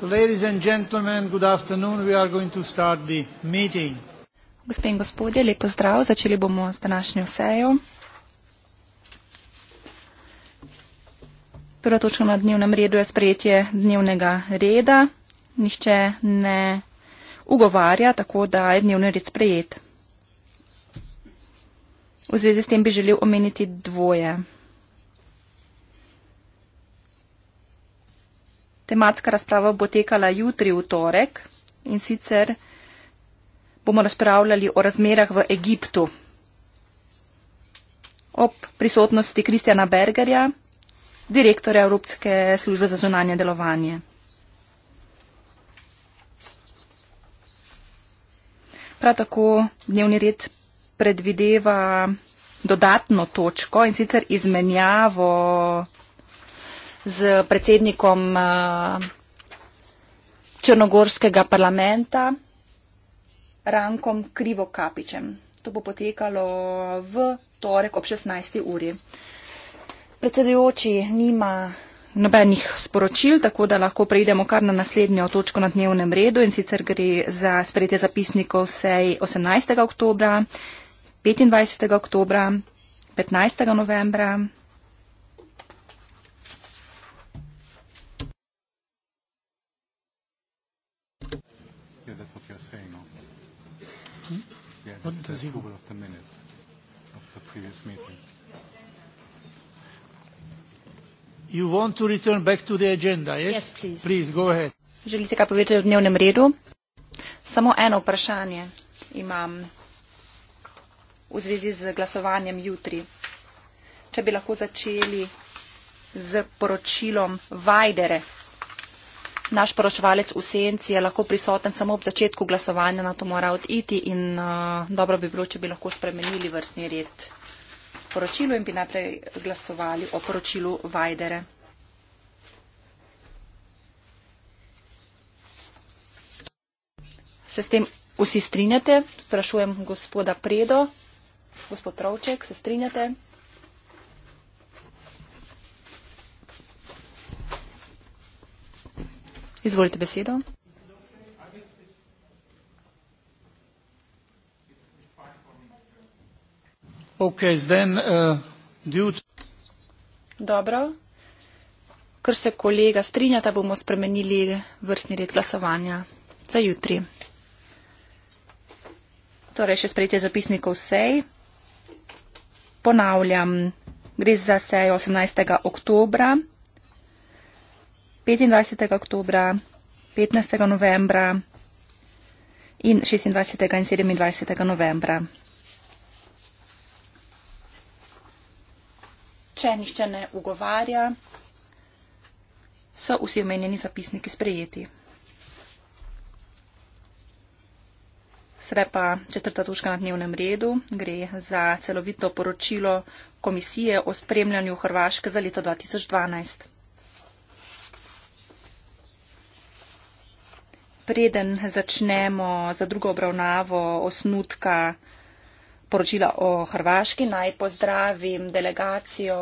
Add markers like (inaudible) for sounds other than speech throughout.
Ladies and gentlemen, good afternoon. We are going to start the meeting. Gospe in gospodje, lepo zdrav. Začeli bomo z današnjo sejo. Prva točka na dnevnem redu je sprejetje dnevnega reda. Nihče ne ugovarja, tako da je dnevni red sprejet. V zvezi s tem bi želel omeniti dvoje. Tematska razprava bo tekala jutri v torek in sicer bomo razpravljali o razmerah v Egiptu. Ob prisotnosti Kristjana Bergerja, direktorja Evropske službe za zunanje delovanje. Prav tako dnevni red predvideva dodatno točko in sicer izmenjavo z predsednikom eh, Črnogorskega parlamenta Rankom Krivokapičem. To bo potekalo v torek ob 16. uri. Predsedujoči nima nobenih sporočil, tako da lahko preidemo kar na naslednjo točko na dnevnem redu in sicer gre za sprejetje zapisnikov sej 18. oktobra, 25. oktobra, 15. novembra What the does he approval of the minutes of the previous meeting. You want to return back to the agenda, yes? Yes, please. Please, go ahead. Želite kaj povedati o dnevnem redu? Samo eno vprašanje imam v zvezi z glasovanjem jutri. Če bi lahko začeli z poročilom Vajdere, naš poročevalec v senci je lahko prisoten samo ob začetku glasovanja, na to mora oditi in uh, dobro bi bilo, če bi lahko spremenili vrstni red poročilu in bi najprej glasovali o poročilu Vajdere. Se s tem vsi strinjate? Sprašujem gospoda Predo. Gospod Trovček, se strinjate? Izvolite besedo. Okay, then, uh, Dobro. Ker se kolega strinjata, bomo spremenili vrstni red glasovanja za jutri. Torej, še sprejetje zapisnikov sej. Ponavljam, gre za sej 18. oktobra. 25. oktobra, 15. novembra in 26. in 27. novembra. Če nihče ne ugovarja, so vsi omenjeni zapisniki sprejeti. Srepa četrta točka na dnevnem redu gre za celovito poročilo komisije o spremljanju Hrvaške za leto 2012. preden začnemo za drugo obravnavo osnutka poročila o Hrvaški, naj pozdravim delegacijo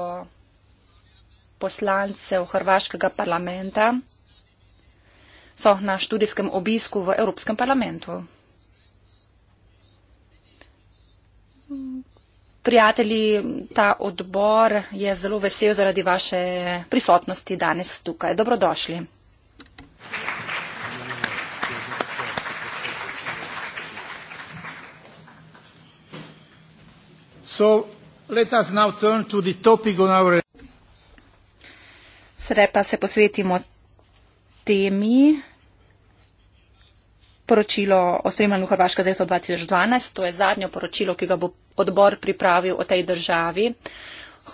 poslancev Hrvaškega parlamenta. So na študijskem obisku v Evropskem parlamentu. Prijatelji, ta odbor je zelo vesel zaradi vaše prisotnosti danes tukaj. Dobrodošli. So let us now turn to the topic on our Sedaj pa se posvetimo temi poročilo o spremljanju Hrvaške za leto 2012. To je zadnjo poročilo, ki ga bo odbor pripravil o tej državi.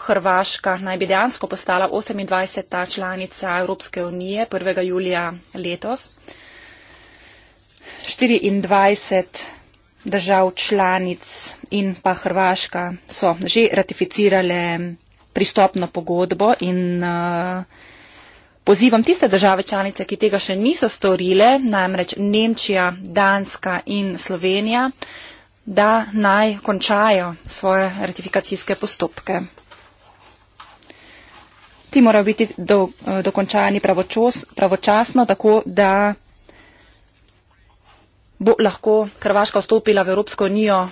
Hrvaška naj bi dejansko postala 28. članica Evropske unije 1. julija letos. 24 držav članic in pa Hrvaška so že ratificirale pristopno pogodbo in uh, pozivam tiste države članice, ki tega še niso storile, namreč Nemčija, Danska in Slovenija, da naj končajo svoje ratifikacijske postopke. Ti morajo biti do, uh, dokončani pravočasno, tako da bo lahko Hrvaška vstopila v Evropsko unijo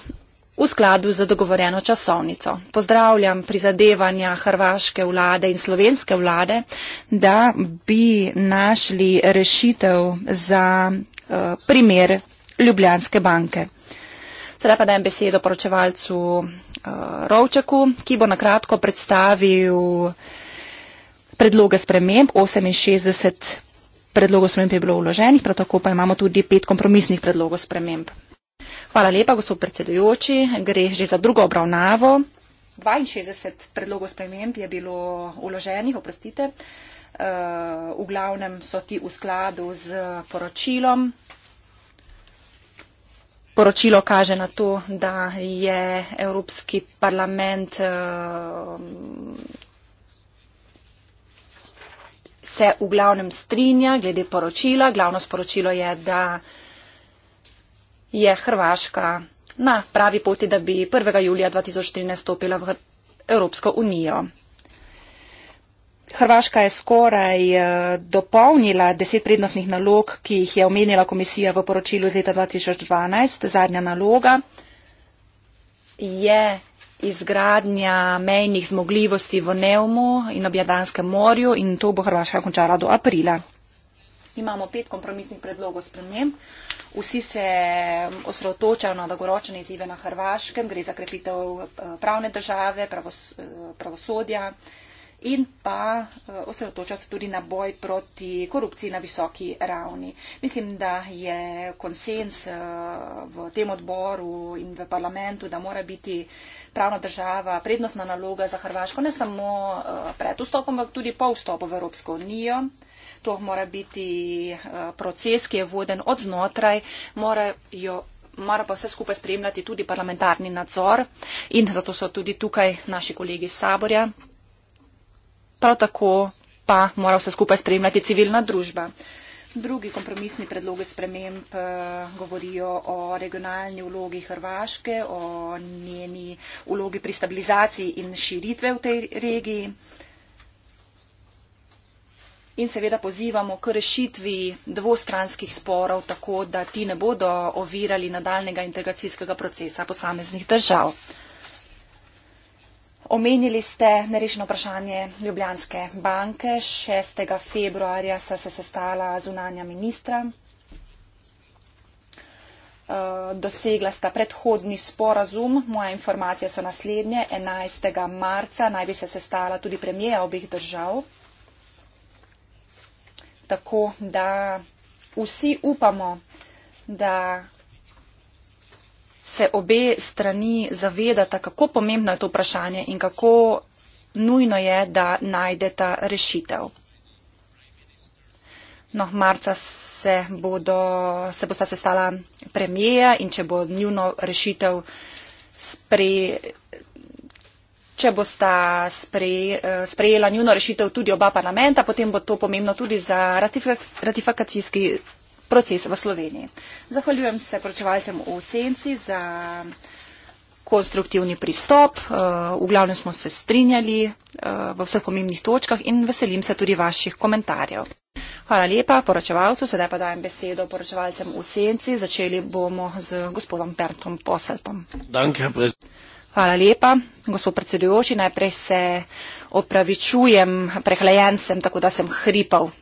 v skladu z dogovorjeno časovnico. Pozdravljam prizadevanja hrvaške vlade in slovenske vlade, da bi našli rešitev za eh, primer Ljubljanske banke. Sedaj pa dajem besedo poročevalcu eh, Rovčaku, ki bo nakratko predstavil predloge sprememb 68 predlogov sprememb je bilo vloženih, prav tako pa imamo tudi pet kompromisnih predlogov sprememb. Hvala lepa, gospod predsedujoči. Gre že za drugo obravnavo. 62 predlogov sprememb je bilo vloženih, oprostite. Eh, v glavnem so ti v skladu z poročilom. Poročilo kaže na to, da je Evropski parlament eh, se v glavnem strinja glede poročila. Glavno sporočilo je, da je Hrvaška na pravi poti, da bi 1. julija 2013 stopila v Evropsko unijo. Hrvaška je skoraj eh, dopolnila deset prednostnih nalog, ki jih je omenila komisija v poročilu iz leta 2012. Zadnja naloga je izgradnja mejnih zmogljivosti v Neumu in ob Jadranskem morju in to bo Hrvaška končala do aprila. Imamo pet kompromisnih predlogov sprememb. Vsi se osredotočajo na dolgoročne izzive na Hrvaškem, gre za krepitev eh, pravne države, pravos, eh, pravosodja in pa eh, osredotoča se tudi na boj proti korupciji na visoki ravni. Mislim, da je konsens eh, v tem odboru in v parlamentu, da mora biti pravna država prednostna naloga za Hrvaško ne samo eh, pred vstopom, ampak tudi po vstopu v Evropsko unijo. To mora biti proces, ki je voden od znotraj, mora, jo, mora pa vse skupaj spremljati tudi parlamentarni nadzor in zato so tudi tukaj naši kolegi iz Saborja, prav tako pa mora vse skupaj spremljati civilna družba. Drugi kompromisni predlogi sprememb eh, govorijo o regionalni vlogi Hrvaške, o njeni vlogi pri stabilizaciji in širitve v tej regiji. In seveda pozivamo k rešitvi dvostranskih sporov, tako da ti ne bodo ovirali nadaljnega integracijskega procesa posameznih držav. Omenili ste nerešeno vprašanje Ljubljanske banke. 6. februarja sta se sestala zunanja ministra. Eh, dosegla sta predhodni sporazum. Moje informacije so naslednje. 11. marca naj bi se sestala tudi premijeja obih držav. Tako da vsi upamo, da se obe strani zavedata, kako pomembno je to vprašanje in kako nujno je, da najdeta rešitev. No, marca se, bodo, se bosta sestala premijeja in če bo njuno rešitev spre, če bosta spre, eh, sprejela njuno rešitev tudi oba parlamenta, potem bo to pomembno tudi za ratifikacijski proces v Sloveniji. Zahvaljujem se poročevalcem v Senci za konstruktivni pristop. Eh, v glavnem smo se strinjali eh, v vseh pomembnih točkah in veselim se tudi vaših komentarjev. Hvala lepa poročevalcu, sedaj pa dajem besedo poročevalcem v Senci. Začeli bomo z gospodom Bertom Poseltom. Hvala lepa, gospod predsedujoči. Najprej se opravičujem, prehlajen sem, tako da sem hripal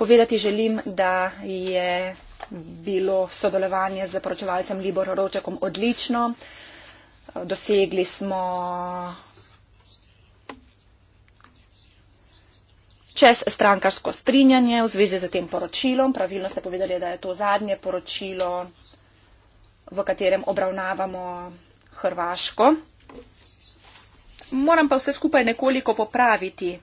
Povedati želim, da je bilo sodelovanje z poročevalcem Libor Ročekom odlično. Dosegli smo čez strankarsko strinjanje v zvezi z tem poročilom. Pravilno ste povedali, da je to zadnje poročilo, v katerem obravnavamo Hrvaško. Moram pa vse skupaj nekoliko popraviti.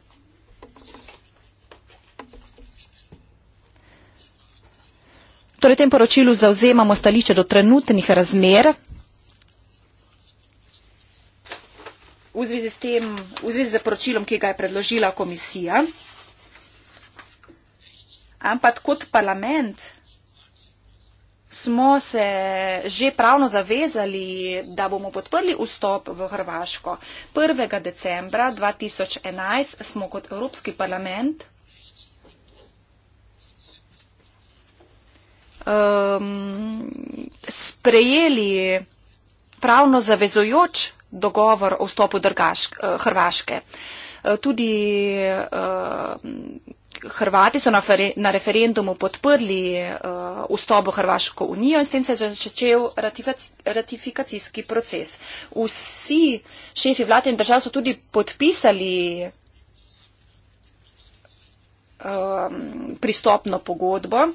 Torej, v tem poročilu zauzemamo stališče do trenutnih razmer. V zvezi, s tem, v zvezi z poročilom, ki ga je predložila komisija, ampak kot parlament smo se že pravno zavezali, da bomo podprli vstop v Hrvaško. 1. decembra 2011 smo kot Evropski parlament um, sprejeli pravno zavezojoč dogovor o vstopu Drgaš, eh, Hrvaške. Eh, tudi uh, Hrvati so na, na referendumu podprli uh, vstop v Hrvaško unijo in s tem se je začel ratifac, ratifikacijski proces. Vsi šefi vlad in držav so tudi podpisali um, pristopno pogodbo.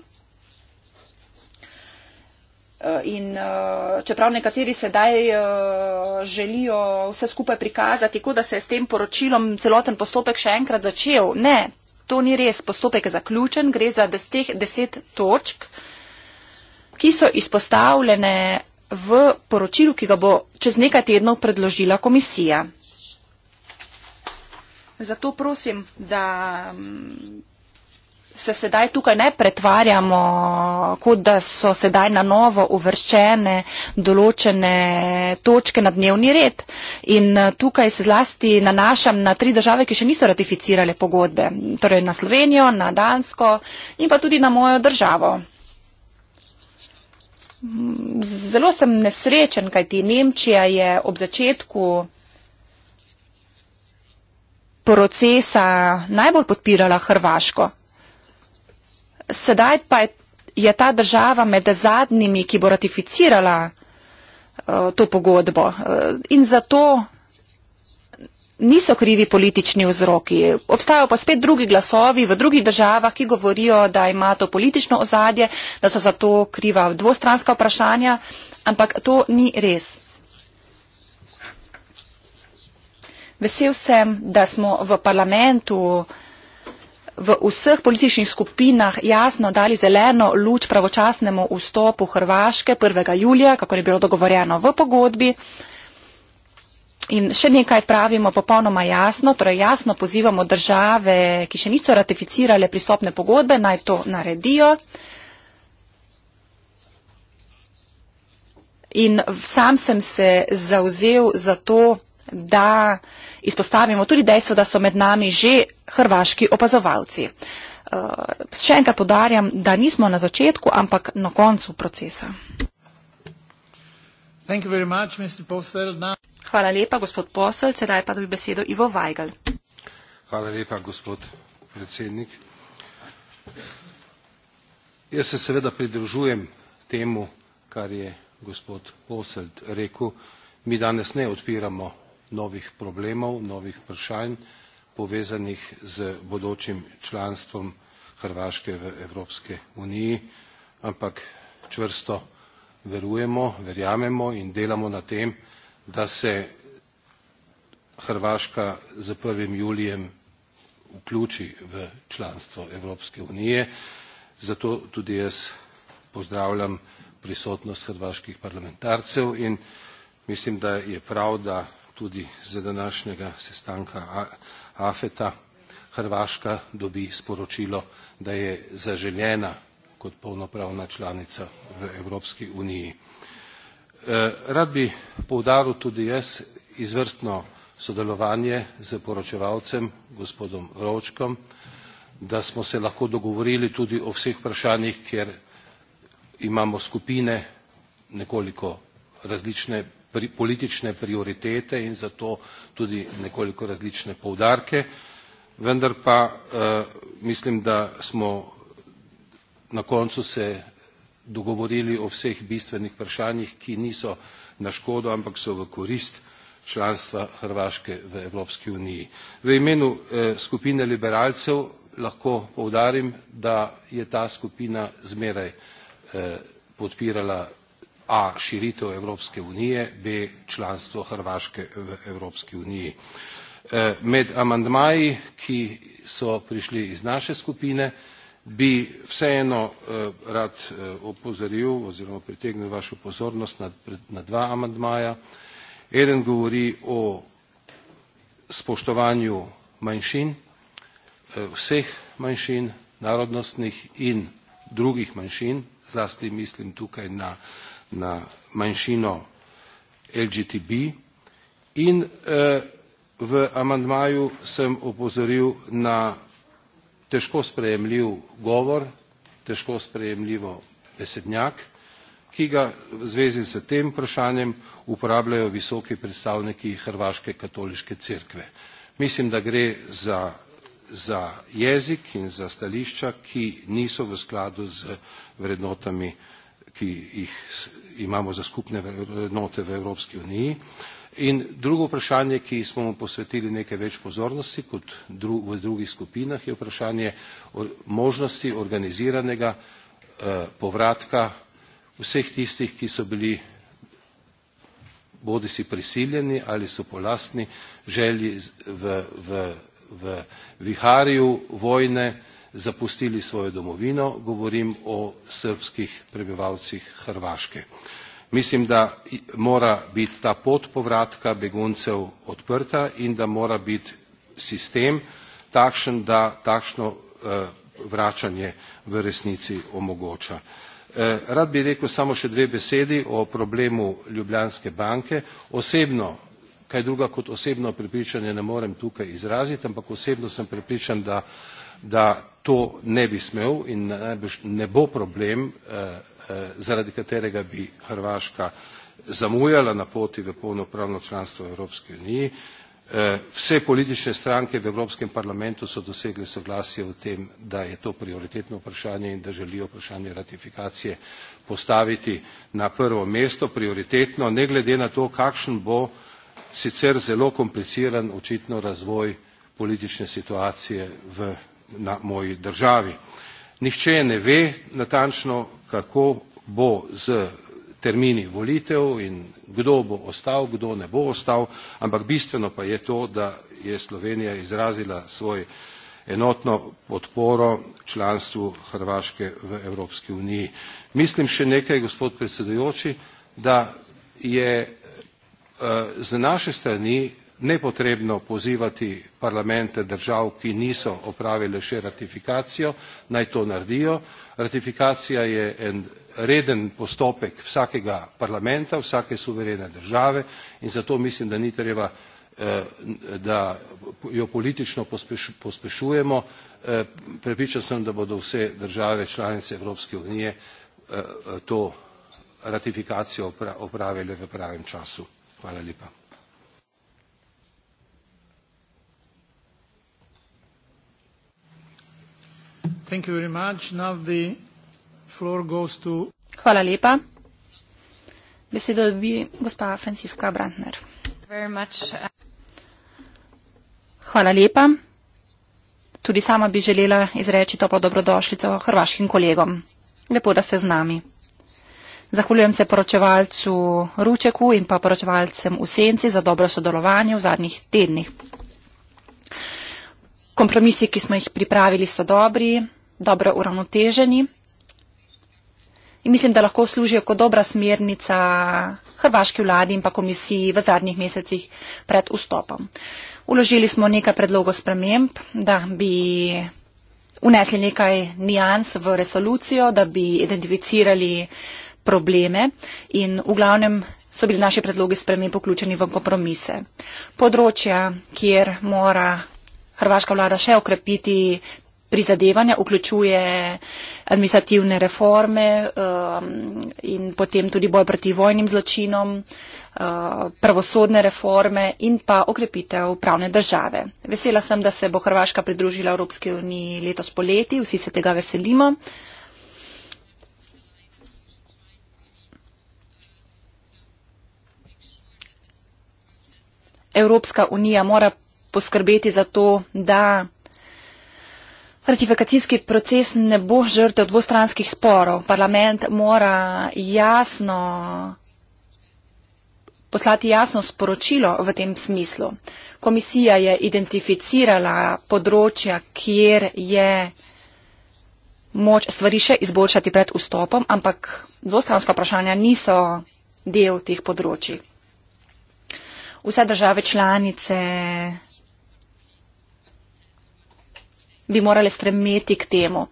In eh, čeprav nekateri sedaj eh, želijo vse skupaj prikazati, kot da se je s tem poročilom celoten postopek še enkrat začel. Ne, to ni res. Postopek je zaključen. Gre za teh deset točk, ki so izpostavljene v poročilu, ki ga bo čez nekaj tednov predložila komisija. Zato prosim, da se sedaj tukaj ne pretvarjamo, kot da so sedaj na novo uvrščene določene točke na dnevni red. In eh, tukaj se zlasti nanašam na tri države, ki še niso ratificirale pogodbe. Torej na Slovenijo, na Dansko in pa tudi na mojo državo. Zelo sem nesrečen, kajti Nemčija je ob začetku procesa najbolj podpirala Hrvaško sedaj pa je ta država med zadnjimi, ki bo ratificirala eh, to pogodbo. Eh, in zato niso krivi politični vzroki. Obstajajo pa spet drugi glasovi v drugih državah, ki govorijo, da ima to politično ozadje, da so za to kriva dvostranska vprašanja, ampak to ni res. Vesel sem, da smo v parlamentu uh, v vseh političnih skupinah jasno dali zeleno luč pravočasnemu vstopu Hrvaške 1. julija, kako je bilo dogovorjeno v pogodbi. In še nekaj pravimo popolnoma jasno, torej jasno pozivamo države, ki še niso ratificirale pristopne pogodbe, naj to naredijo. In sam sem se zauzel za to, da izpostavimo tudi dejstvo, da so med nami že hrvaški opazovalci. Uh, še enkrat podarjam, da nismo na začetku, ampak na koncu procesa. Much, Hvala lepa, gospod posel, sedaj pa dobi besedo Ivo Vajgal. Hvala lepa, gospod predsednik. Jaz se seveda pridružujem temu, kar je gospod Poselt rekel. Mi danes ne odpiramo novih problemov, novih vprašanj povezanih z bodočim članstvom Hrvaške v Evropske uniji, ampak čvrsto verujemo, verjamemo in delamo na tem, da se Hrvaška z 1. julijem vključi v članstvo Evropske unije. Zato tudi jaz pozdravljam prisotnost hrvaških parlamentarcev in mislim, da je prav, da tudi z današnjega sestanka AFETA, Hrvaška dobi sporočilo, da je zaželjena kot polnopravna članica v Evropski uniji. E, rad bi poudaril tudi jaz izvrstno sodelovanje z poročevalcem, gospodom Ročkom, da smo se lahko dogovorili tudi o vseh vprašanjih, kjer imamo skupine nekoliko različne pri, politične prioritete in zato tudi nekoliko različne poudarke. Vendar pa eh, mislim, da smo na koncu se dogovorili o vseh bistvenih vprašanjih, ki niso na škodo, ampak so v korist članstva Hrvaške v Evropski uniji. V imenu eh, skupine liberalcev lahko povdarim, da je ta skupina zmeraj eh, podpirala a širitev Evropske unije, b članstvo Hrvaške v Evropski uniji. E, med amandmaji, ki so prišli iz naše skupine, bi vseeno e, rad e, opozoril oziroma pritegnil vašo pozornost na, na dva amandmaja. Eden govori o spoštovanju manjšin, vseh manjšin, narodnostnih in drugih manjšin, zlasti mislim tukaj na na manjšino LGTB in eh, v amandmaju sem opozoril na težko sprejemljiv govor, težko sprejemljivo besednjak, ki ga v zvezi s tem vprašanjem uporabljajo visoki predstavniki Hrvaške katoliške cerkve. Mislim, da gre za, za jezik in za stališča, ki niso v skladu z vrednotami ki jih imamo za skupne note v Evropski uniji. In drugo vprašanje, ki smo mu posvetili nekaj več pozornosti kot dru v drugih skupinah, je vprašanje or možnosti organiziranega uh, povratka vseh tistih, ki so bili bodi si prisiljeni ali so po lastni želji v, v, v viharju vojne uh, zapustili svojo domovino, govorim o srpskih prebivalcih Hrvaške. Mislim, da mora biti ta pot povratka beguncev odprta in da mora biti sistem takšen, da takšno eh, vračanje v resnici omogoča. Eh, rad bi rekel samo še dve besedi o problemu Ljubljanske banke. Osebno, kaj druga kot osebno prepričanje ne morem tukaj izraziti, ampak osebno sem prepričan, da da to ne bi smel in ne bo problem, eh, eh, zaradi katerega bi Hrvaška zamujala na poti v polnopravno članstvo Evropske unije. Eh, vse politične stranke v Evropskem parlamentu so dosegle soglasje v tem, da je to prioritetno vprašanje in da želijo vprašanje ratifikacije postaviti na prvo mesto, prioritetno, ne glede na to, kakšen bo sicer zelo kompliciran očitno razvoj politične situacije v na moji državi. Nihče ne ve natančno, kako bo z termini volitev in kdo bo ostal, kdo ne bo ostal, ampak bistveno pa je to, da je Slovenija izrazila svoj enotno podporo članstvu Hrvaške v Evropski uniji. Mislim še nekaj, gospod predsedujoči, da je eh, z naše strani nepotrebno pozivati parlamente držav ki niso opravile še ratifikacijo naj to naredijo ratifikacija je en reden postopek vsakega parlamenta vsake suverene države in zato mislim da ni treba eh, da jo politično pospešujemo eh, prepričan sem da bodo vse države članice evropske unije eh, to ratifikacijo opravile v pravem času. Thank you very much. Now the floor goes to... Hvala lepa. Besedo dobi gospa Franciska Brandner. Very much. Uh, Hvala lepa. Tudi sama bi želela izreči to pa dobrodošlico hrvaškim kolegom. Lepo, da ste z nami. Zahvaljujem se poročevalcu Ručeku in pa poročevalcem v Senci za dobro sodelovanje v zadnjih tednih. Kompromisi, ki smo jih pripravili, so dobri dobro uravnoteženi. In mislim, da lahko služijo kot dobra smernica hrvaški vladi in pa komisiji v zadnjih mesecih pred vstopom. Uložili smo nekaj predlogov sprememb, da bi unesli nekaj nijans v resolucijo, da bi identificirali probleme in v glavnem so bili naši predlogi sprememb vključeni v kompromise. Področja, kjer mora. Hrvaška vlada še okrepiti prizadevanja vključuje administrativne reforme um, in potem tudi boj proti vojnim zločinom, uh, pravosodne reforme in pa okrepitev pravne države. Vesela sem, da se bo Hrvaška pridružila Evropske unije letos poleti, vsi se tega veselimo. Evropska unija mora poskrbeti za to, da Ratifikacijski proces ne bo žrtev dvostranskih sporov. Parlament mora jasno poslati jasno sporočilo v tem smislu. Komisija je identificirala področja, kjer je moč stvari še izboljšati pred vstopom, ampak dvostranska vprašanja niso del teh področji. Vse države članice bi morale stremeti k temu.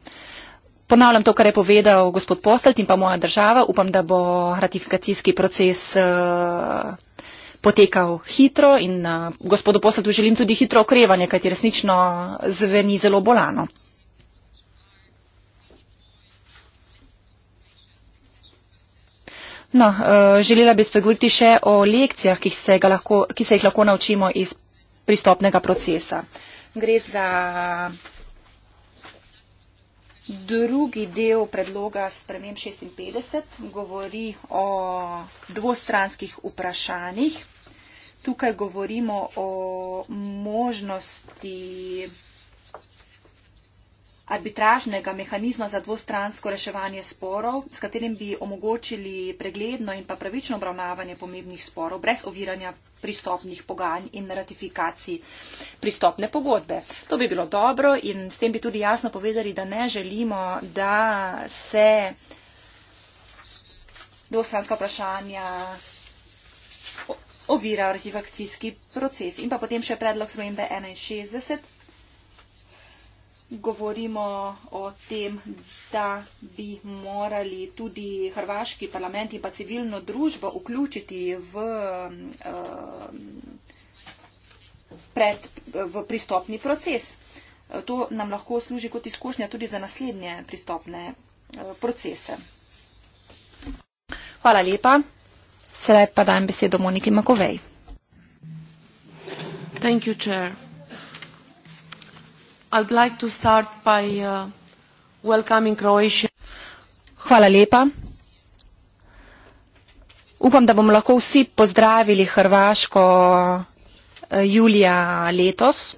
Ponavljam to, kar je povedal gospod Postelt in pa moja država. Upam, da bo ratifikacijski proces uh, potekal hitro in uh, gospodu Posteltu želim tudi hitro okrevanje, kajti resnično zveni zelo bolano. No, uh, želela bi spregovoriti še o lekcijah, ki se, lahko, ki se jih lahko naučimo iz pristopnega procesa. Gre za Drugi del predloga spremem 56 govori o dvostranskih vprašanjih. Tukaj govorimo o možnosti arbitražnega mehanizma za dvostransko reševanje sporov, s katerim bi omogočili pregledno in pa pravično obravnavanje pomembnih sporov brez oviranja pristopnih pogajanj in ratifikacij pristopne pogodbe. To bi bilo dobro in s tem bi tudi jasno povedali, da ne želimo, da se dvostranska vprašanja ovira ratifikacijski proces. In pa potem še predlog spremembe 61 govorimo o tem, da bi morali tudi hrvaški parlament in pa civilno družbo vključiti v, eh, pred, v pristopni proces. Eh, to nam lahko služi kot izkušnja tudi za naslednje pristopne eh, procese. Hvala lepa. Sedaj pa dajem besedo Moniki Makovej. Thank you, Chair. I'd like to start by uh, welcoming Croatia. Hvala lepa. Upam, da bomo lahko vsi pozdravili Hrvaško eh, julija letos.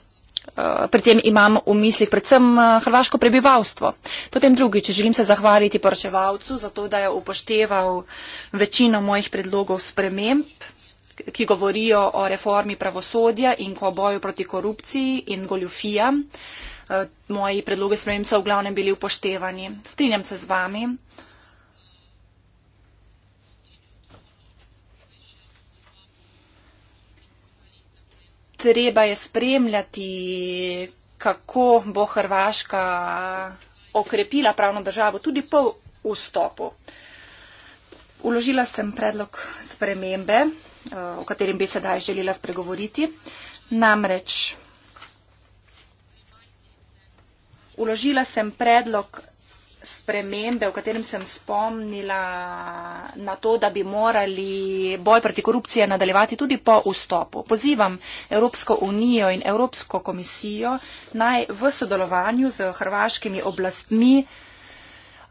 Eh, pri tem imam v mislih predvsem eh, hrvaško prebivalstvo. Potem drugič, želim se zahvaliti poročevalcu za to, da je upošteval večino mojih predlogov sprememb ki govorijo o reformi pravosodja in ko boju proti korupciji in goljufijam. Eh, moji predloge sprejem so v glavnem bili upoštevani. Strinjam se z vami. Treba je spremljati, kako bo Hrvaška okrepila pravno državo tudi po vstopu. Uložila sem predlog spremembe. Eh, o katerem bi sedaj želela spregovoriti. Namreč uložila sem predlog spremembe, v katerem sem spomnila na to, da bi morali boj proti korupciji nadaljevati tudi po vstopu. Pozivam Evropsko unijo in Evropsko komisijo naj v sodelovanju z hrvaškimi oblastmi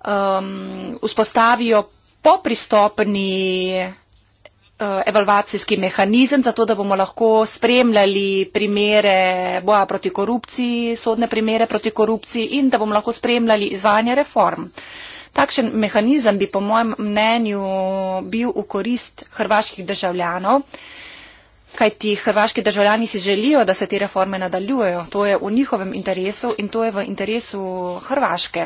um, vzpostavijo po pristopni Eh, evalvacijski mehanizem, zato da bomo lahko spremljali primere boja proti korupciji, sodne primere proti korupciji in da bomo lahko spremljali izvajanje reform. Takšen mehanizem bi po mojem mnenju bil v korist hrvaških državljanov, kaj ti hrvaški državljani si želijo, da se te reforme nadaljujejo. To je v njihovem interesu in to je v interesu Hrvaške.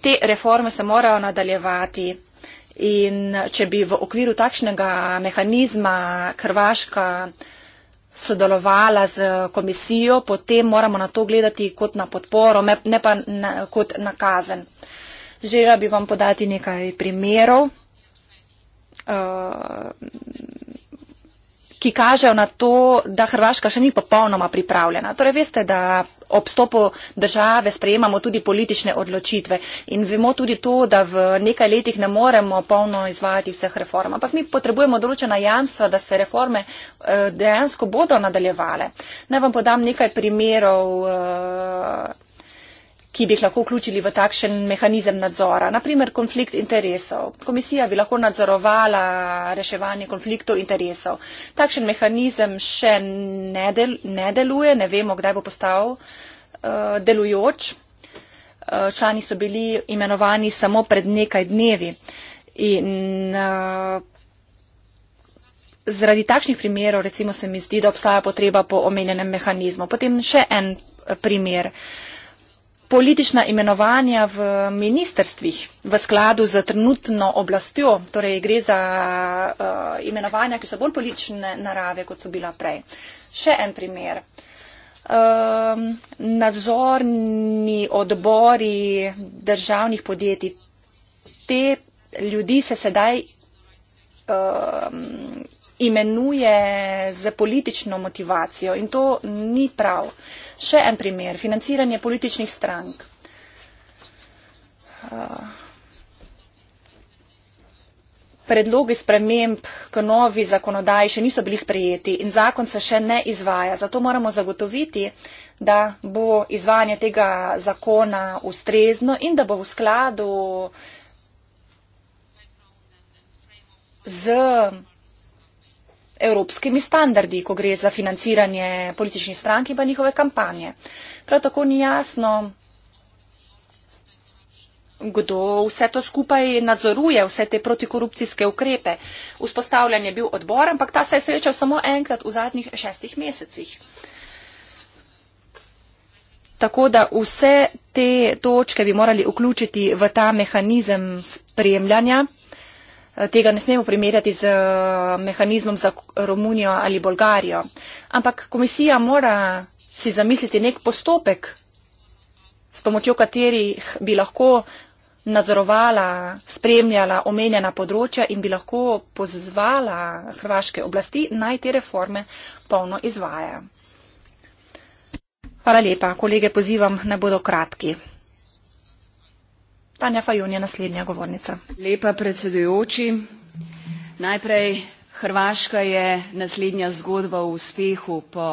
Te reforme se morajo nadaljevati. In če bi v okviru takšnega mehanizma Hrvaška sodelovala z komisijo, potem moramo na to gledati kot na podporo, ne pa na, kot na kazen. Želela bi vam podati nekaj primerov. Uh, ki kažejo na to, da Hrvaška še ni popolnoma pripravljena. Torej, veste, da ob stopu države sprejemamo tudi politične odločitve in vemo tudi to, da v nekaj letih ne moremo polno izvajati vseh reform. Ampak mi potrebujemo določena jamstva, da se reforme eh, dejansko bodo nadaljevale. Naj vam podam nekaj primerov. Eh, ki bi jih lahko vključili v takšen mehanizem nadzora. Naprimer, konflikt interesov. Komisija bi lahko nadzorovala reševanje konfliktov interesov. Takšen mehanizem še ne, del, ne deluje, ne vemo, kdaj bo postal uh, delujoč. Eh, člani so bili imenovani samo pred nekaj dnevi. In uh, zaradi takšnih primerov, recimo, se mi zdi, da obstaja potreba po omenjenem mehanizmu. Potem še en primer. Uh, politična imenovanja v ministerstvih v skladu z trenutno oblastjo, torej gre za uh, imenovanja, ki so bolj politične narave, kot so bila prej. Še en primer. Um, nadzorni odbori državnih podjetij, te ljudi se sedaj um, imenuje z politično motivacijo in to ni prav. Še en primer, financiranje političnih strank. Uh, predlogi sprememb k novi zakonodaji še niso bili sprejeti in zakon se še ne izvaja. Zato moramo zagotoviti, da bo izvajanje tega zakona ustrezno in da bo v skladu z evropskimi standardi, ko gre za financiranje političnih strank in pa njihove kampanje. Prav tako ni jasno, kdo vse to skupaj nadzoruje, vse te protikorupcijske ukrepe. Vzpostavljen je bil odbor, ampak ta se je srečal samo enkrat v zadnjih šestih mesecih. Tako da vse te točke bi morali vključiti v ta mehanizem spremljanja. Eh, tega ne smemo primerjati z eh, mehanizmom za Romunijo ali Bolgarijo. Ampak komisija mora si zamisliti nek postopek, s pomočjo katerih bi lahko nadzorovala, spremljala omenjena področja in bi lahko pozvala hrvaške oblasti naj te reforme polno izvaja. Hvala lepa. Kolege pozivam, naj bodo kratki. Tanja Fajon je naslednja govornica. Lepa predsedujoči. Najprej Hrvaška je naslednja zgodba o uspehu po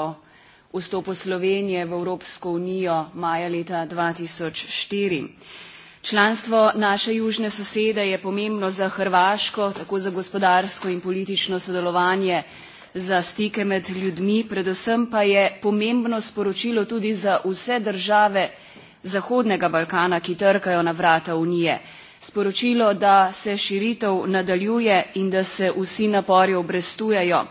vstopu Slovenije v Evropsko unijo maja leta 2004. Članstvo naše južne sosede je pomembno za Hrvaško, tako za gospodarsko in politično sodelovanje, za stike med ljudmi, predvsem pa je pomembno sporočilo tudi za vse države, Zahodnega Balkana, ki trkajo na vrata Unije. Sporočilo, da se širitev nadaljuje in da se vsi napori obrestujejo,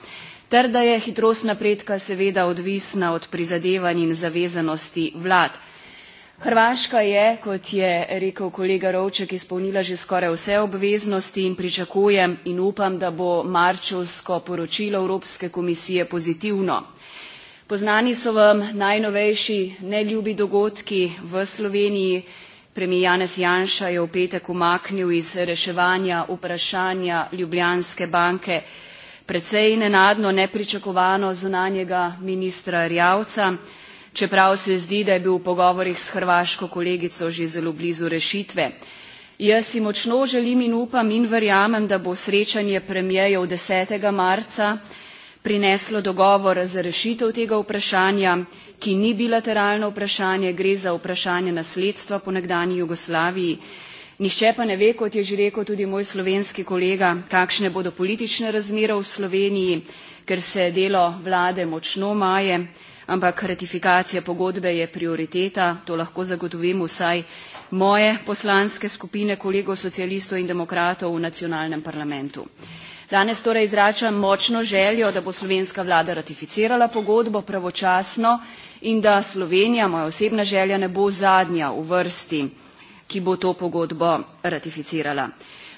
ter da je hitrost napredka seveda odvisna od prizadevanj in zavezanosti vlad. Hrvaška je, kot je rekel kolega Rovček, izpolnila že skoraj vse obveznosti in pričakujem in upam, da bo marčovsko poročilo Evropske komisije pozitivno. Poznani so vam najnovejši neljubi dogodki v Sloveniji. Premijer Janez Janša je v petek umaknil iz reševanja vprašanja Ljubljanske banke precej nenadno, nepričakovano zunanjega ministra Rjavca. Čeprav se zdi, da je bil v pogovorih s hrvaško kolegico že zelo blizu rešitve. Jaz si močno želim in upam in verjamem, da bo srečanje premijejev 10. marca prineslo dogovor za rešitev tega vprašanja, ki ni bilateralno vprašanje, gre za vprašanje nasledstva po nekdani Jugoslaviji. Nihče pa ne ve, kot je že rekel tudi moj slovenski kolega, kakšne bodo politične razmere v Sloveniji, ker se delo vlade močno maje, ampak ratifikacija pogodbe je prioriteta, to lahko zagotovim vsaj moje poslanske skupine kolegov socialistov in demokratov v nacionalnem parlamentu. Danes torej izračam močno željo, da bo slovenska vlada ratificirala pogodbo pravočasno in da Slovenija, moja osebna želja, ne bo zadnja v vrsti, ki bo to pogodbo ratificirala.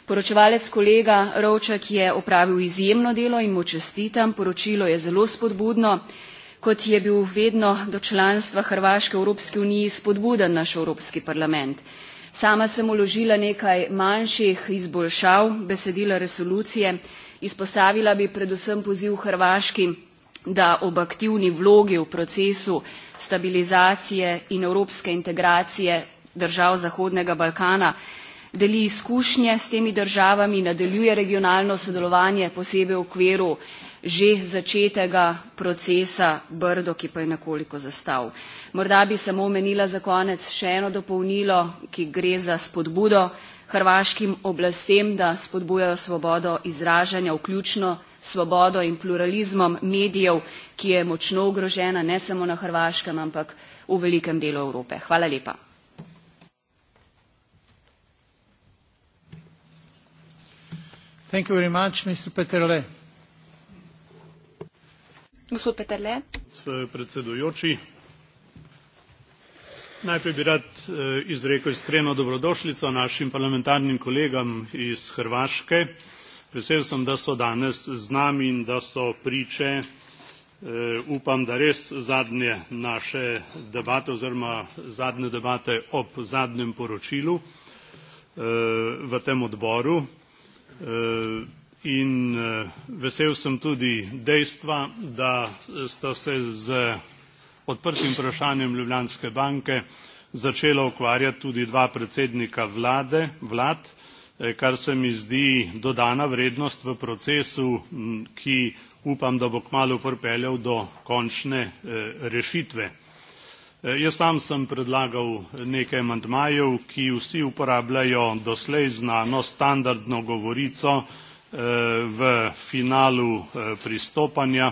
Poročevalec kolega Rovček je opravil izjemno delo in mu čestitam. Poročilo je zelo spodbudno. Kot je bil vedno do članstva Hrvaške v Evropski uniji spodbuden naš Evropski parlament. Sama sem uložila nekaj manjših izboljšav besedila resolucije. Izpostavila bi predvsem poziv Hrvaški, da ob aktivni vlogi v procesu stabilizacije in evropske integracije držav Zahodnega Balkana deli izkušnje s temi državami, nadaljuje regionalno sodelovanje, posebej v okviru že začetega procesa Brdo, ki pa je nekoliko zastav. Morda bi samo omenila za konec še eno dopolnilo, ki gre za spodbudo hrvaškim oblastem, da spodbujajo svobodo izražanja, vključno svobodo in pluralizmom medijev, ki je močno ogrožena ne samo na Hrvaškem, ampak v velikem delu Evrope. Hvala lepa. Thank you very much, Mr. Peterle. Gospod Peterle. Predsedujoči. Najprej bi rad eh, izrekel iskreno dobrodošljico našim parlamentarnim kolegam iz Hrvaške. Vesel sem, da so danes z nami in da so priče, eh, upam, da res zadnje naše debate oziroma zadnje debate ob zadnjem poročilu eh, v tem odboru in eh, vesel sem tudi dejstva, da eh, sta se z odprtim vprašanjem Ljubljanske banke začela ukvarjati tudi dva predsednika vlade, vlad, eh, kar se mi zdi dodana vrednost v procesu, ki upam, da bo kmalo pripeljal do končne rešitve. Jaz sam sem predlagal nekaj mandmajev, ki vsi uporabljajo doslej znano standardno govorico, Eh, v finalu eh, pristopanja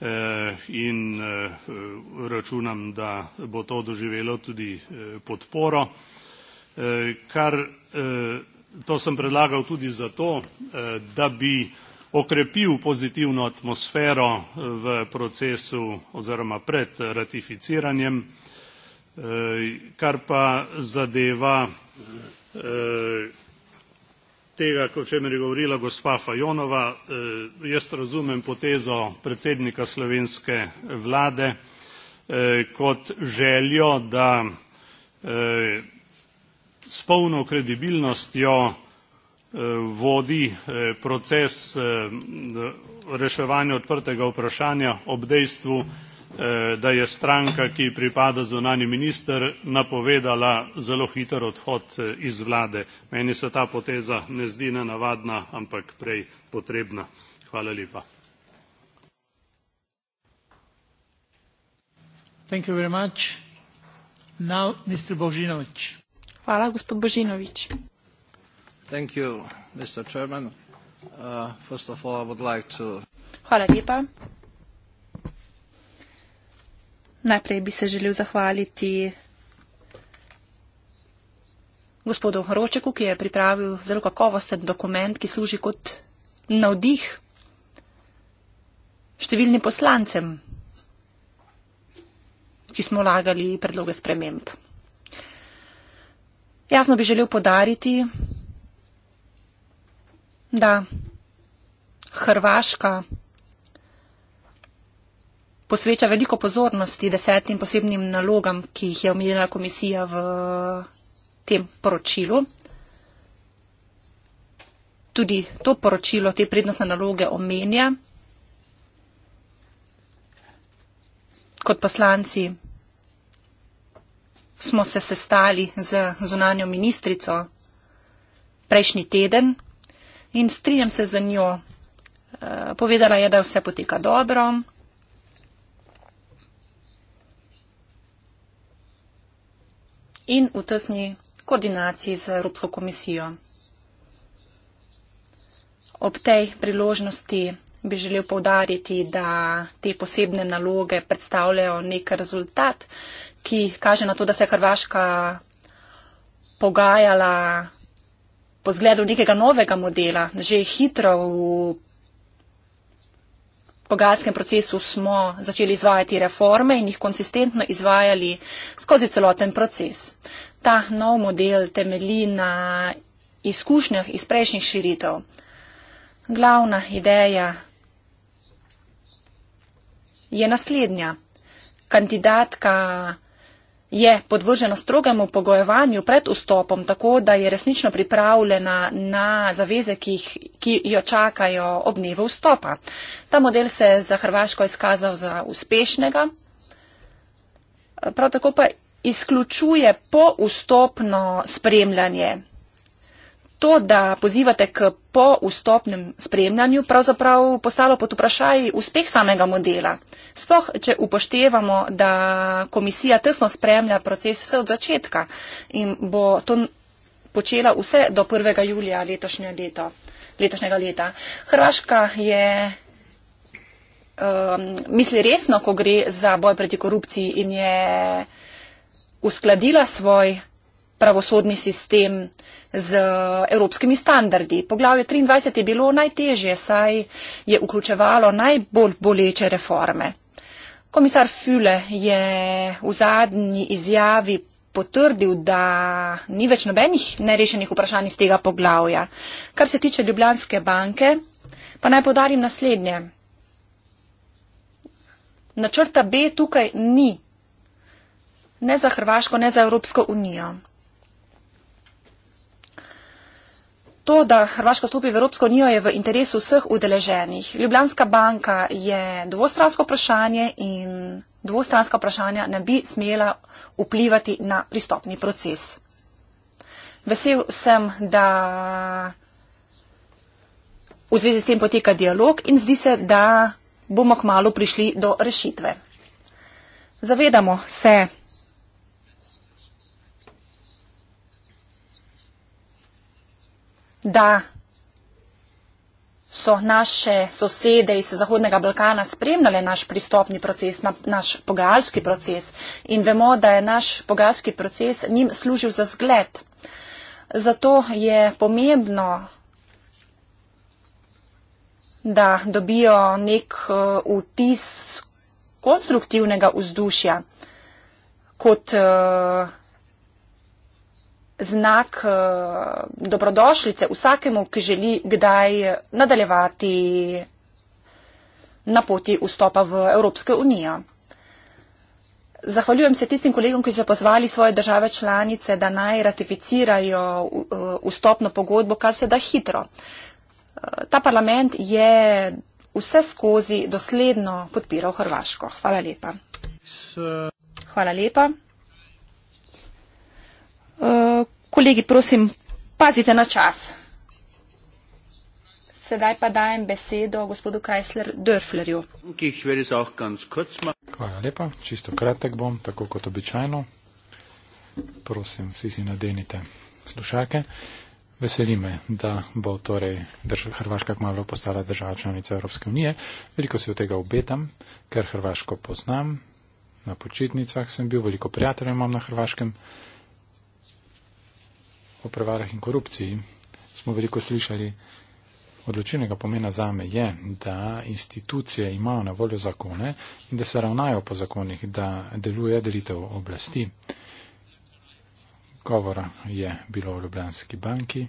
eh, in računam, da bo to doživelo tudi podporo. Kar, to sem predlagal tudi zato, da bi okrepil pozitivno atmosfero v procesu oziroma pred ratificiranjem, kar pa zadeva tega, o čemer je govorila gospa Fajonova, eh, jaz razumem potezo predsednika slovenske vlade eh, kot željo, da eh, s polno kredibilnostjo vodi proces reševanja odprtega vprašanja ob dejstvu, Eh, da je stranka, ki pripada zunani minister, napovedala zelo hiter odhod eh, iz vlade. Meni se ta poteza ne zdi nenavadna, ampak prej potrebna. Hvala lepa. Thank you very much. Now, Mr. Božinovič. Hvala, gospod Božinovič. Thank you, Mr. Chairman. Uh, first of all, I would like to... Hvala lepa. Najprej bi se želel zahvaliti gospodu Horočeku, ki je pripravil zelo kakovosten dokument, ki služi kot navdih številnim poslancem, ki smo lagali predloge sprememb. Jasno bi želel podariti, da Hrvaška posveča veliko pozornosti desetim posebnim nalogam, ki jih je omenila komisija v tem poročilu. Tudi to poročilo te prednostne naloge omenja. Kot poslanci smo se sestali z zunanjo ministrico prejšnji teden in strinjam se z njo. Eh, povedala je, da vse poteka dobro, in v tesni koordinaciji z Evropsko komisijo. Ob tej priložnosti bi želel povdariti, da te posebne naloge predstavljajo nek rezultat, ki kaže na to, da se je Hrvaška pogajala po zgledu nekega novega modela, že hitro v pogajalskem procesu smo začeli izvajati reforme in jih konsistentno izvajali skozi celoten proces. Ta nov model temeli na izkušnjah iz prejšnjih širitev. Glavna ideja je naslednja. Kandidatka je podvržena strogemu pogojevanju pred vstopom, tako da je resnično pripravljena na zaveze, ki, jih, ki jo čakajo ob dnevu vstopa. Ta model se je za Hrvaško izkazal za uspešnega. Prav tako pa izključuje po vstopno spremljanje to, da pozivate k po vstopnem spremljanju, pravzaprav postalo pod vprašaj uspeh samega modela. Sploh, če upoštevamo, da komisija tesno spremlja proces vse od začetka in bo to počela vse do 1. julija letošnje leto, letošnjega leta. Hrvaška je. Um, misli resno, ko gre za boj proti korupciji in je uskladila svoj pravosodni sistem z eh, evropskimi standardi. Poglavje 23 je bilo najtežje, saj je vključevalo najbolj boleče reforme. Komisar Füle je v zadnji izjavi potrdil, da ni več nobenih nerešenih vprašanj iz tega poglavja. Kar se tiče Ljubljanske banke, pa naj podarim naslednje. Načrta B tukaj ni. Ne za Hrvaško, ne za Evropsko unijo. to, da Hrvaška stopi v Evropsko unijo, je v interesu vseh udeleženih. Ljubljanska banka je dvostransko vprašanje in dvostranska vprašanja ne bi smela vplivati na pristopni proces. Vesel sem, da v zvezi s tem poteka dialog in zdi se, da bomo k malu prišli do rešitve. Zavedamo se, da so naše sosede iz Zahodnega Balkana spremljale naš pristopni proces, naš pogajalski proces in vemo, da je naš pogajalski proces njim služil za zgled. Zato je pomembno, da dobijo nek eh, vtis konstruktivnega vzdušja kot uh, znak uh, dobrodošlice vsakemu, ki želi kdaj nadaljevati na poti vstopa v Evropsko unijo. Zahvaljujem se tistim kolegom, ki so pozvali svoje države članice, da naj ratificirajo eh, vstopno pogodbo, kar se da hitro. Eh, ta parlament je vse skozi dosledno podpiral Hrvaško. Hvala lepa. Hvala lepa. Eh, kolegi, prosim, pazite na čas. Sedaj pa dajem besedo gospodu Kreisler Dörflerju. Hvala lepa, čisto kratek bom, tako kot običajno. Prosim, vsi si nadenite slušalke. Veseli me, da bo torej Hrvaška kmalo postala država članica Evropske unije. Veliko se od tega obetam, ker Hrvaško poznam. Na počitnicah sem bil, veliko prijateljev imam na Hrvaškem. Uh, o prevarah in korupciji, smo veliko slišali, odločenega pomena zame je, da institucije imajo na voljo zakone in da se ravnajo po zakonih, da deluje delitev oblasti. Govora je bilo v Ljubljanski banki,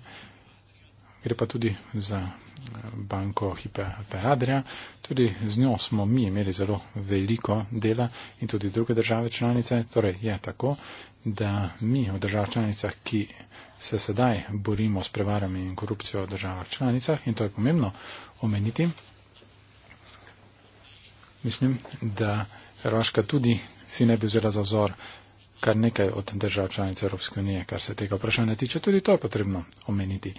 gre pa tudi za eh, banko Hipe Adria. Tudi z njo smo mi imeli zelo veliko dela in tudi druge države članice. Torej je tako, da mi v državah članicah, ki se sedaj borimo s prevarami in korupcijo v državah članicah in to je pomembno omeniti. Mislim, da Hrvaška tudi si ne bi vzela za vzor kar nekaj od držav članic Evropske unije, kar se tega vprašanja tiče, tudi to je potrebno omeniti.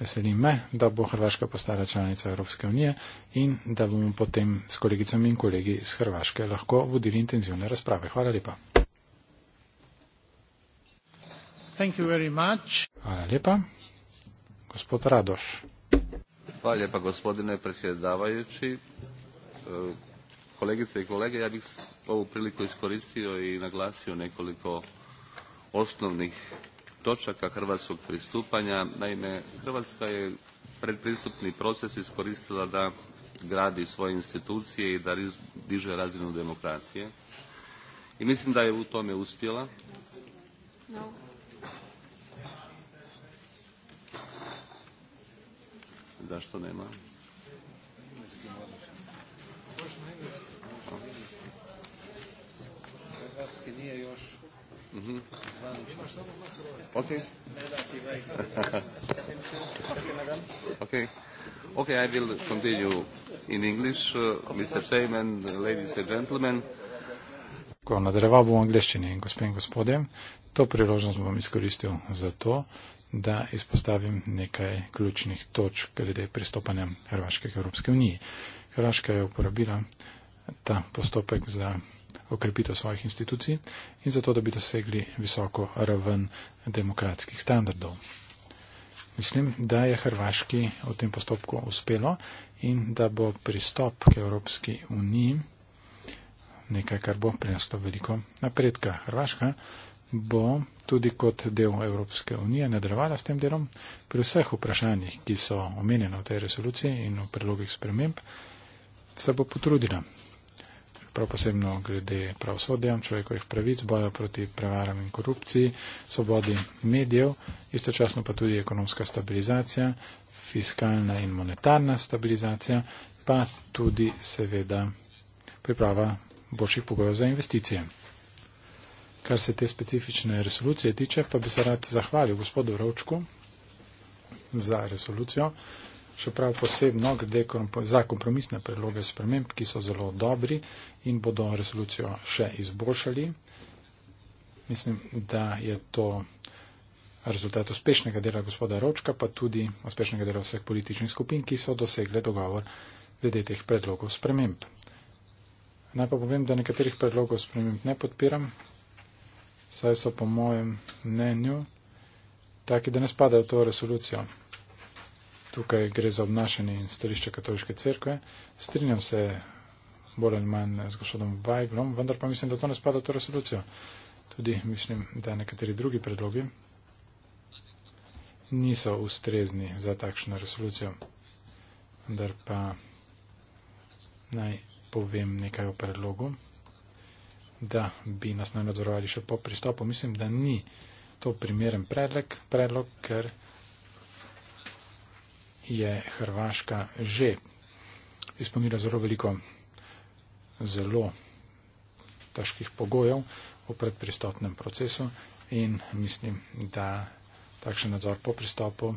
Veselim me, da bo Hrvaška postala članica Evropske unije in da bomo potem s kolegicami in kolegi iz Hrvaške lahko vodili intenzivne razprave. Hvala lepa. Hvala lepa. Gospod Radoš. Hvala lijepa gospodine predsjedavajući. E, kolegice i kolege, ja bih ovu priliku iskoristio i naglasio nekoliko osnovnih točaka hrvatskog pristupanja. Naime, Hrvatska je predpristupni proces iskoristila da gradi svoje institucije i da diže razinu demokracije. I mislim da je u tome uspjela. No. Daš to nema? Hrvatski nije još mhm. Ok. (laughs) ok. Ok, I will continue in English. Uh, Mr. Chairman, ladies and gentlemen. Ko nadreval bom angliščini, gospod in gospode, to priložnost bom izkoristil za to, da izpostavim nekaj ključnih točk glede pristopanja Hrvaške k Evropske unije. Hrvaška je uporabila ta postopek za okrepitev svojih institucij in zato, da bi dosegli visoko raven demokratskih standardov. Mislim, da je Hrvaški v tem postopku uspelo in da bo pristop k Evropski uniji nekaj, kar bo prineslo veliko napredka. Hrvaška bo tudi kot del Evropske unije nadaljevala s tem delom. Pri vseh vprašanjih, ki so omenjene v tej resoluciji in v predlogih sprememb, se bo potrudila. Prav posebno glede pravosodja, človekovih pravic, boja proti prevaram in korupciji, svobodi medijev, istočasno pa tudi ekonomska stabilizacija, fiskalna in monetarna stabilizacija, pa tudi seveda priprava boljših pogojev za investicije kar se te specifične resolucije tiče, pa bi se rad zahvalil gospodu Ročku za resolucijo, še prav posebno glede komp za kompromisne predloge sprememb, ki so zelo dobri in bodo resolucijo še izboljšali. Mislim, da je to rezultat uspešnega dela gospoda Ročka, pa tudi uspešnega dela vseh političnih skupin, ki so dosegle dogovor glede teh predlogov sprememb. Naj pa povem, da nekaterih predlogov sprememb ne podpiram, saj so po mojem mnenju taki, da ne spadajo v to resolucijo. Tukaj gre za obnašanje in stališče katoliške cerkve. Strinjam se bolj ali manj z gospodom Vajglom, vendar pa mislim, da to ne spada v to resolucijo. Tudi mislim, da nekateri drugi predlogi niso ustrezni za takšno resolucijo. Vendar pa naj povem nekaj o predlogu da bi nas naj nadzorovali še po pristopu. Mislim, da ni to primeren predlog, predlog ker je Hrvaška že izpolnila zelo veliko zelo težkih pogojev v predpristopnem procesu in mislim, da takšen nadzor po pristopu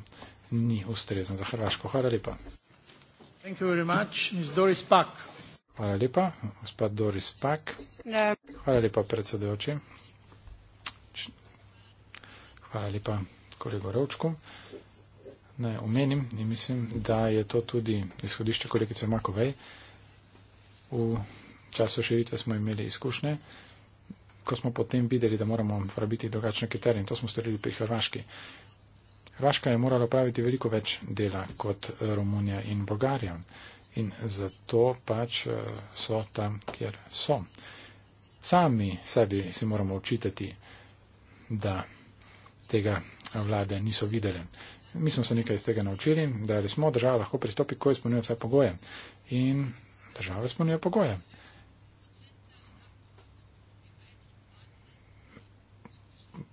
ni ustrezen za Hrvaško. Hvala lepa. Thank you very much. Ms. Doris Pak. Hvala lepa, gospod Doris Pak. Hvala lepa, predsedujoči. Hvala lepa, kolego Ravčku. Ne, omenim in mislim, da je to tudi izhodišče kolegice Makovej. V času širitve smo imeli izkušnje, ko smo potem videli, da moramo uporabiti drugačne kriterije in to smo storili pri Hrvaški. Hrvaška je morala praviti veliko več dela kot Romunija in Bolgarija in zato pač eh, so tam, kjer so. Sami sebi se moramo očitati, da tega vlade niso videli. Mi smo se nekaj iz tega naučili, da ali smo država lahko pristopi, ko izpolnjuje vse pogoje. In država izpolnjuje pogoje.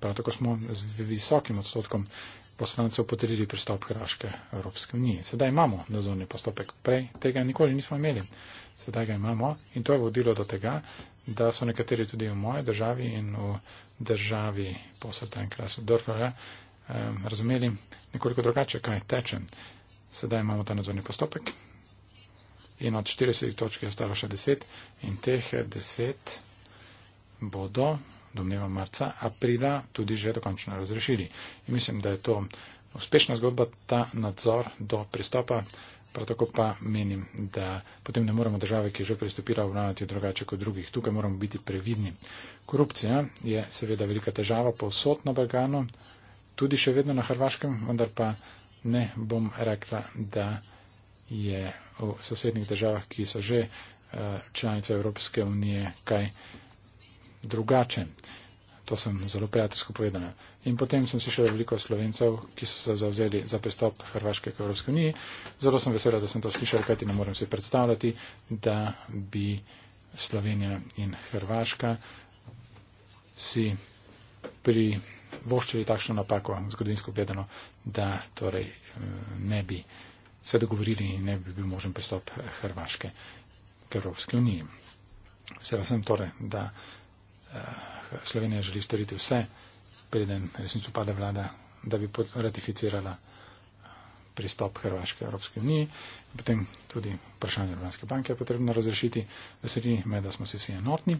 Prav tako smo z visokim odstotkom uh, poslancev potrdili pristop Hrvaške Evropske unije. Sedaj imamo nadzorni postopek, prej tega nikoli nismo imeli. Sedaj ga imamo in to je vodilo do tega, da so nekateri tudi v moji državi in v državi posrta in krasa Dorfara um, eh, razumeli nekoliko drugače, kaj teče. Sedaj imamo ta nadzorni postopek in od 40 točk je ostalo še 10 in teh 10 bodo domnevam marca, aprila tudi že dokončno razrešili. In mislim, da je to uspešna zgodba, ta nadzor do pristopa. Prav tako pa menim, da potem ne moremo države, ki je že pristopila, obravnavati drugače kot drugih. Tukaj moramo biti previdni. Korupcija je seveda velika težava povsod na Balkanu, tudi še vedno na Hrvaškem, vendar pa ne bom rekla, da je v sosednjih državah, ki so že eh, članice Evropske unije, kaj drugače. To sem zelo prijateljsko povedala. In potem sem slišal veliko slovencev, ki so se zavzeli za pristop Hrvaške k Evropske unije. Zelo sem vesela, da sem to slišala, kajti ne morem si predstavljati, da bi Slovenija in Hrvaška si privoščili takšno napako, zgodovinsko gledano, da torej eh, ne bi se dogovorili in ne bi bil možen pristop Hrvaške k Evropske unije. Vesela sem torej, da. Eh, Slovenija želi storiti vse, preden resnično pade vlada, da bi ratificirala eh, pristop Hrvaške Evropske unije. Potem tudi vprašanje Evropske banke je potrebno razrešiti, da se ni me, da smo si vsi enotni.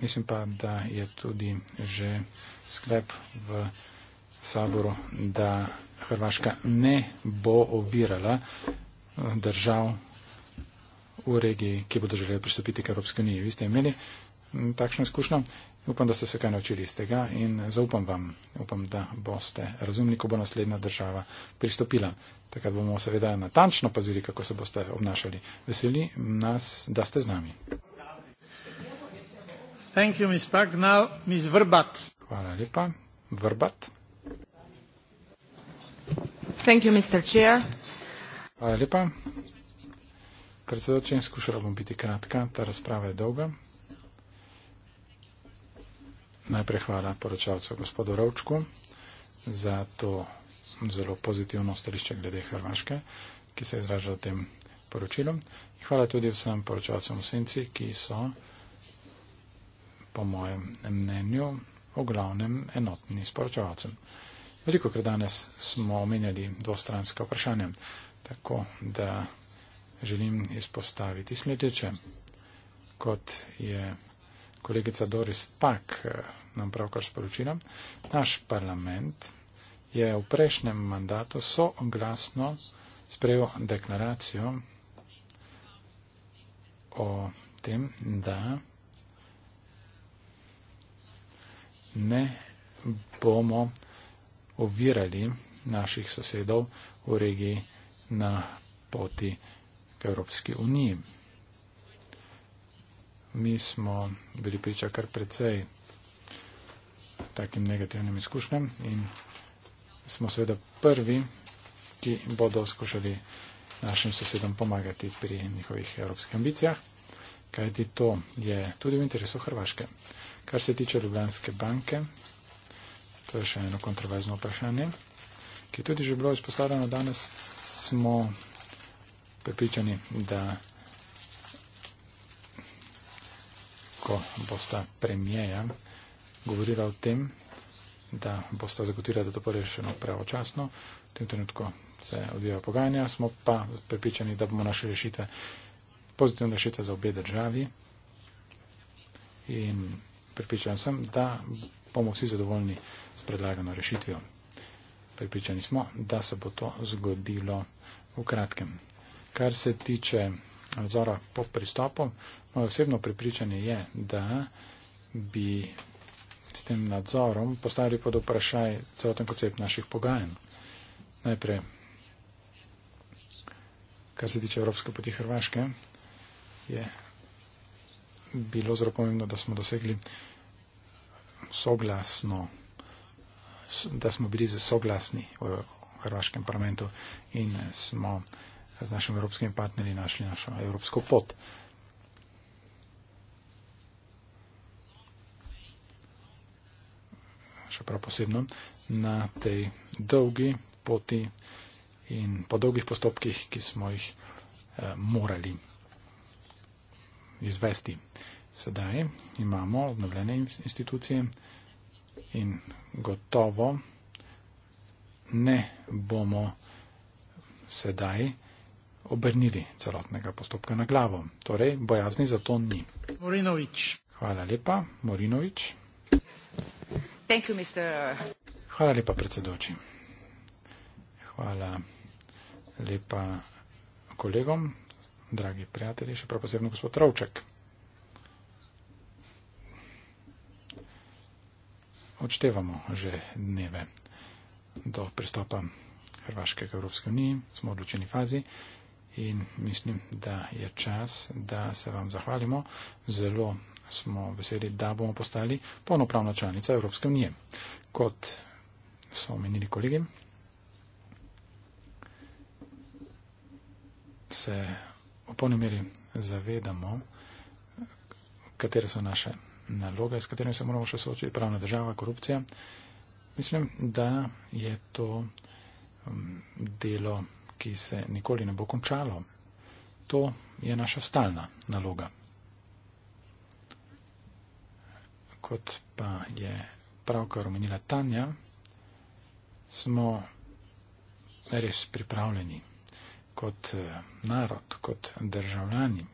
Mislim pa, da je tudi že sklep v saboru, da Hrvaška ne bo ovirala eh, držav v regiji, ki bodo želeli pristopiti k Evropske unije. Vi ste imeli uh, Mm, takšno izkušnjo. Upam, da ste se kaj naučili iz tega in zaupam vam, upam, da boste razumni, ko bo naslednja država pristopila. Takrat bomo seveda natančno pazili, kako se boste obnašali. Veseli nas, da ste z nami. You, Ms. Park, now, Ms. Hvala lepa. Vrbat. You, Hvala lepa. Predsedoče in skušala bom biti kratka, ta razprava je dolga. Najprej hvala poročavcu gospodu Ravčku za to zelo pozitivno stališče glede Hrvaške, ki se je izražalo tem poročilom. Hvala tudi vsem poročavcem v Senci, ki so po mojem mnenju v glavnem enotni s poročavcem. Veliko krat danes smo omenjali dvostranska vprašanja, tako da želim izpostaviti sledeče, kot je kolegica Doris Pak eh, nam pravkar sporočila, naš parlament je v prejšnjem mandatu soglasno sprejel deklaracijo o tem, da ne bomo ovirali naših sosedov v regiji na poti k Evropski uniji mi smo bili priča kar precej takim negativnim izkušnjam in smo seveda prvi, ki bodo skušali našim sosedom pomagati pri njihovih evropskih ambicijah, kajti to je tudi v interesu Hrvaške. Kar se tiče Ljubljanske banke, to je še eno kontroverzno vprašanje, ki je tudi že bilo izpostavljeno danes, smo pripričani, da ko bosta premijeja govorila o tem, da bosta zagotovila, da to bo rešeno pravočasno. V tem trenutku se odvijajo pogajanja, smo pa pripričani, da bomo našli rešitve, pozitivne rešitve za obe državi. In pripričan sem, da bomo vsi zadovoljni s predlagano rešitvijo. Pripričani smo, da se bo to zgodilo v kratkem. Kar se tiče nadzora po pristopu, Moje osebno prepričanje je, da bi s tem nadzorom postavili pod vprašaj celoten koncept naših pogajanj. Najprej, kar se tiče Evropske poti Hrvaške, je bilo zelo pomembno, da smo dosegli soglasno, da smo bili soglasni v Hrvaškem parlamentu in smo z našimi evropskimi partnerji našli našo evropsko pot. Uh, še prav posebno, na tej dolgi poti in po dolgih postopkih, ki smo jih eh, morali izvesti. Sedaj imamo obnovljene institucije in gotovo ne bomo sedaj obrnili celotnega postopka na glavo. Torej, bojazni za to ni. Morinovič. Hvala lepa, Morinovič. Hvala lepa, predsedoči. Hvala lepa kolegom, dragi prijatelji, še prav posebno gospod Rovček. Odštevamo že dneve do pristopa Hrvaške k Evropske unije, smo v odločeni fazi in mislim, da je čas, da se vam zahvalimo. Zelo smo veseli, da bomo postali polnopravna članica Evropske unije. Kot so omenili kolegi, se v polni meri zavedamo, katere so naše naloge, s katerimi se moramo še soočiti, pravna država, korupcija. Mislim, da je to um, delo, ki se nikoli ne bo končalo. To je naša stalna naloga. kot pa je pravkar omenila Tanja, smo res pripravljeni kot eh, narod, kot državljani.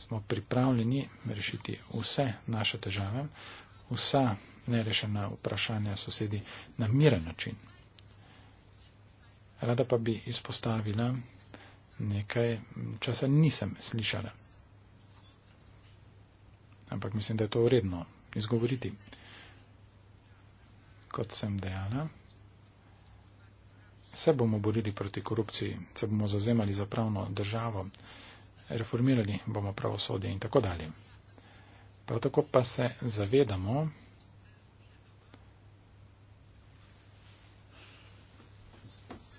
Smo pripravljeni rešiti vse naše težave, vsa nerešena vprašanja sosedi na miren način. Rada pa bi izpostavila nekaj, časa nisem slišala. Ampak mislim, da je to vredno izgovoriti. Kot sem dejala, se bomo borili proti korupciji, se bomo zazemali za pravno državo, reformirali bomo pravosodje in tako dalje. Prav tako pa se zavedamo,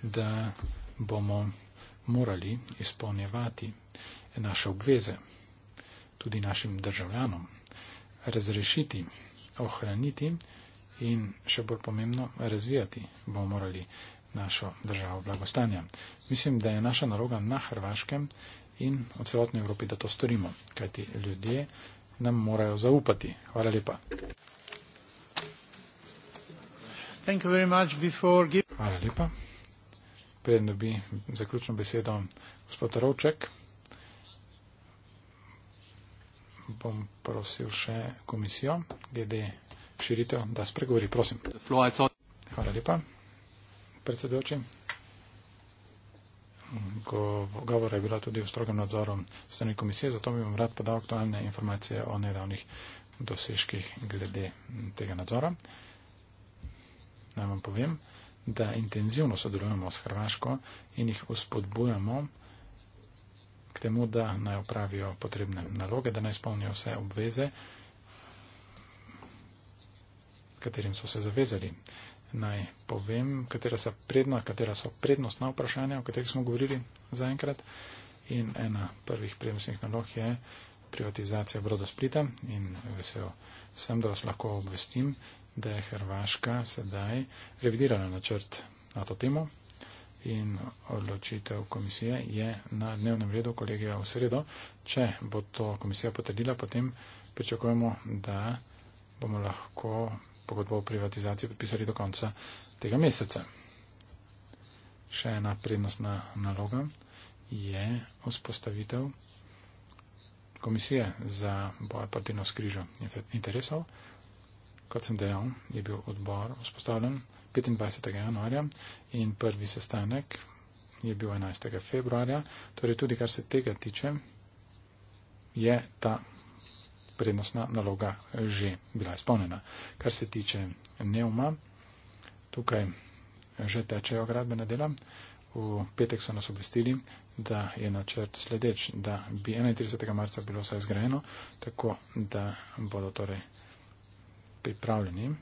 da bomo morali izpolnjevati naše obveze tudi našim državljanom, razrešiti, ohraniti in še bolj pomembno razvijati bomo morali našo državo blagostanja. Mislim, da je naša naloga na Hrvaškem in v celotni Evropi, da to storimo, kajti ljudje nam morajo zaupati. Hvala lepa. Hvala lepa. Preden dobi zaključno besedo gospod Rovček. bom prosil še komisijo glede širitev, da spregovori, prosim. Hvala lepa, predsedujoči. Govor je bilo tudi v strogem nadzoru strani komisije, zato bi vam rad podal aktualne informacije o nedavnih dosežkih glede tega nadzora. Naj vam povem, da intenzivno sodelujemo s Hrvaško in jih uspodbujamo, k temu, da naj opravijo potrebne naloge, da naj izpolnijo vse obveze, katerim so se zavezali. Naj povem, katera so, predna, katera so prednostna vprašanja, o katerih smo govorili zaenkrat. In ena prvih prednostnih nalog je privatizacija Brodosplita in vesel sem, da vas lahko obvestim, da je Hrvaška sedaj revidirala načrt na to temo in odločitev komisije je na dnevnem redu kolegija v sredo. Če bo to komisija potrdila, potem pričakujemo, da bomo lahko pogodbo o privatizaciji podpisali do konca tega meseca. Še ena prednostna naloga je vzpostavitev komisije za boj proti navskrižju interesov kot sem dejal, je bil odbor vzpostavljen 25. januarja in prvi sestanek je bil 11. februarja. Torej tudi kar se tega tiče, je ta prednostna naloga že bila izpolnjena. Kar se tiče neuma, tukaj že tečejo gradbene dela. V petek so nas obvestili, da je načrt sledeč, da bi 31. marca bilo vse zgrajeno, tako da bodo torej pripravljeni.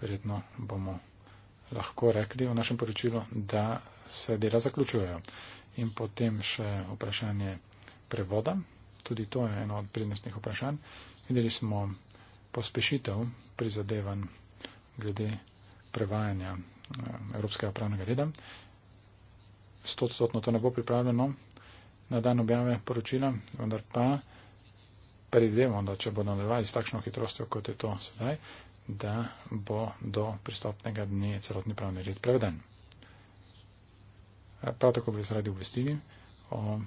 Verjetno bomo lahko rekli v našem poročilu, da se dela zaključujejo. In potem še vprašanje prevoda. Tudi to je eno od prednostnih vprašanj. Videli smo pospešitev prizadevan glede prevajanja eh, Evropskega pravnega reda. Stotstotno to ne bo pripravljeno na dan objave poročila, vendar pa predvidevamo, da če bodo nadaljevali s takšno hitrostjo, kot je to sedaj, da bo do pristopnega dne celotni pravni red preveden. Eh, prav tako bi se radi obvestili o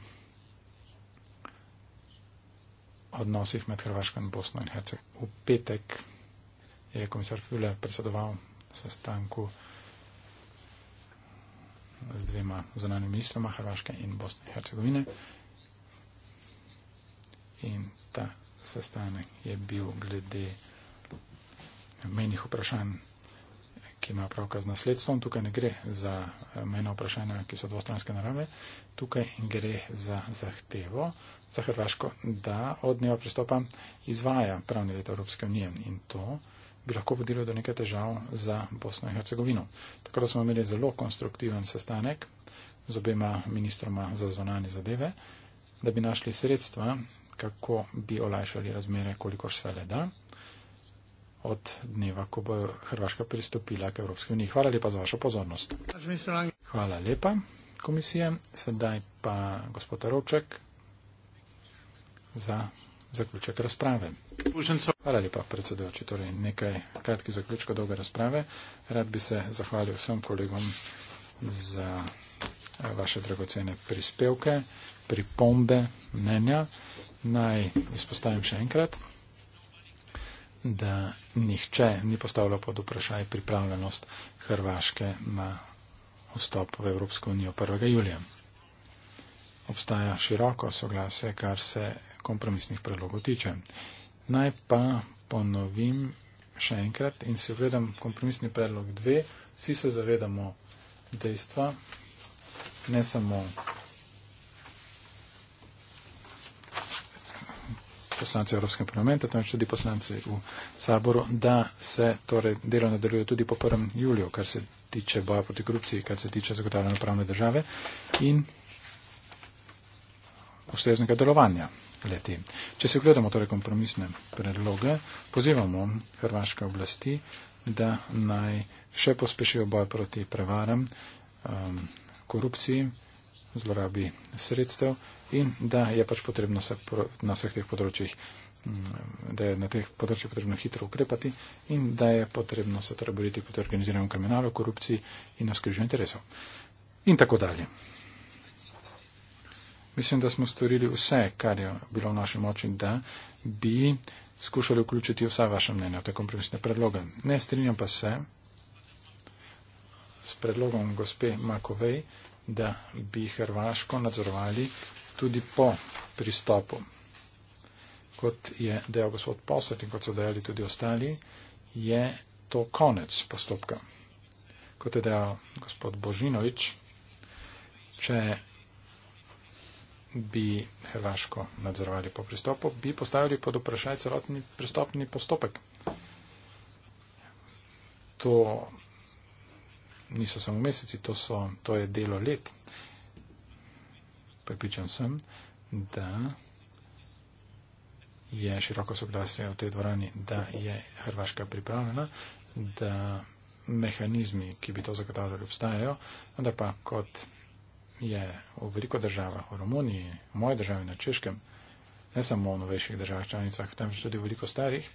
odnosih med Hrvaškem, Bosno in Herceg. V petek je komisar Füle predsedoval sestanku z dvema zunanjimi ministroma Hrvaške in Bosne in Hercegovine. In ta sestanek je bil glede menih vprašanj, ki ima pravka z nasledstvom. Tukaj ne gre za eh, mena vprašanja, ki so dvostranske narave. Tukaj gre za zahtevo za Hrvaško, da od dneva pristopa izvaja pravni red Evropske unije in to bi lahko vodilo do nekaj težav za Bosno in Hercegovino. Tako da smo imeli zelo konstruktiven sestanek z obema ministroma za zonanje zadeve, da bi našli sredstva kako bi olajšali razmere, kolikor se le da, od dneva, ko bo Hrvaška pristopila k Evropski uniji. Hvala lepa za vašo pozornost. Hvala lepa, komisije. Sedaj pa gospod Rovček za zaključek razprave. Hvala lepa, predsedujoči. Torej nekaj kratkih zaključkov dolge razprave. Rad bi se zahvalil vsem kolegom za eh, vaše dragocene prispevke, pripombe, mnenja naj izpostavim še enkrat, da nihče ni postavljal pod vprašaj pripravljenost Hrvaške na vstop v Evropsko unijo 1. julija. Obstaja široko soglasje, kar se kompromisnih predlogov tiče. Naj pa ponovim še enkrat in si ogledam kompromisni predlog 2. Vsi se zavedamo dejstva, ne samo poslanci Evropskem parlamentu, tam tudi poslanci v saboru, da se torej delo nadaljuje tudi po 1. juliju, kar se tiče boja proti korupciji, kar se tiče zagotavljanja pravne države in ustreznega delovanja leti. Če se gledamo torej kompromisne predloge, pozivamo hrvaške oblasti, da naj še pospešijo boj proti prevaram, um, korupciji, zlorabi sredstev, in da je pač potrebno se na vseh teh področjih, mm, da je na teh področjih potrebno hitro ukrepati in da je potrebno se torej boriti proti organiziranemu kriminalu, korupciji in oskrbi interesov. In tako dalje. Mislim, da smo storili vse, kar je bilo v naši moči, da bi skušali vključiti vsa vaša mnenja v te kompromisne predloge. Ne strinjam pa se s predlogom gospe Makovej, da bi Hrvaško nadzorovali tudi po pristopu. Kot je dejal gospod Posad in kot so dejali tudi ostali, je to konec postopka. Kot je dejal gospod Božinovič, če bi Hrvaško nadzorovali po pristopu, bi postavili pod vprašaj celotni pristopni postopek. To niso samo meseci, to, so, to je delo let. Pripričan sem, da je široko soglasje v tej dvorani, da je Hrvaška pripravljena, da mehanizmi, ki bi to zagotavljali, obstajajo, vendar pa kot je v veliko državah, v Romuniji, v moji državi na Češkem, ne samo v novejših državah članicah, temveč tudi v veliko starih,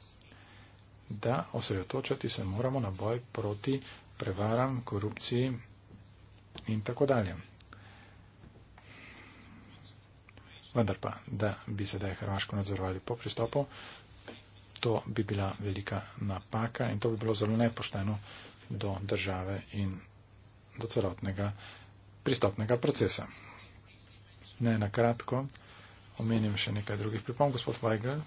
da osredotočati se moramo na boj proti prevaram, korupciji in tako dalje. vendar pa, da bi sedaj Hrvaško nadzorovali po pristopu, to bi bila velika napaka in to bi bilo zelo nepošteno do države in do celotnega pristopnega procesa. Ne na kratko, omenim še nekaj drugih pripomb, gospod Weigel.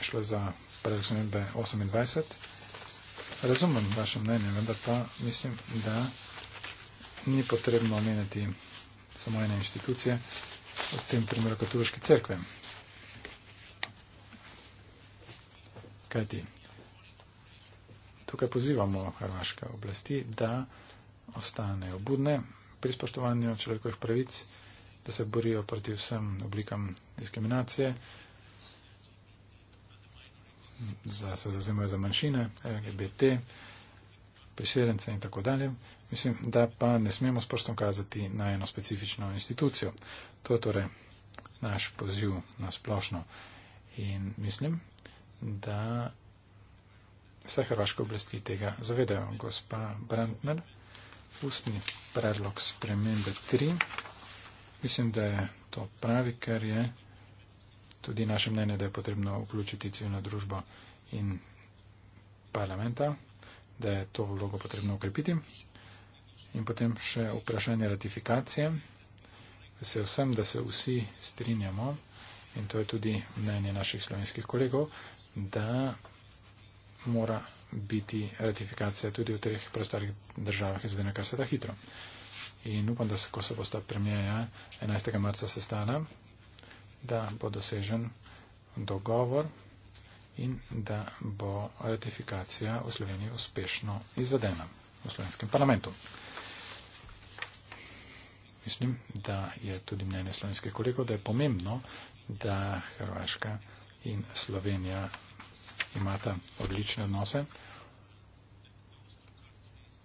Šlo je za predvsembe 28. Razumem vaše mnenje, vendar pa mislim, da ni potrebno omeniti samo ene inštitucije, v tem primeru katoliške cerkve. Kaj ti? Tukaj pozivamo hrvaške oblasti, da ostanejo budne pri spoštovanju človekovih pravic, da se borijo proti vsem oblikam diskriminacije, da se zazemajo za manjšine, LGBT, priseljence in tako dalje. Mislim, da pa ne smemo s prstom kazati na eno specifično institucijo. To je torej naš poziv na splošno. In mislim, da se hrvaške oblasti tega zavedajo. Gospa Brandner, ustni predlog spremembe 3. Mislim, da je to pravi, ker je tudi naše mnenje, da je potrebno vključiti civilno družbo in parlamenta, da je to vlogo potrebno ukrepiti. In potem še vprašanje ratifikacije. Vesel sem, da se vsi strinjamo, in to je tudi mnenje naših slovenskih kolegov, da mora biti ratifikacija tudi v teh preostalih državah izvedena kar se da hitro. In upam, da se, ko se bo sta premijeja 11. marca sestana, da bo dosežen dogovor in da bo ratifikacija v Sloveniji uspešno izvedena v slovenskem parlamentu mislim, da je tudi mnenje slovenskih kolegov, da je pomembno, da Hrvaška in Slovenija imata odlične odnose.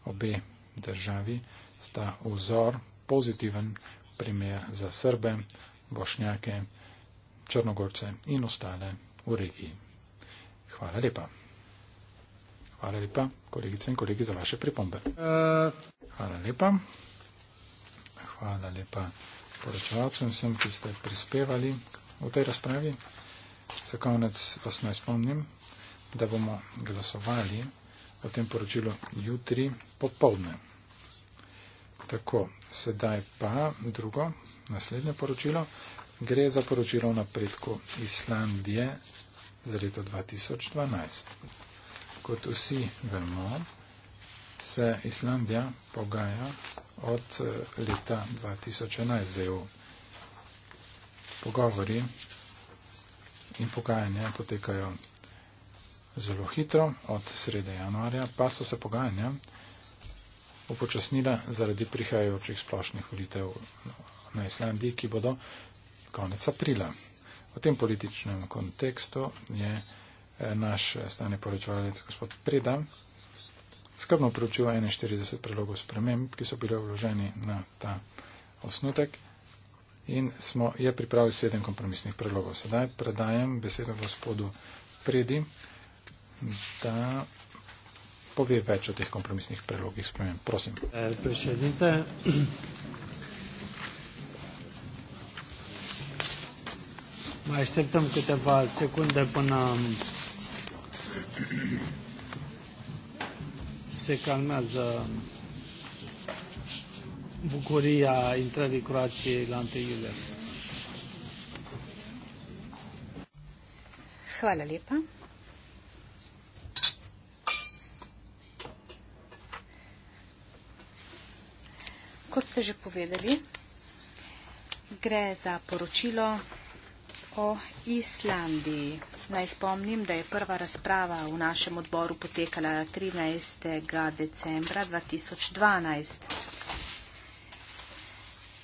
Obe državi sta vzor, pozitiven primer za Srbe, Bošnjake, Črnogorce in ostale v regiji. Hvala lepa. Hvala lepa, kolegice in kolegi, za vaše pripombe. Uh. Hvala lepa hvala lepa poročevalcem vsem, ki ste prispevali v tej razpravi. Za konec vas naj spomnim, da bomo glasovali o tem poročilu jutri popovdne. Tako, sedaj pa drugo, naslednje poročilo. Gre za poročilo o napredku Islandije za leto 2012. Kot vsi vemo, se Islandija pogaja od eh, leta 2011 ZEO. Pogovori in pogajanja potekajo zelo hitro, od srede januarja pa so se pogajanja upočasnila zaradi prihajajočih splošnih volitev na Islandiji, ki bodo konec aprila. V tem političnem kontekstu je eh, naš eh, stane poročevalec gospod Preda skrbno preučil 41 predlogov sprememb, ki so bile vloženi na ta osnutek in smo, je pripravil sedem kompromisnih predlogov. Sedaj predajam besedo gospodu Predi, da pove več o teh kompromisnih predlogih sprememb. Prosim. Eh, Prišedite. Mai așteptăm câteva secunde până se calmează bucuria intrării Croației la 1 iulie. Hvala lepa. Kot ste že povedali, gre za poročilo o Islandiji. Naj spomnim, da je prva razprava v našem odboru potekala 13. decembra 2012.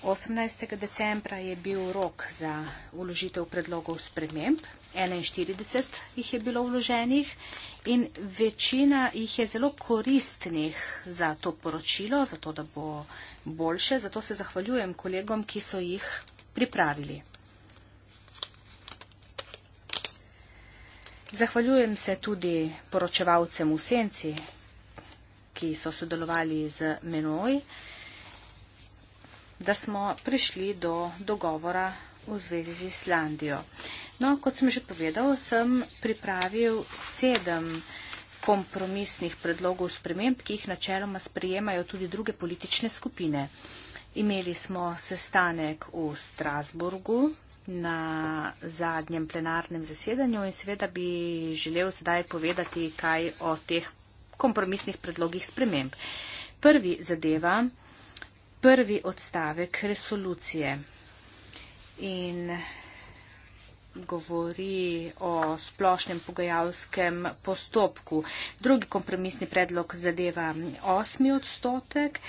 18. decembra je bil rok za uložitev predlogov sprememb. 41 jih je bilo vloženih in večina jih je zelo koristnih za to poročilo, zato da bo boljše. Zato se zahvaljujem kolegom, ki so jih pripravili. Zahvaljujem se tudi poročevalcem v Senci, ki so sodelovali z menoj, da smo prišli do dogovora v zvezi z Islandijo. No, kot sem že povedal, sem pripravil sedem kompromisnih predlogov sprememb, ki jih načeloma sprejemajo tudi druge politične skupine. Imeli smo sestanek v Strasburgu na zadnjem plenarnem zasedanju in seveda bi želel zdaj povedati kaj o teh kompromisnih predlogih sprememb. Prvi zadeva, prvi odstavek resolucije in govori o splošnem pogajalskem postopku. Drugi kompromisni predlog zadeva osmi odstotek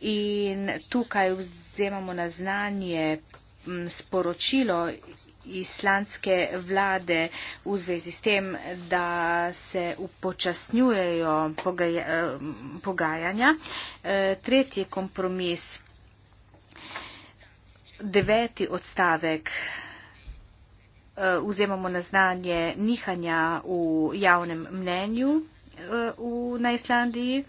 in tukaj vzemamo na znanje sporočilo islandske vlade v zvezi s tem, da se upočasnjujejo pogaja, pogajanja. E, tretji kompromis, deveti odstavek, e, vzemamo na znanje nihanja v javnem mnenju e, v, na Islandiji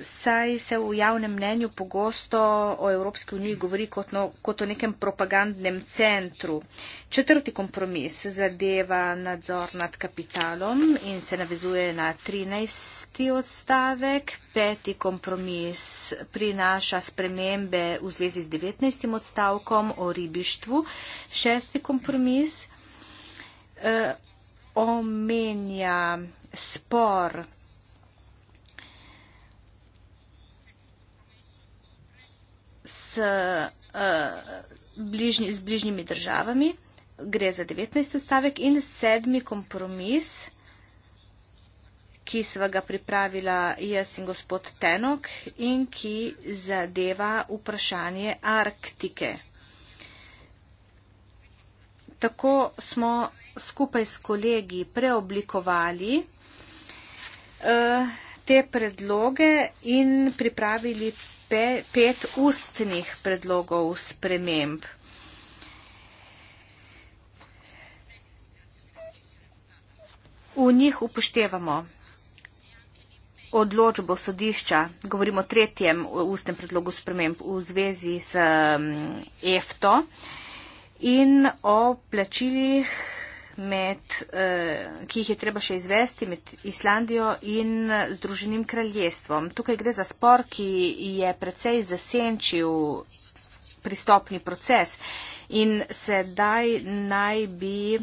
saj se v javnem mnenju pogosto o Evropski uniji govori kot, no, kot o nekem propagandnem centru. Četrti kompromis zadeva nadzor nad kapitalom in se navezuje na 13. odstavek. Peti kompromis prinaša spremembe v zvezi z 19. odstavkom o ribištvu. Šesti kompromis eh, omenja spor. Eh, bližnji, z bližnjimi državami, gre za 19. odstavek in sedmi kompromis, ki sva ga pripravila jaz in gospod Tenok in ki zadeva vprašanje Arktike. Tako smo skupaj s kolegi preoblikovali uh, te predloge in pripravili pe, pet ustnih predlogov sprememb. V njih upoštevamo odločbo sodišča, govorimo o tretjem ustnem predlogu sprememb v zvezi s mm, EFTO in o plačilih med, eh, ki jih je treba še izvesti med Islandijo in eh, Združenim kraljestvom. Tukaj gre za spor, ki je precej zasenčil pristopni proces in sedaj naj bi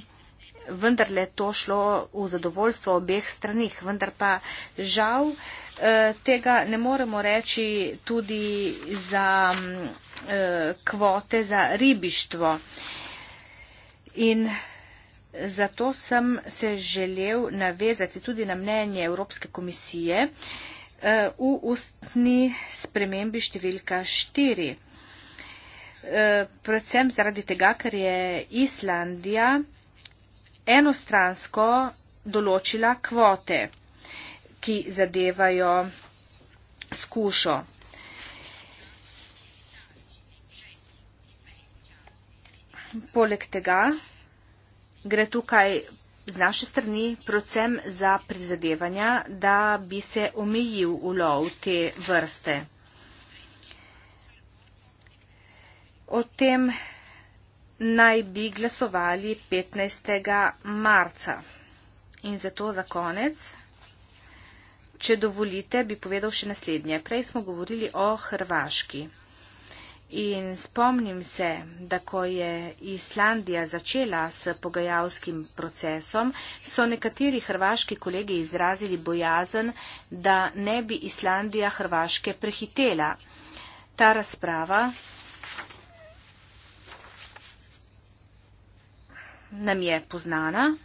vendarle to šlo v zadovoljstvo obeh stranih, vendar pa žal eh, tega ne moremo reči tudi za mm, kvote za ribištvo. In Zato sem se želel navezati tudi na mnenje Evropske komisije eh, v ustni spremembi številka 4. Eh, predvsem zaradi tega, ker je Islandija enostransko določila kvote, ki zadevajo skušo. Poleg tega gre tukaj z naše strani predvsem za prizadevanja, da bi se omejil ulov te vrste. O tem naj bi glasovali 15. marca. In zato za konec, če dovolite, bi povedal še naslednje. Prej smo govorili o Hrvaški. In spomnim se, da ko je Islandija začela s pogajalskim procesom, so nekateri hrvaški kolegi izrazili bojazen, da ne bi Islandija Hrvaške prehitela. Ta razprava nam je poznana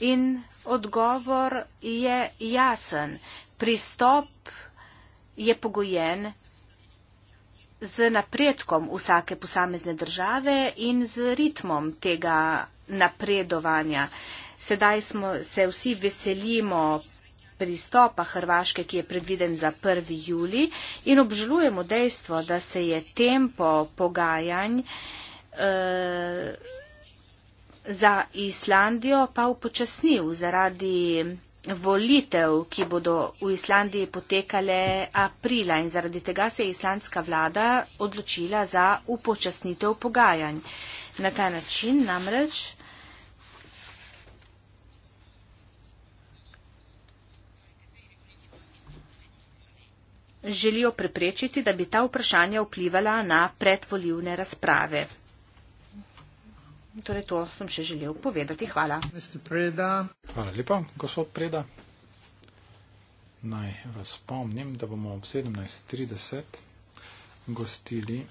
in odgovor je jasen. Pristop je pogojen z napredkom vsake posamezne države in z ritmom tega napredovanja. Sedaj smo, se vsi veselimo pristopa Hrvaške, ki je predviden za 1. juli in obžalujemo dejstvo, da se je tempo pogajanj eh, za Islandijo pa upočasnil zaradi volitev, ki bodo v Islandiji potekale aprila in zaradi tega se je islandska vlada odločila za upočasnitev pogajanj. Na ta način namreč želijo preprečiti, da bi ta vprašanja vplivala na predvoljivne razprave. Torej, to sem še želel povedati. Hvala. Hvala lepa, gospod Preda. Naj vas spomnim, da bomo ob 17.30 gostili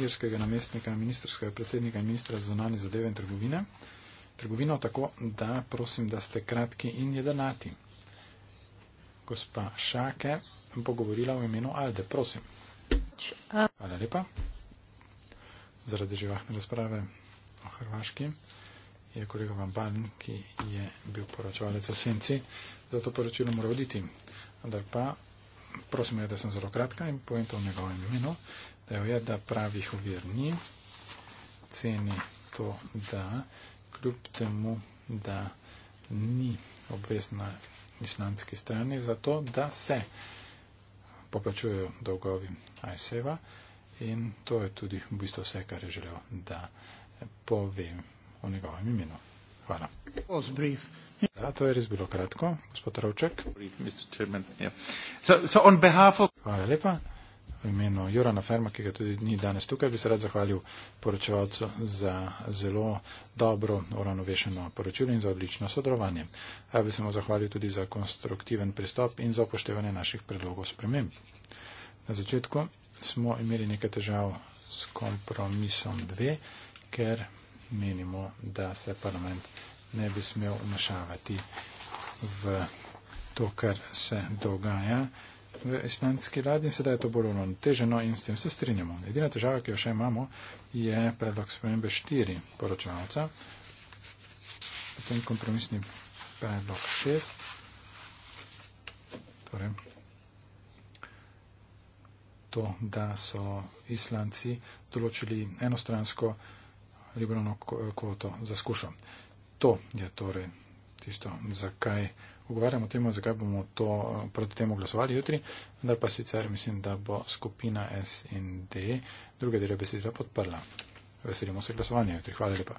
irskega namestnika, ministrskega predsednika in ministra zvonalne zadeve in trgovine. Trgovino tako, da prosim, da ste kratki in jedenati. Gospa Šake bo govorila v imenu Alde. Prosim. Hvala lepa. Zaradi živahne razprave o Hrvaški, je kolega Van Balen, ki je bil poročevalec o Senci, zato poročilo mora oditi. Vendar pa, prosim je, da sem zelo kratka in povem to v njegovem imenu, da jo je, da pravih ovir ni, ceni to, da kljub temu, da ni obvezna islandski strani, zato da se poplačujejo dolgovi ISEVA in to je tudi v bistvu vse, kar je želel, da povem o njegovem imenu. Hvala. Ja, to je res bilo kratko, gospod Ravček. Ja. Hvala lepa. V imenu Jurana Ferma, ki ga tudi ni danes tukaj, bi se rad zahvalil poročevalcu za zelo dobro uravnovešeno poročilo in za odlično sodelovanje. Ja, bi se mu zahvalil tudi za konstruktiven pristop in za upoštevanje naših predlogov sprememb. Na začetku smo imeli nekaj težav s kompromisom 2 ker menimo, da se parlament ne bi smel vmešavati v to, kar se dogaja v islandski vladi in sedaj je to bolj uravnoteženo in s tem se strinjamo. Edina težava, ki jo še imamo, je predlog spremembe štiri poročevalca, potem kompromisni predlog šest, torej to, da so islanci določili enostransko ribolovno kvoto za skušo. To je torej tisto, zakaj ugovarjamo temu, zakaj bomo to, proti temu glasovali jutri, vendar pa sicer mislim, da bo skupina SND druge dele besedila podprla. Veselimo se glasovanja jutri. Hvala lepa.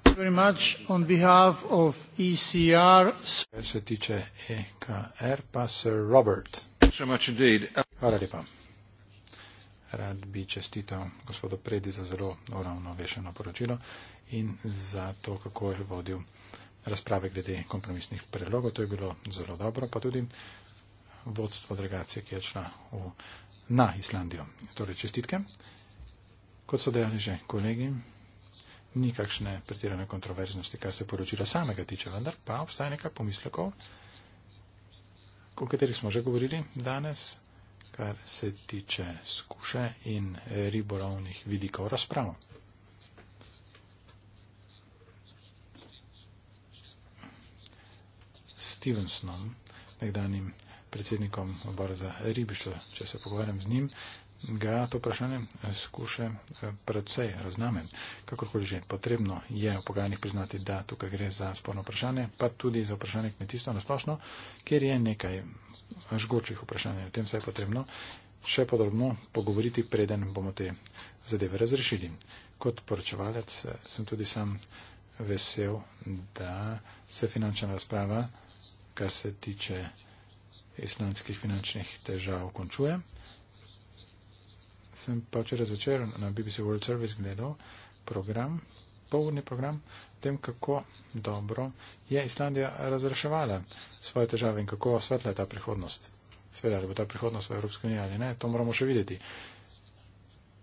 ECR... E Kar se tiče EKR, pa Sir Robert. So Hvala lepa. Rad bi čestital gospodu Predi za zelo uravnovešeno poročilo in za to, kako je vodil razprave glede kompromisnih predlogov. To je bilo zelo dobro, pa tudi vodstvo delegacije, ki je šla v, na Islandijo. Torej, čestitke. Kot so dejali že kolegi, ni kakšne pretirane kontroverznosti, kar se poročila samega tiče, vendar pa obstaja nekaj pomislekov, o katerih smo že govorili danes, kar se tiče skuše in ribolovnih vidikov razprav. Stevensonom, nekdanjim predsednikom obora za ribištvo, če se pogovarjam z njim, ga to vprašanje eh, skuše eh, predvsej razname. Kakorkoli že potrebno je v pogajanjih priznati, da tukaj gre za sporno vprašanje, pa tudi za vprašanje kmetijstva na splošno, ker je nekaj žgočih vprašanj. O tem se je potrebno še podrobno pogovoriti, preden bomo te zadeve razrešili. Kot poročevalec eh, sem tudi sam vesel, da se finančna razprava kar se tiče islandskih finančnih težav, končuje. Sem pa včeraj začel na BBC World Service gledal program, povodni program, o tem, kako dobro je Islandija razreševala svoje težave in kako svetla je ta prihodnost. Sveda, ali bo ta prihodnost v Evropski uniji ali ne, to moramo še videti.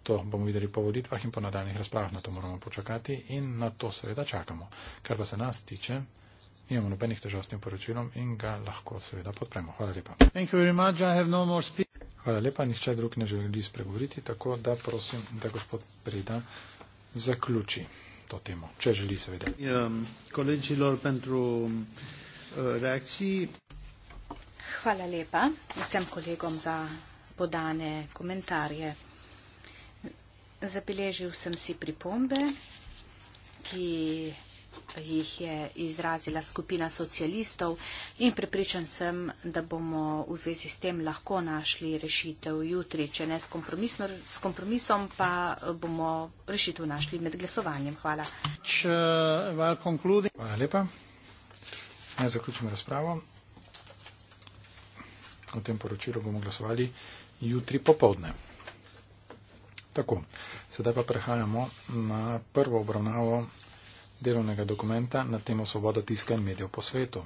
To bomo videli po volitvah in po nadaljnih razpravah, na to moramo počakati in na to seveda čakamo. Kar pa se nas tiče, nimamo nobenih težav s tem poročilom in ga lahko seveda podpremo. Hvala lepa. No Hvala lepa, nihče drug ne želi spregovoriti, tako da prosim, da gospod Preda zaključi to temo, če želi seveda. Ja, eh, Hvala lepa vsem kolegom za podane komentarje. Zabeležil sem si pripombe, ki jih je izrazila skupina socialistov in prepričan sem, da bomo v zvezi s tem lahko našli rešitev jutri. Če ne s, s kompromisom, pa bomo rešitev našli med glasovanjem. Hvala. Hvala lepa. Naj zaključim razpravo. O tem poročilu bomo glasovali jutri popovdne. Tako, sedaj pa prehajamo na prvo obravnavo delovnega dokumenta na temo svoboda tiska in medijev po svetu.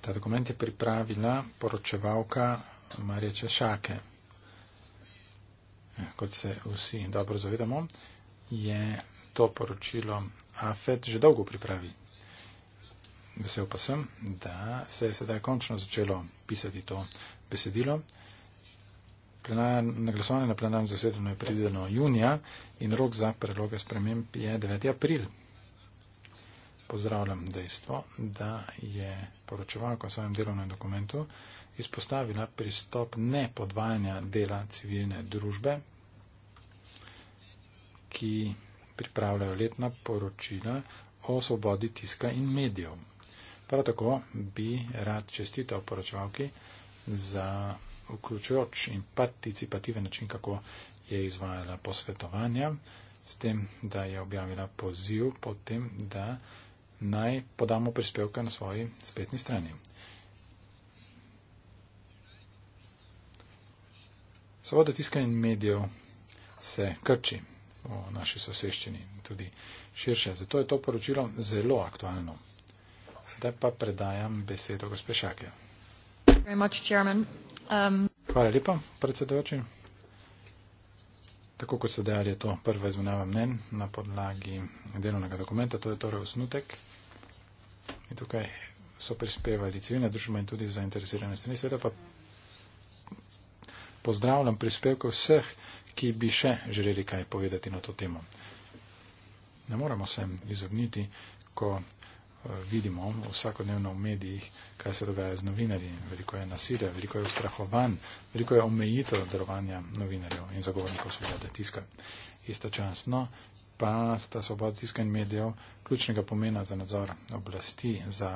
Ta dokument je pripravila poročevalka Marija Češake. Kot se vsi dobro zavedamo, je to poročilo AFED že dolgo pripravi. Vesel pa sem, da se je sedaj končno začelo pisati to besedilo na glasovanje na plenarno zasedanje je predvideno junija in rok za predloge sprememb je 9. april. Pozdravljam dejstvo, da je poročevalka v svojem delovnem dokumentu izpostavila pristop ne podvajanja dela civilne družbe, ki pripravljajo letna poročila o svobodi tiska in medijev. Prav tako bi rad čestital poročevalki za vključujoč in participativen način, kako je izvajala posvetovanja, s tem, da je objavila poziv potem, da naj podamo prispevke na svoji spletni strani. Svoboda tiskanja in medijev se krči v naši soseščini tudi širše. Zato je to poročilo zelo aktualno. Sedaj pa predajam besedo gospešake. Um, Hvala lepa, predsedujoči. Tako kot ste dejali, je to prva izmenjava mnen na podlagi delovnega dokumenta, to je torej osnutek. In tukaj so prispevali civilne družbe in tudi zainteresirane strani. Sveda pa pozdravljam prispevke vseh, ki bi še želeli kaj povedati na to temo. Ne moramo se izogniti, ko Eh, vidimo vsakodnevno v medijih, kaj se dogaja z novinarji. Veliko je nasilja, veliko je ustrahovanj, veliko je omejitev delovanja novinarjev in zagovornikov svobode tiska. Istočasno pa sta svoboda tiska in medijev ključnega pomena za nadzor oblasti, za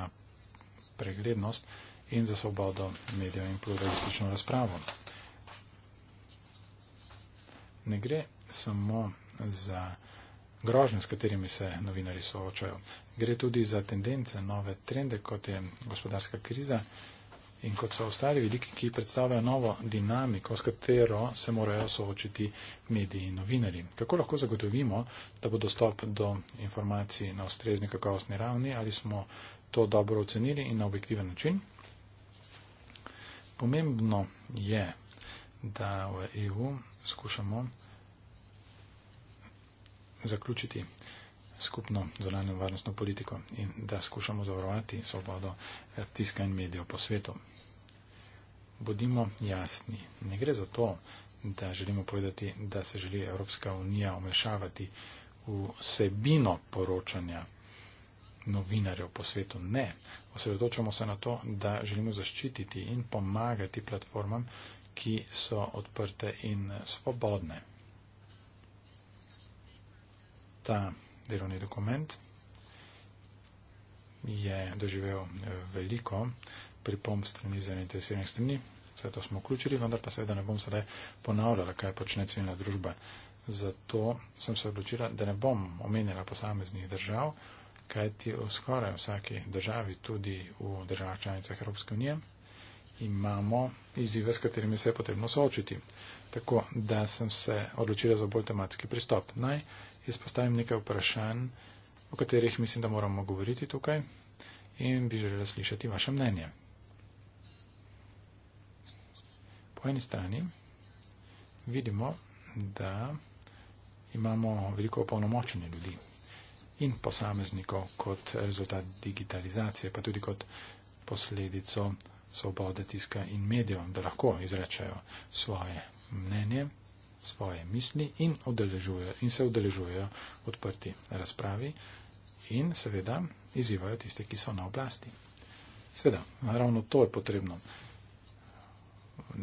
preglednost in za svobodo medijev in pluralistično razpravo. Ne gre samo za grožnje, s katerimi se novinari soočajo gre tudi za tendence, nove trende, kot je gospodarska kriza in kot so ostali vidiki, ki predstavljajo novo dinamiko, s katero se morajo soočiti mediji in novinari. Kako lahko zagotovimo, da bo dostop do informacij na ustrezni kakovostni ravni, ali smo to dobro ocenili in na objektiven način? Pomembno je, da v EU skušamo zaključiti skupno zunanjo varnostno politiko in da skušamo zavarovati svobodo eh, tiska in medijev po svetu. Bodimo jasni, ne gre za to, da želimo povedati, da se želi Evropska unija omešavati vsebino poročanja novinarjev po svetu. Ne, osredotočamo se na to, da želimo zaščititi in pomagati platformam, ki so odprte in svobodne. Ta delovni dokument je doživel eh, veliko pripomb strani zainteresiranih strani. Vse to smo vključili, vendar pa seveda ne bom sedaj ponavljala, kaj počne civilna družba. Zato sem se odločila, da ne bom omenjala posameznih držav, kajti v skoraj vsaki državi, tudi v državah članicah Evropske unije, imamo izzive, s katerimi se je potrebno soočiti. Tako da sem se odločila za bolj tematski pristop. Naj jaz postavim nekaj vprašanj, o katerih mislim, da moramo govoriti tukaj in bi želela slišati vaše mnenje. Po eni strani vidimo, da imamo veliko opolnomočenje ljudi in posameznikov kot rezultat digitalizacije, pa tudi kot posledico svobode tiska in medijev, da lahko izrečajo svoje mnenje svoje misli in, in se udeležujejo odprti razpravi in seveda izzivajo tiste, ki so na oblasti. Seveda, ravno to je potrebno.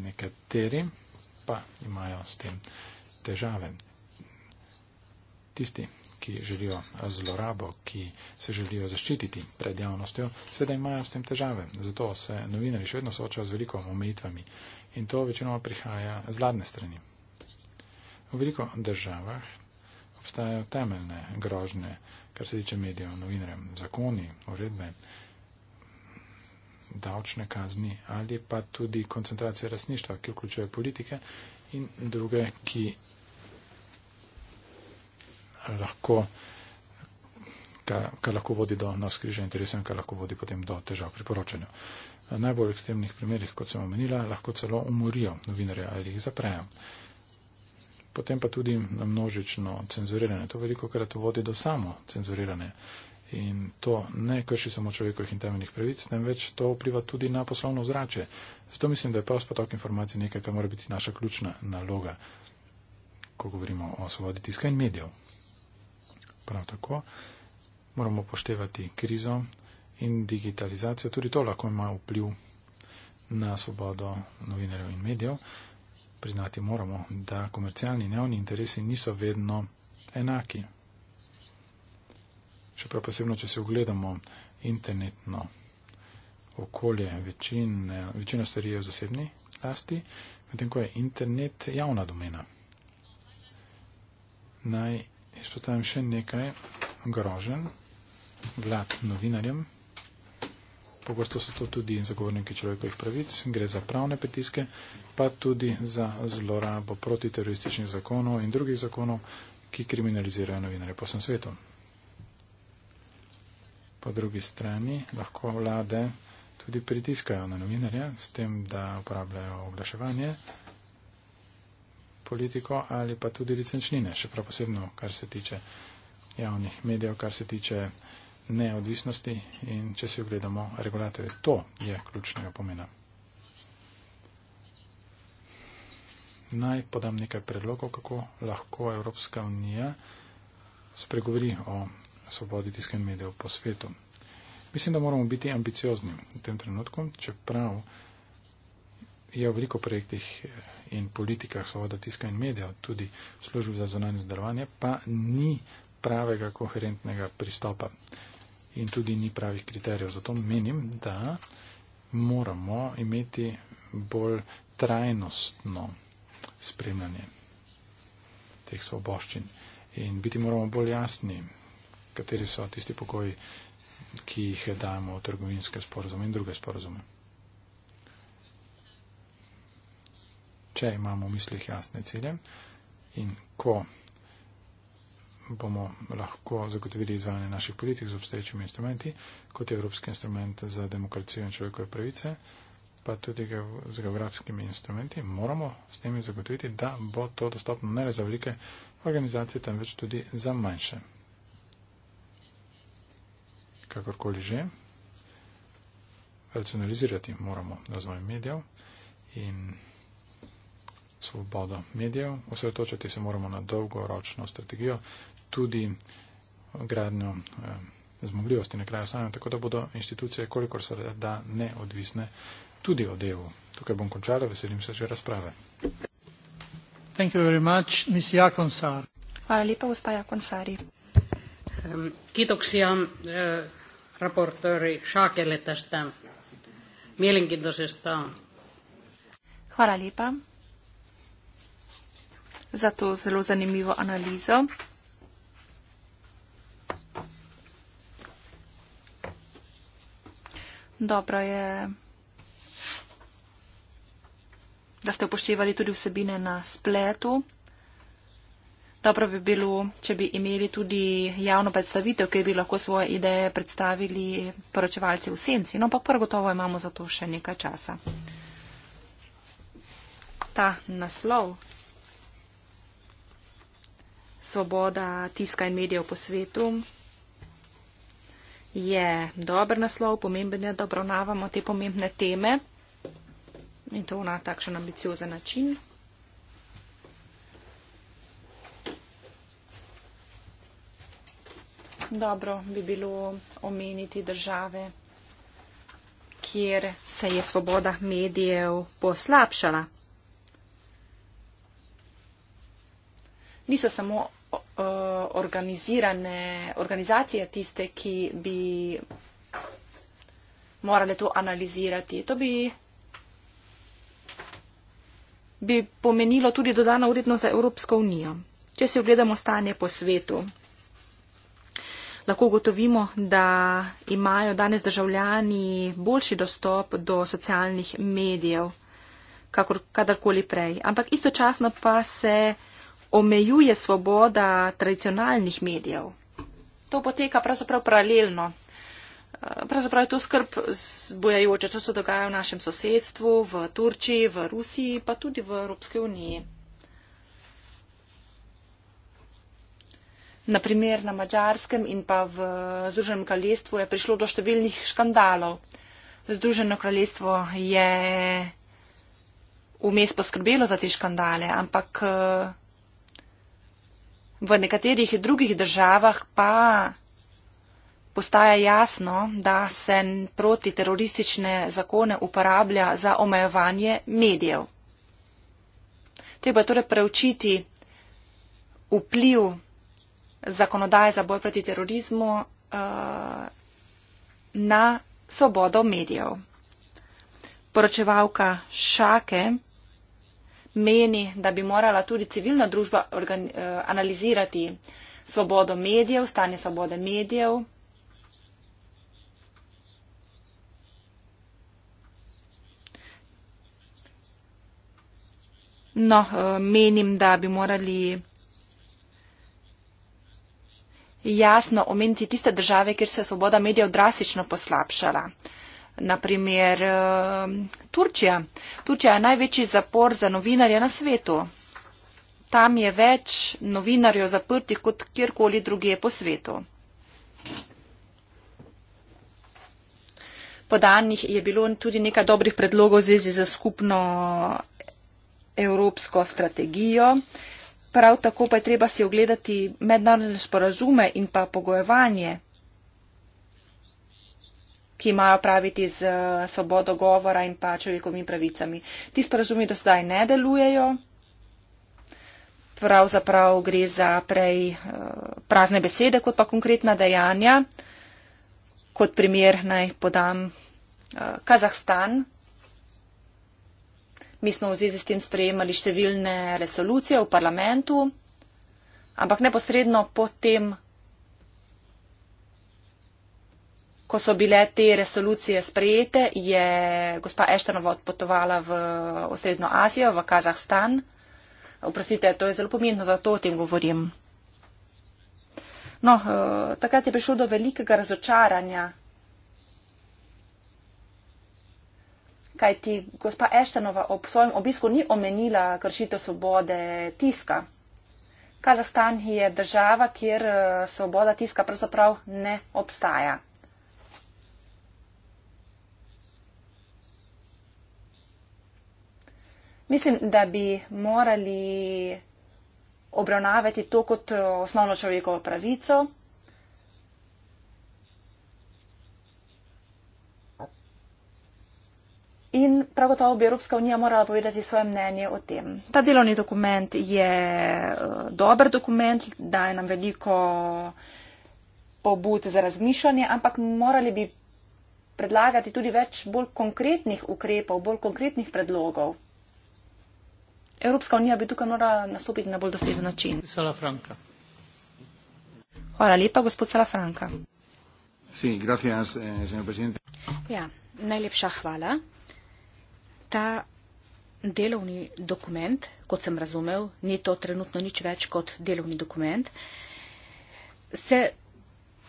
Nekateri pa imajo s tem težave. Tisti, ki želijo zlorabo, ki se želijo zaščititi pred javnostjo, seveda imajo s tem težave. Zato se novinari še vedno soočajo z veliko omejitvami. In to večinoma prihaja z vladne strani. V veliko državah obstajajo temeljne grožne, kar se tiče medijev, novinarjem, zakoni, uredbe, davčne kazni ali pa tudi koncentracije rasništva, ki vključuje politike in druge, ki lahko, kar ka lahko vodi do naskriže interesov in kar lahko vodi potem do težav pri poročanju. Najbolj ekstremnih primerih, kot sem omenila, lahko celo umorijo novinarje ali jih zaprejo potem pa tudi na množično cenzuriranje. To veliko krat vodi do samo cenzuriranje. In to ne krši samo človekovih in temeljnih pravic, temveč to vpliva tudi na poslovno vzrače. Zato mislim, da je prost potok informacij nekaj, kar mora biti naša ključna naloga, ko govorimo o svobodi tiska in medijev. Prav tako moramo poštevati krizo in digitalizacijo. Tudi to lahko ima vpliv na svobodo novinarjev in medijev. Priznati moramo, da komercialni in javni interesi niso vedno enaki. Še prav posebno, če si ogledamo internetno okolje, večine, večina stvari je v zasebni lasti, medtem ko je internet javna domena. Naj izpostavim še nekaj grožen vlad novinarjem, pogosto so to tudi zagovorniki človekovih pravic, gre za pravne pritiske, pa tudi za zlorabo protiterorističnih zakonov in drugih zakonov, ki kriminalizirajo novinarje po vsem svetu. Po drugi strani lahko vlade tudi pritiskajo na novinarje s tem, da uporabljajo oglaševanje, politiko ali pa tudi licenčnine, še prav posebno, kar se tiče javnih medijev, kar se tiče neodvisnosti in če si ogledamo regulatorje, to je ključnega pomena. Naj podam nekaj predlogov, kako lahko Evropska unija spregovori o svobodi tiskanja medijev po svetu. Mislim, da moramo biti ambiciozni v tem trenutku, čeprav je v veliko projektih in politikah svoboda tiskanja medijev, tudi službi za zonanje zdravanje, pa ni pravega koherentnega pristopa in tudi ni pravih kriterijev. Zato menim, da moramo imeti bolj trajnostno spremljanje teh svoboščin in biti moramo bolj jasni, kateri so tisti pokoji, ki jih dajemo v trgovinske sporozume in druge sporozume. Če imamo v mislih jasne cilje in ko bomo lahko zagotovili izvajanje naših politik z obstoječimi instrumenti, kot je Evropski instrument za demokracijo in človekove pravice, pa tudi z geografskimi instrumenti. Moramo s temi zagotoviti, da bo to dostopno ne le za velike organizacije, temveč tudi za manjše. Kakorkoli že, racionalizirati moramo razvoj medijev in svobodo medijev. Osredotočati se moramo na dolgoročno strategijo, tudi eh, gradnjo eh, zmogljivosti na kraju samem, tako da bodo institucije, kolikor se da, neodvisne tudi od EU. Tukaj bom končala, veselim se že razprave. Thank you very much, Ms. Jakonsar. Hvala lepa, gospa Jakonsari. Kiitoksia eh, raportööri Šakele tästä mielenkiintoisesta. Hvala lepa za to zelo zanimivo analizo. dobro je, da ste upoštevali tudi vsebine na spletu. Dobro bi bilo, če bi imeli tudi javno predstavitev, kjer bi lahko svoje ideje predstavili poročevalci v senci. No, pa prvotovo imamo za to še nekaj časa. Ta naslov. Svoboda tiska in medijev po svetu je dober naslov, pomemben je, da obravnavamo te pomembne teme in to na takšen ambiciozen način. Dobro bi bilo omeniti države, kjer se je svoboda medijev poslabšala. Niso samo Eh, organizirane organizacije tiste, ki bi morale to analizirati. To bi, bi pomenilo tudi dodano vredno za Evropsko unijo. Če si ogledamo stanje po svetu, lahko gotovimo, da imajo danes državljani boljši dostop do socialnih medijev, kakor kadarkoli prej. Ampak istočasno pa se omejuje svoboda tradicionalnih medijev. To poteka pravzaprav paralelno. Eh, pravzaprav je to skrb zbujajoče, če se dogaja v našem sosedstvu, v Turčiji, v Rusiji, pa tudi v Evropski uniji. Naprimer na Mačarskem in pa v Združenem kraljestvu je prišlo do številnih škandalov. Združeno kraljestvo je vmes poskrbelo za te škandale, ampak eh, V nekaterih drugih državah pa postaja jasno, da se protiteroristične zakone uporablja za omejevanje medijev. Treba je torej preučiti vpliv zakonodaje za boj proti terorizmu eh, na svobodo medijev. Poročevalka Šake meni, da bi morala tudi civilna družba organi, uh, analizirati svobodo medijev, stanje svobode medijev. No, uh, menim, da bi morali jasno omeniti tiste države, kjer se je svoboda medijev drastično poslabšala. Uh, naprimer eh, Turčija. Turčija je največji zapor za novinarje na svetu. Tam je več novinarjev zaprtih kot kjerkoli druge po svetu. Podanih je bilo tudi nekaj dobrih predlogov v zvezi za skupno evropsko strategijo. Prav tako pa je treba si ogledati mednarodne sporazume in pa pogojevanje ki imajo praviti z eh, svobodo govora in pa človekovimi pravicami. Ti sporazumi do zdaj ne delujejo. Pravzaprav gre za prej eh, prazne besede, kot pa konkretna dejanja. Kot primer naj podam eh, Kazahstan. Mi smo v zvezi s tem sprejemali številne resolucije v parlamentu, ampak neposredno po tem ko so bile te resolucije sprejete, je gospa Eštanova odpotovala v osrednjo Azijo, v Kazahstan. Oprostite, to je zelo pomembno, zato o tem govorim. No, eh, takrat je prišlo do velikega razočaranja. Kaj ti gospa Eštanova ob svojem obisku ni omenila kršitev svobode tiska. Kazahstan je država, kjer eh, svoboda tiska pravzaprav ne obstaja. Mislim, da bi morali obravnavati to kot osnovno človekovo pravico. In prav gotovo bi Evropska unija morala povedati svoje mnenje o tem. Ta delovni dokument je eh, dober dokument, daje nam veliko pobud za razmišljanje, ampak morali bi predlagati tudi več bolj konkretnih ukrepov, bolj konkretnih predlogov. Evropska unija bi tukaj morala nastopiti na bolj dosežen način. Salafranka. Hvala lepa, gospod Salafranka. Sí, gracias, eh, ja, najlepša hvala. Ta delovni dokument, kot sem razumel, ni to trenutno nič več kot delovni dokument, se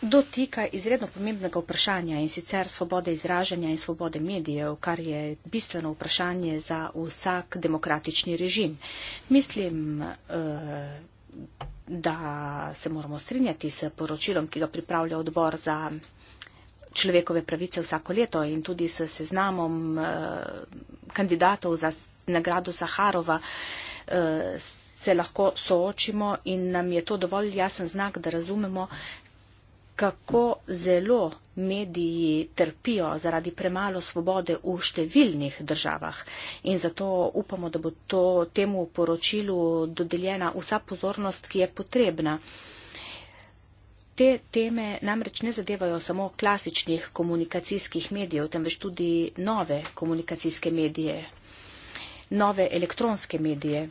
dotika izredno pomembnega vprašanja in sicer svobode izražanja in svobode medijev, kar je bistveno vprašanje za vsak demokratični režim. Mislim, eh, da se moramo strinjati s poročilom, ki ga pripravlja odbor za človekove pravice vsako leto in tudi s seznamom eh, kandidatov za nagrado Saharova eh, se lahko soočimo in nam je to dovolj jasen znak, da razumemo, kako zelo mediji trpijo zaradi premalo svobode v številnih državah. In zato upamo, da bo to, temu poročilu dodeljena vsa pozornost, ki je potrebna. Te teme namreč ne zadevajo samo klasičnih komunikacijskih medijev, temveč tudi nove komunikacijske medije, nove elektronske medije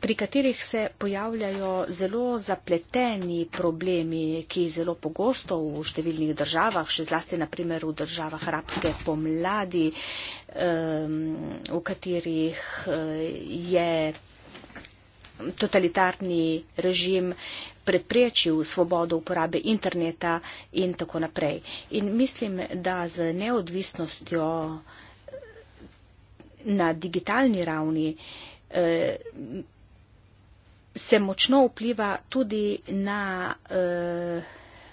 pri katerih se pojavljajo zelo zapleteni problemi, ki zelo pogosto v številnih državah, še zlasti naprimer v državah arabske pomladi, v katerih eh, je totalitarni režim preprečil svobodo uporabe interneta in tako naprej. In mislim, da z neodvisnostjo eh, na digitalni ravni eh, se močno vpliva tudi na eh,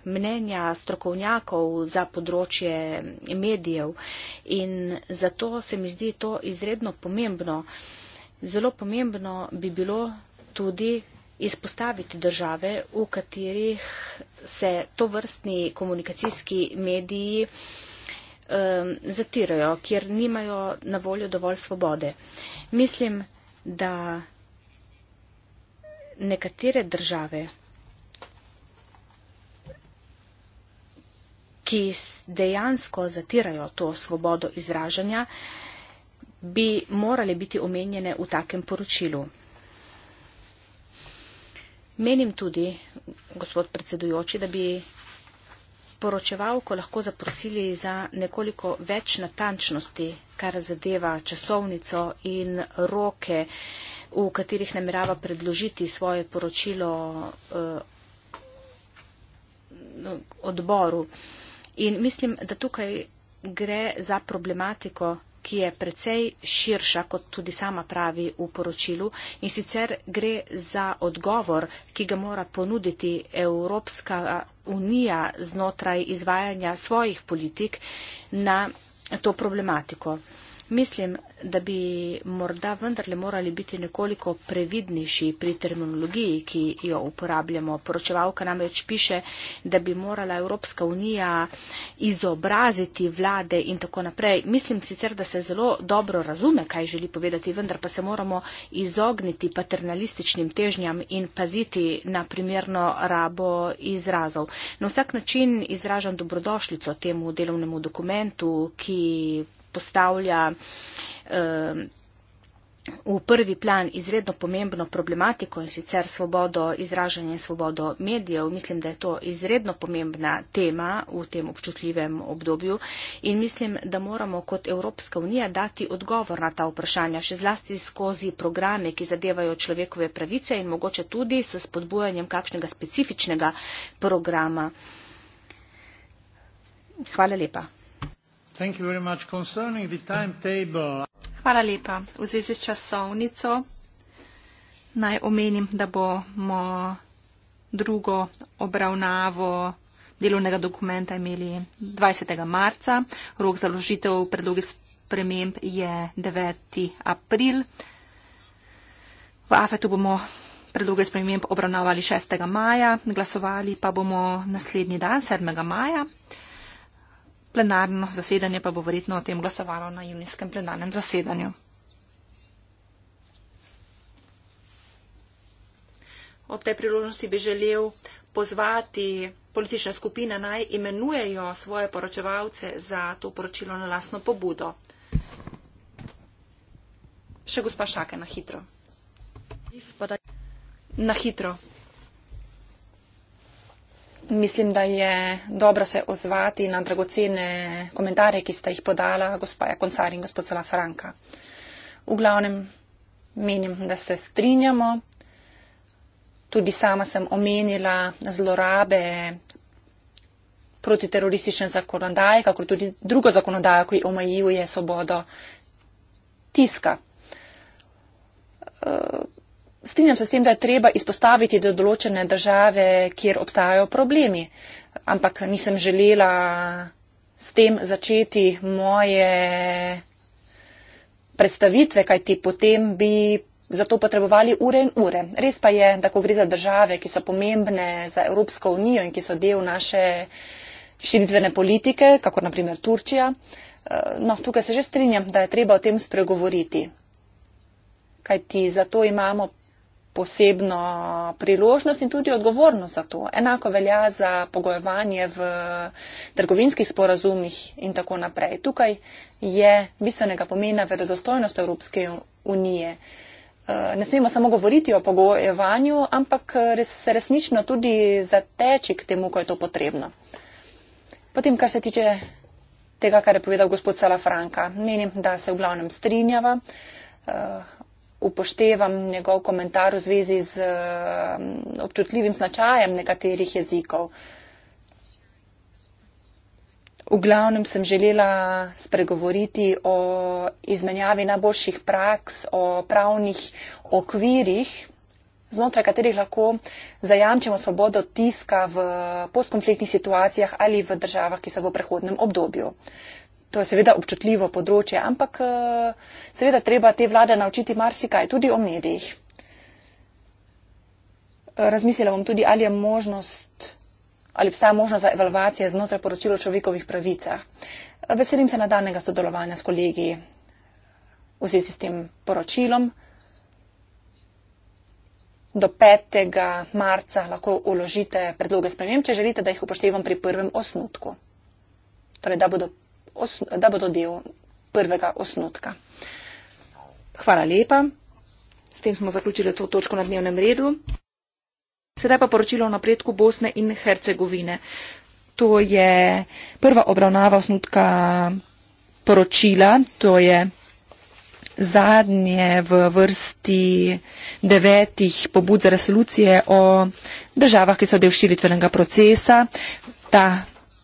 mnenja strokovnjakov za področje medijev in zato se mi zdi to izredno pomembno. Zelo pomembno bi bilo tudi izpostaviti države, v katerih se to vrstni komunikacijski mediji um, zatirajo, kjer nimajo na voljo dovolj svobode. Mislim, da nekatere države, ki dejansko zatirajo to svobodo izražanja, bi morali biti omenjene v takem poročilu. Menim tudi, gospod predsedujoči, da bi poročevalko lahko zaprosili za nekoliko več natančnosti, kar zadeva časovnico in roke, eh, v katerih namerava predložiti svoje poročilo eh, odboru. In mislim, da tukaj gre za problematiko, ki je precej širša, kot tudi sama pravi v poročilu, in sicer gre za odgovor, ki ga mora ponuditi Evropska unija znotraj izvajanja svojih politik na to problematiko. Mislim, da bi morda vendarle morali biti nekoliko previdnejši pri terminologiji, ki jo uporabljamo. Poročevalka namreč piše, da bi morala Evropska unija izobraziti vlade in tako naprej. Mislim sicer, da se zelo dobro razume, kaj želi povedati, vendar pa se moramo izogniti paternalističnim težnjam in paziti na primerno rabo izrazov. Na vsak način izražam dobrodošlico temu delovnemu dokumentu, ki postavlja Ehm, v prvi plan izredno pomembno problematiko in sicer svobodo izražanja in svobodo medijev. Mislim, da je to izredno pomembna tema v tem občutljivem obdobju in mislim, da moramo kot Evropska unija dati odgovor na ta vprašanja, še zlasti skozi programe, ki zadevajo človekove pravice in mogoče tudi s spodbujanjem kakšnega specifičnega programa. Hvala lepa. Hvala lepa. V zvezi s časovnico naj omenim, da bomo drugo obravnavo delovnega dokumenta imeli 20. marca. Rok založitev predlogi sprememb je 9. april. V AFET-u bomo predloge sprememb obravnavali 6. maja, glasovali pa bomo naslednji dan, 7. maja plenarno zasedanje pa bo verjetno o tem glasovalo na junijskem plenarnem zasedanju. Ob tej priložnosti bi želel pozvati politične skupine naj imenujejo svoje poročevalce za to poročilo na lasno pobudo. Še gospa Šake na hitro. Na hitro mislim, da je dobro se ozvati na dragocene komentarje, ki ste jih podala gospa Jakoncar in gospod Sala Franka. V glavnem menim, da se strinjamo. Tudi sama sem omenila zlorabe protiteroristične zakonodaje, kako tudi drugo zakonodajo, ki omejuje svobodo tiska strinjam se s tem, da je treba izpostaviti do določene države, kjer obstajajo problemi, ampak nisem želela s tem začeti moje predstavitve, kaj ti potem bi zato potrebovali ure in ure. Res pa je, da ko gre za države, ki so pomembne za Evropsko unijo in ki so del naše širitvene politike, kako naprimer Turčija, eh, no, tukaj se že strinjam, da je treba o tem spregovoriti. Kaj ti zato imamo posebno priložnost in tudi odgovornost za to. Enako velja za pogojevanje v trgovinskih sporazumih in tako naprej. Tukaj je bistvenega pomena verodostojnost Evropske unije. Eh, ne smemo samo govoriti o pogojevanju, ampak eh, se resnično tudi zateči k temu, ko je to potrebno. Potem, kar se tiče tega, kar je povedal gospod Salafranka, menim, da se v glavnem strinjava. Eh, upoštevam njegov komentar v zvezi z eh, občutljivim značajem nekaterih jezikov. V glavnem sem želela spregovoriti o izmenjavi najboljših praks, o pravnih okvirih, znotraj katerih lahko zajamčimo svobodo tiska v postkonfliktnih situacijah ali v državah, ki so v prehodnem obdobju. To je seveda občutljivo področje, ampak eh, seveda treba te vlade naučiti marsikaj, tudi o medijih. Razmislila bom tudi, ali je možnost, ali obstaja možnost za evalvacije znotraj poročila o človekovih pravicah. Veselim se nadaljnega sodelovanja s kolegi v zvezi s tem poročilom. Do 5. marca lahko uložite predloge spremem, če želite, da jih upoštevam pri prvem osnutku. Torej, da bodo da bodo del prvega osnutka. Hvala lepa. S tem smo zaključili to točko na dnevnem redu. Sedaj pa poročilo o napredku Bosne in Hercegovine. To je prva obravnava osnutka poročila, to je zadnje v vrsti devetih pobud za resolucije o državah, ki so del širitvenega procesa. Ta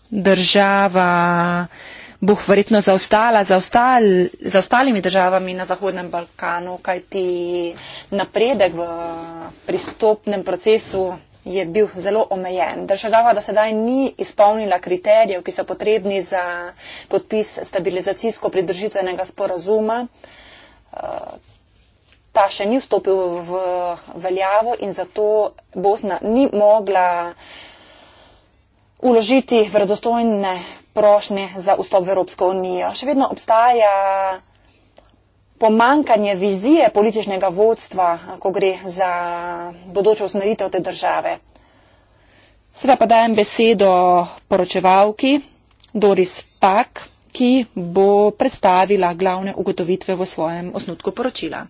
država bo verjetno zaostala za, ostal, za ostalimi državami na Zahodnem Balkanu, kajti napredek v pristopnem procesu je bil zelo omejen. Država do sedaj ni izpolnila kriterijev, ki so potrebni za podpis stabilizacijsko-pridržitvenega sporazuma. Eh, ta še ni vstopil v veljavo in zato Bosna ni mogla uložiti vredostojne prošnje za vstop v Evropsko unijo. Še vedno obstaja pomankanje vizije političnega vodstva, ko gre za bodočo usmeritev te države. Sedaj pa dajem besedo poročevalki Doris Pak, ki bo predstavila glavne ugotovitve v svojem osnutku poročila.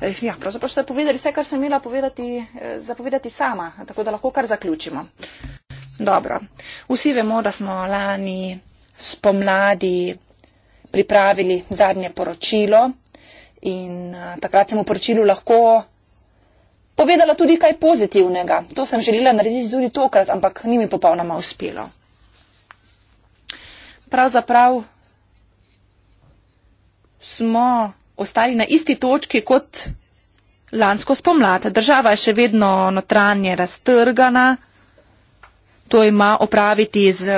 Eh, ja, pravzaprav ste povedali vse, kar sem imela povedati, eh, zapovedati sama, tako da lahko kar zaključimo. Dobro. Vsi vemo, da smo lani spomladi pripravili zadnje poročilo in uh, takrat sem v poročilu lahko povedala tudi kaj pozitivnega. To sem želela narediti tudi tokrat, ampak ni mi popolnoma uspelo. Pravzaprav smo ostali na isti točki kot lansko spomlad. Država je še vedno notranje raztrgana. To ima opraviti z eh,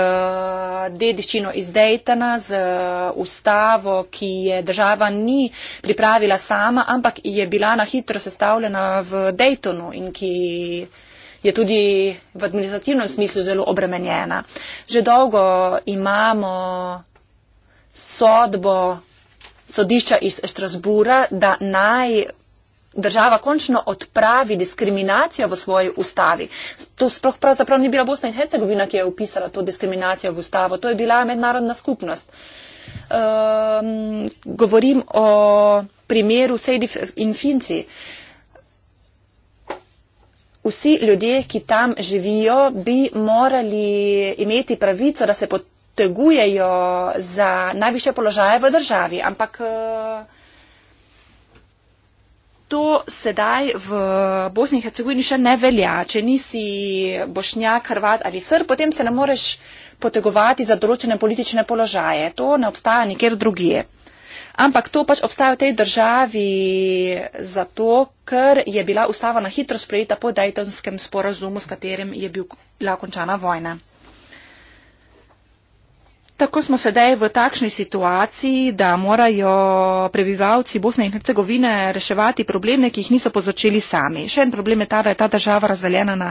dediščino iz Dejtana, z eh, ustavo, ki je država ni pripravila sama, ampak je bila na hitro sestavljena v Dejtonu in ki je tudi v administrativnem smislu zelo obremenjena. Že dolgo imamo sodbo sodišča iz Štrasbura, da naj država končno odpravi diskriminacijo v svoji ustavi. To sploh pravzaprav ni bila Bosna in Hercegovina, ki je upisala to diskriminacijo v ustavo, to je bila mednarodna skupnost. Um, govorim o primeru Sejdi in Finci. Vsi ljudje, ki tam živijo, bi morali imeti pravico, da se potegujejo za najviše položaje v državi. Ampak uh, to sedaj v Bosni in Hercegovini še ne velja. Če nisi bošnjak, hrvat ali srb, potem se ne moreš potegovati za določene politične položaje. To ne obstaja nikjer drugje. Ampak to pač obstaja v tej državi zato, ker je bila ustava na hitro sprejeta po Daytonskem sporazumu, s katerim je bila končana vojna. Tako smo sedaj v takšni situaciji, da morajo prebivalci Bosne in Hercegovine reševati probleme, ki jih niso povzročili sami. Še en problem je ta, da je ta država razdeljena na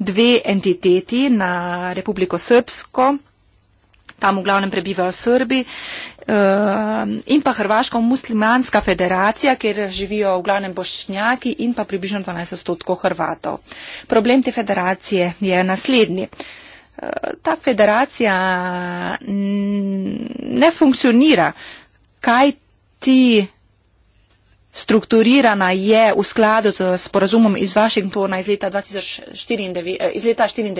dve entiteti, na Republiko Srpsko, tam v glavnem prebivajo Srbi, ehm, in pa Hrvaško-Muslimanska federacija, kjer živijo v glavnem bošnjaki in pa približno 12 odstotkov Hrvatov. Problem te federacije je naslednji ta federacija ne funkcionira, kaj ti strukturirana je v skladu z sporazumom iz Vašingtona iz leta 1994 eh,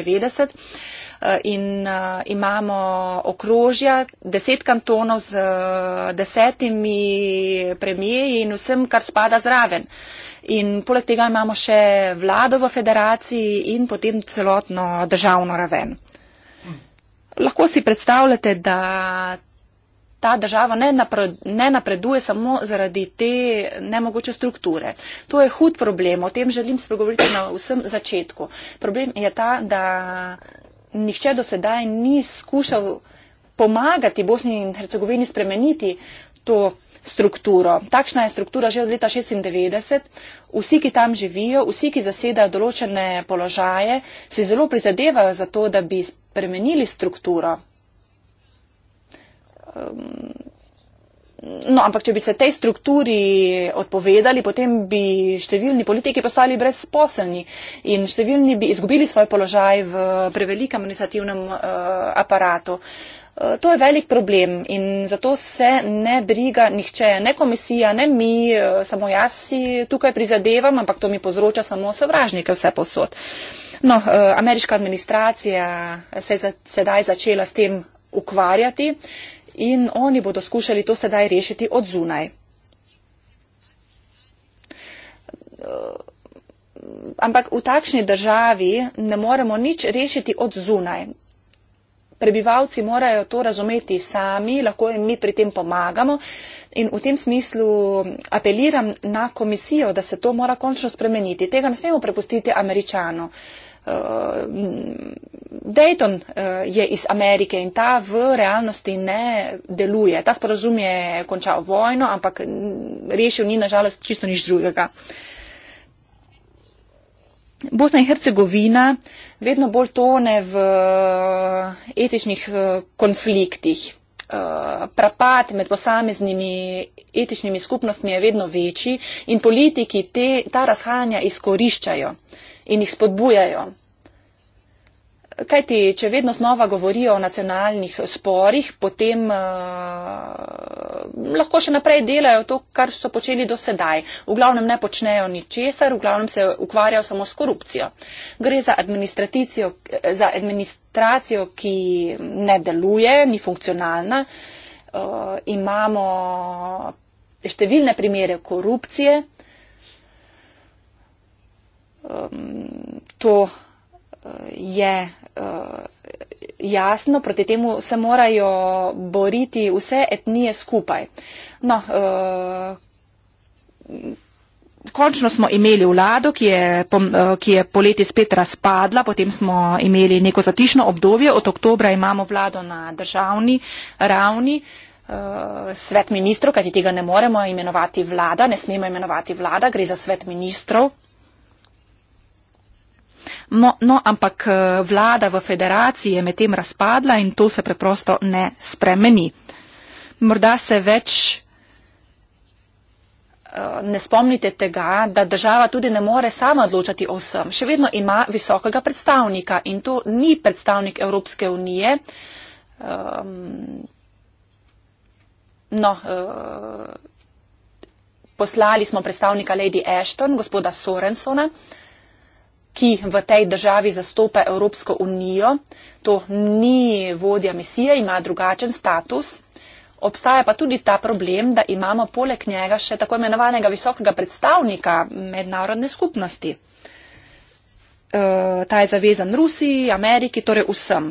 eh, in eh, imamo okrožja, deset kantonov z desetimi premijeji in vsem, kar spada zraven. In poleg tega imamo še vlado v federaciji in potem celotno državno raven lahko si predstavljate, da ta država ne, napred, ne napreduje samo zaradi te nemogoče strukture. To je hud problem, o tem želim spregovoriti na vsem začetku. Problem je ta, da nihče do sedaj ni skušal pomagati Bosni in Hercegovini spremeniti to strukturo. Takšna je struktura že od leta 96. Vsi, ki tam živijo, vsi, ki zasedajo določene položaje, se zelo prizadevajo za to, da bi spremenili strukturo. Ehm, no, ampak če bi se tej strukturi odpovedali, potem bi številni politiki postali brezposelni in številni bi izgubili svoj položaj v prevelikem administrativnem uh, aparatu. Uh, Eh, to je velik problem in zato se ne briga nihče, ne komisija, ne mi, eh, samo jaz si tukaj prizadevam, ampak to mi povzroča samo sovražnike vse posod. No, eh, ameriška administracija se je sedaj začela s tem ukvarjati in oni bodo skušali to sedaj rešiti od zunaj. Ampak v takšni državi ne moremo nič rešiti od zunaj prebivalci morajo to razumeti sami, lahko jim mi pri tem pomagamo. In v tem smislu apeliram na komisijo, da se to mora končno spremeniti. Tega ne smemo prepustiti američano. Eh, Dayton eh, je iz Amerike in ta v realnosti ne deluje. Ta sporozum je končal vojno, ampak rešil ni nažalost čisto nič drugega. Bosna in Hercegovina vedno bolj tone v eh, etičnih eh, konfliktih. Eh, Prapad med posameznimi etičnimi skupnostmi je vedno večji in politiki te, ta razhajanja izkoriščajo in jih spodbujajo kajti, če vedno znova govorijo o nacionalnih sporih, potem uh, lahko še naprej delajo to, kar so počeli do sedaj. V glavnem ne počnejo ničesar, v glavnem se ukvarjajo samo s korupcijo. Gre za administracijo, eh, za administracijo ki ne deluje, ni funkcionalna. Uh, imamo številne primere korupcije. Um, to je uh, Eh, jasno, proti temu se morajo boriti vse etnije skupaj. No, uh, končno smo imeli vlado, ki je, eh, ki je poleti spet razpadla, potem smo imeli neko zatišno obdobje, od oktobra imamo vlado na državni ravni. Svet ministrov, kajti tega ne moremo imenovati vlada, ne smemo imenovati vlada, gre za svet ministrov, Mo, no, no, ampak eh, vlada v federaciji je medtem razpadla in to se preprosto ne spremeni. Morda se več eh, ne spomnite tega, da država tudi ne more sama odločati o vsem. Še vedno ima visokega predstavnika in to ni predstavnik Evropske unije. Um, no, uh, poslali smo predstavnika Lady Ashton, gospoda Sorensona. Uh, ki v tej državi zastopa Evropsko unijo. To ni vodja misije, ima drugačen status. Obstaja pa tudi ta problem, da imamo poleg njega še tako imenovanega visokega predstavnika mednarodne skupnosti. E, ta je zavezan Rusiji, Ameriki, torej vsem.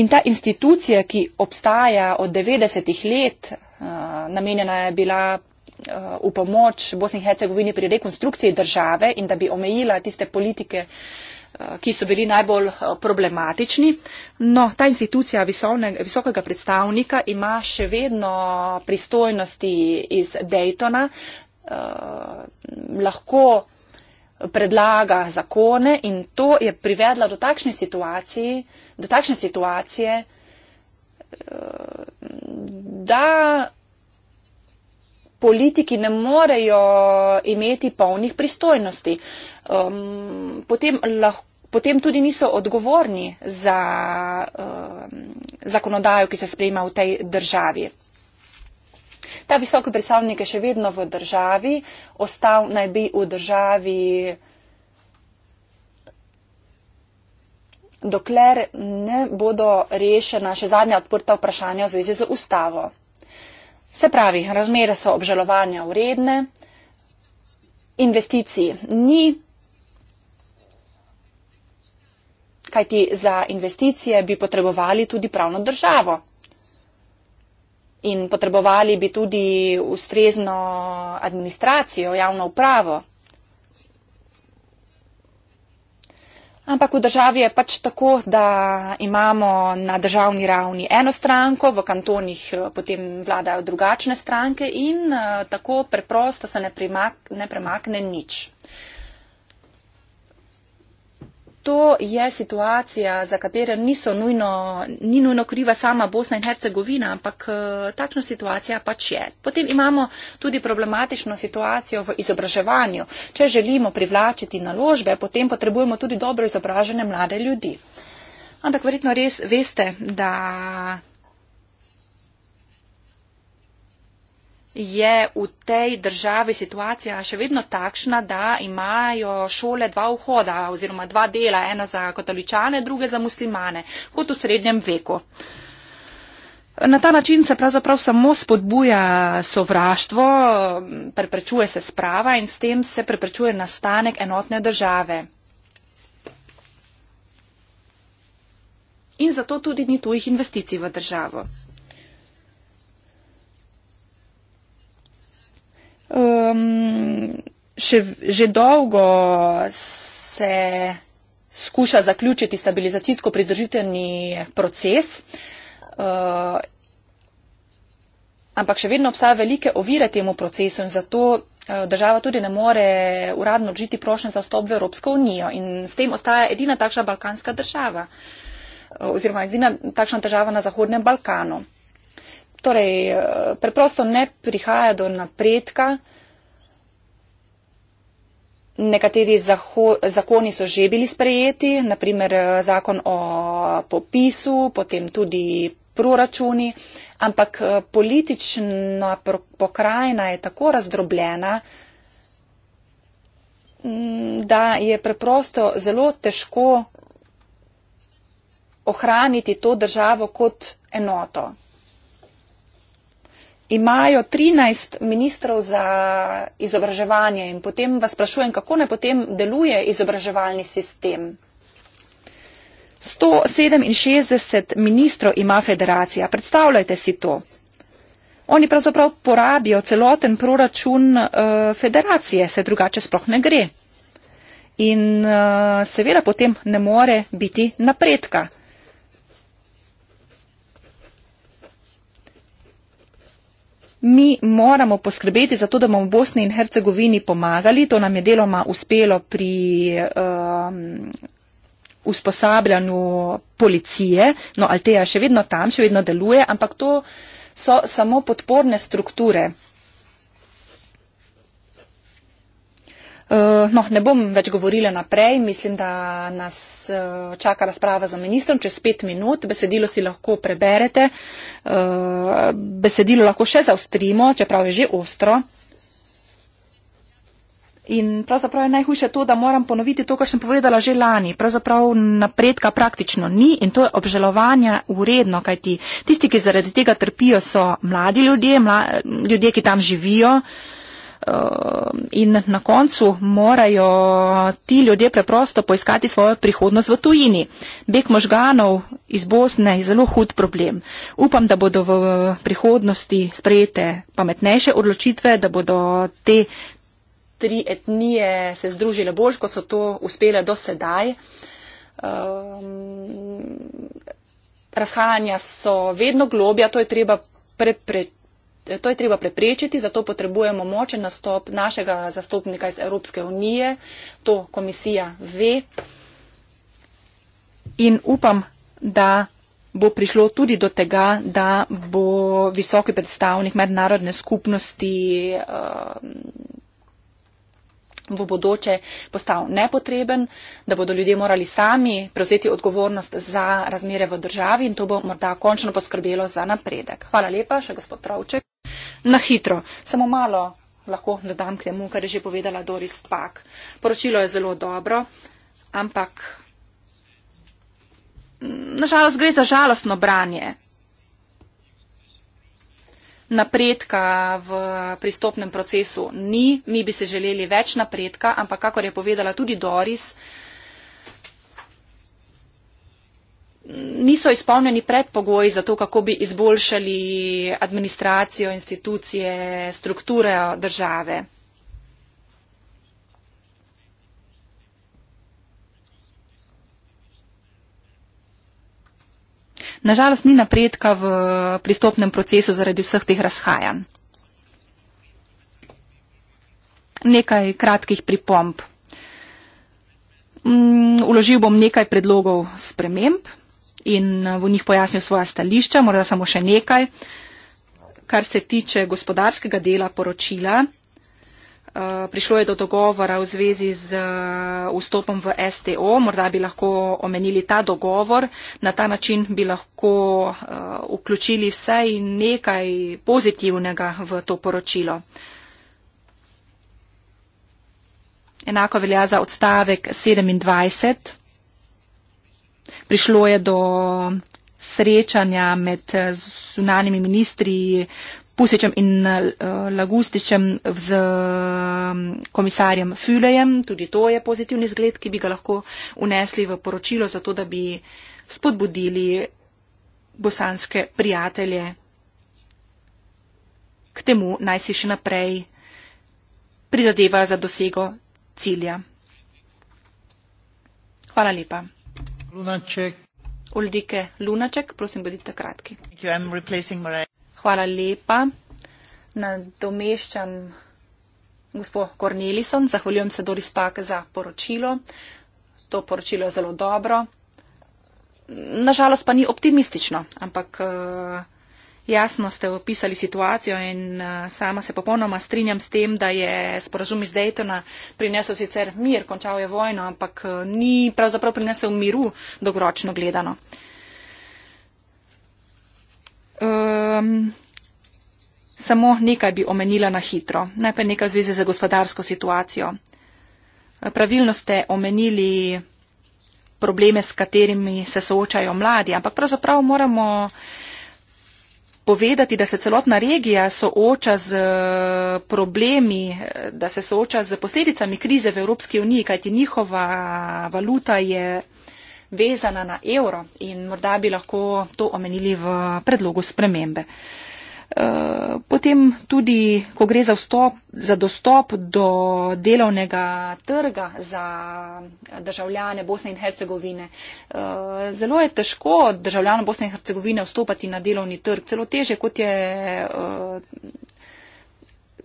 In ta institucija, ki obstaja od 90-ih let, e, namenjena je bila v pomoč Bosni in Hercegovini pri rekonstrukciji države in da bi omejila tiste politike, eh, ki so bili najbolj eh, problematični. No, ta institucija visokega predstavnika ima še vedno pristojnosti iz Daytona, eh, lahko predlaga zakone in to je privedlo do takšne situacije, do takšne situacije da politiki ne morejo imeti polnih pristojnosti. Um, potem, lahko, potem tudi niso odgovorni za um, zakonodajo, ki se sprejema v tej državi. Ta visoki predstavnik je še vedno v državi, ostal naj bi v državi, dokler ne bodo rešena še zadnja odprta vprašanja v zvezi z ustavo. Se pravi, razmere so obžalovanja vredne, investicij ni, kajti za investicije bi potrebovali tudi pravno državo. In potrebovali bi tudi ustrezno administracijo, javno upravo. Ampak v državi je pač tako, da imamo na državni ravni eno stranko, v kantonih eh, potem vladajo drugačne stranke in eh, tako preprosto se ne premakne nič to je situacija, za katero niso nujno, ni nujno kriva sama Bosna in Hercegovina, ampak eh, takšna situacija pač je. Potem imamo tudi problematično situacijo v izobraževanju. Če želimo privlačiti naložbe, potem potrebujemo tudi dobro izobražene mlade ljudi. Ampak verjetno res veste, da je v tej državi situacija še vedno takšna, da imajo šole dva vhoda oziroma dva dela, eno za katoličane, druge za muslimane, kot v srednjem veku. Na ta način se pravzaprav samo spodbuja sovraštvo, preprečuje se sprava in s tem se preprečuje nastanek enotne države. In zato tudi ni tujih investicij v državo. Um, še, že dolgo se skuša zaključiti stabilizacijsko pridržiteljni proces, uh, ampak še vedno obstaja velike ovire temu procesu in zato uh, država tudi ne more uradno odžiti prošnje za vstop v Evropsko unijo in s tem ostaja edina takšna balkanska država eh, oziroma edina takšna država na Zahodnem Balkanu torej, eh, preprosto ne prihaja do napredka. Nekateri zaho, zakoni so že bili sprejeti, naprimer eh, zakon o popisu, potem tudi proračuni, ampak eh, politična pokrajina je tako razdrobljena, mm, da je preprosto zelo težko ohraniti to državo kot enoto imajo 13 ministrov za izobraževanje in potem vas sprašujem, kako naj potem deluje izobraževalni sistem. 167 ministrov ima federacija. Predstavljajte si to. Oni pravzaprav porabijo celoten proračun uh, federacije, se drugače sploh ne gre. In uh, seveda potem ne more biti napredka. Mi moramo poskrbeti za to, da bomo Bosni in Hercegovini pomagali. To nam je deloma uspelo pri um, usposabljanju policije. No, Alteja še vedno tam, še vedno deluje, ampak to so samo podporne strukture. Uh, no, ne bom več govorila naprej, mislim, da nas uh, čaka razprava za ministrom čez pet minut. Besedilo si lahko preberete, uh, besedilo lahko še zaostrimo, čeprav je že ostro. In pravzaprav je najhujše to, da moram ponoviti to, kar sem povedala že lani. Pravzaprav napredka praktično ni in to je obžalovanja uredno, kajti tisti, ki zaradi tega trpijo, so mladi ljudje, mla ljudje, ki tam živijo. Uh, in na koncu morajo ti ljudje preprosto poiskati svojo prihodnost v tujini. Beg možganov iz Bosne je zelo hud problem. Upam, da bodo v prihodnosti sprejete pametnejše odločitve, da bodo te tri etnije se združile bolj, kot so to uspele do sedaj. Um, razhajanja so vedno globja, to je treba preprečiti To je treba preprečiti, zato potrebujemo močen nastop našega zastopnika iz Evropske unije. To komisija ve in upam, da bo prišlo tudi do tega, da bo visoki predstavnik mednarodne skupnosti uh, v bodoče postal nepotreben, da bodo ljudje morali sami prevzeti odgovornost za razmere v državi in to bo morda končno poskrbelo za napredek. Hvala lepa, še gospod Travček. Na hitro, samo malo lahko dodam k temu, kar je že povedala Doris Pak. Poročilo je zelo dobro, ampak mm, nažalost gre za žalostno branje. Napredka v pristopnem procesu ni, mi bi se želeli več napredka, ampak kakor je povedala tudi Doris, uh, niso izpolnjeni predpogoji za to, kako bi izboljšali administracijo, institucije, strukture države. Nažalost ni napredka v pristopnem procesu zaradi vseh teh razhajanj. Nekaj kratkih pripomp. Mm, uložil bom nekaj predlogov sprememb in eh, v njih pojasnil svoja stališča. Morda samo še nekaj, kar se tiče gospodarskega dela poročila. Eh, prišlo je do dogovora v zvezi z eh, vstopom v STO, morda bi lahko omenili ta dogovor, na ta način bi lahko vključili vsaj nekaj pozitivnega v to poročilo. Enako velja za odstavek 27 prišlo je do srečanja med eh, zunanimi ministri Pusičem in eh, Lagustičem z mm, komisarjem Fülejem. Tudi to je pozitivni zgled, ki bi ga lahko unesli v poročilo, zato da bi spodbudili bosanske prijatelje k temu, naj si še naprej prizadeva za dosego cilja. Hvala lepa. Lunaček. Uldike Lunaček, prosim, bodite kratki. Hvala lepa. Nadomeščam gospod Cornelison, zahvaljujem se Doris Pak za poročilo. To poročilo je zelo dobro. Nažalost pa ni optimistično, ampak. Uh, Jasno ste opisali situacijo in eh, sama se popolnoma strinjam s tem, da je sporazum iz Daytona prinesel sicer mir, končal je vojno, ampak eh, ni pravzaprav prinesel miru dolgoročno gledano. Um, samo nekaj bi omenila na hitro. Najprej nekaj v zvezi z gospodarsko situacijo. Eh, pravilno ste omenili probleme, s katerimi se soočajo mladi, ampak pravzaprav moramo povedati, da se celotna regija sooča z eh, problemi, eh, da se sooča z posledicami krize v Evropski uniji, kajti njihova valuta je vezana na evro in morda bi lahko to omenili v predlogu spremembe. Eh, potem tudi, ko gre za, vstop, za dostop do delovnega trga za državljane Bosne in Hercegovine. Eh, zelo je težko državljanom Bosne in Hercegovine vstopati na delovni trg, celo teže kot je. Eh,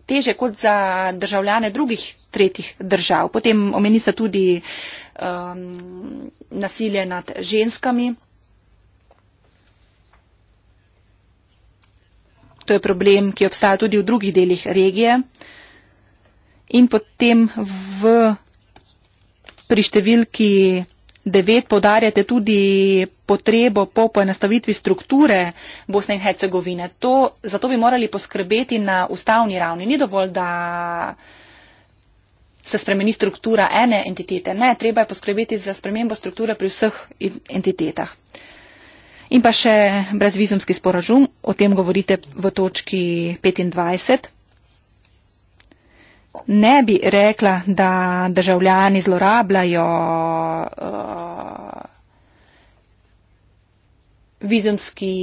teže kot za državljane drugih tretjih držav. Potem omeni se tudi um, nasilje nad ženskami. To je problem, ki obstaja tudi v drugih delih regije. In potem v, pri številki 9 podarjate tudi potrebo po poenostavitvi strukture Bosne in Hercegovine. To, zato bi morali poskrbeti na ustavni ravni. Ni dovolj, da se spremeni struktura ene entitete. Ne, treba je poskrbeti za spremembo strukture pri vseh entitetah. In pa še brezvizumski sporožum, o tem govorite v točki 25. Ne bi rekla, da državljani zlorabljajo uh, vizumski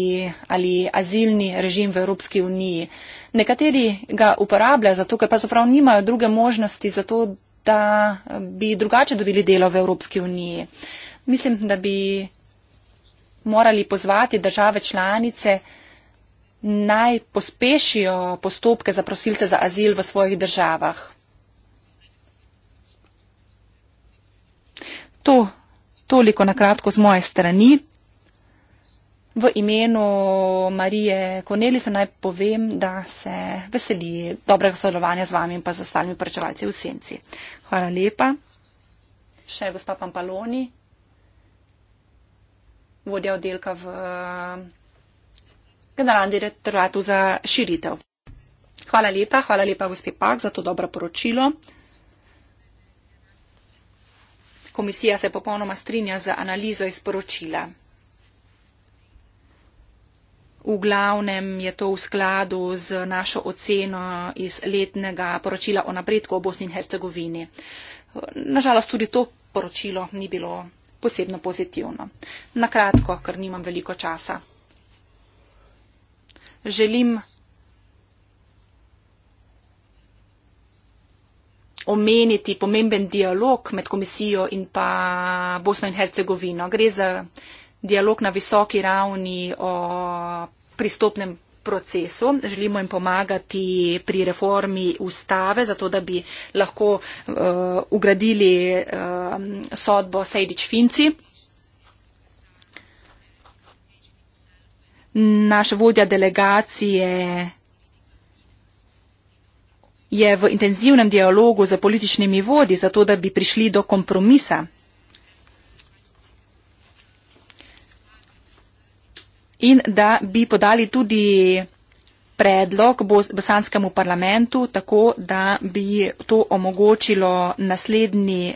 ali azilni režim v Evropski uniji. Nekateri ga uporabljajo zato, ker pa zaprav nimajo druge možnosti za to, da bi drugače dobili delo v Evropski uniji. Mislim, da bi morali pozvati države članice naj pospešijo postopke za prosilce za azil v svojih državah. To toliko nakratko z moje strani. V imenu Marije Koneliso naj povem, da se veseli dobrega sodelovanja z vami in pa z ostalimi poročevalci v Senci. Hvala lepa. Še gospa Pampaloni vodja oddelka v eh, generalnem direktoratu za širitev. Hvala lepa, hvala lepa, gospe Pak, za to dobro poročilo. Komisija se popolnoma strinja z analizo iz poročila. V glavnem je to v skladu z našo oceno iz letnega poročila o napredku v Bosni in Hercegovini. Nažalost, tudi to poročilo ni bilo posebno pozitivno. Na kratko, ker nimam veliko časa. Želim omeniti pomemben dialog med komisijo in pa Bosno in Hercegovino. Gre za dialog na visoki ravni o pristopnem procesu. Želimo jim pomagati pri reformi ustave, zato da bi lahko uh, ugradili uh, sodbo Sejdič Finci. Naš vodja delegacije je v intenzivnem dialogu z političnimi vodi, zato da bi prišli do kompromisa. in da bi podali tudi predlog bosanskemu parlamentu, tako da bi to omogočilo naslednji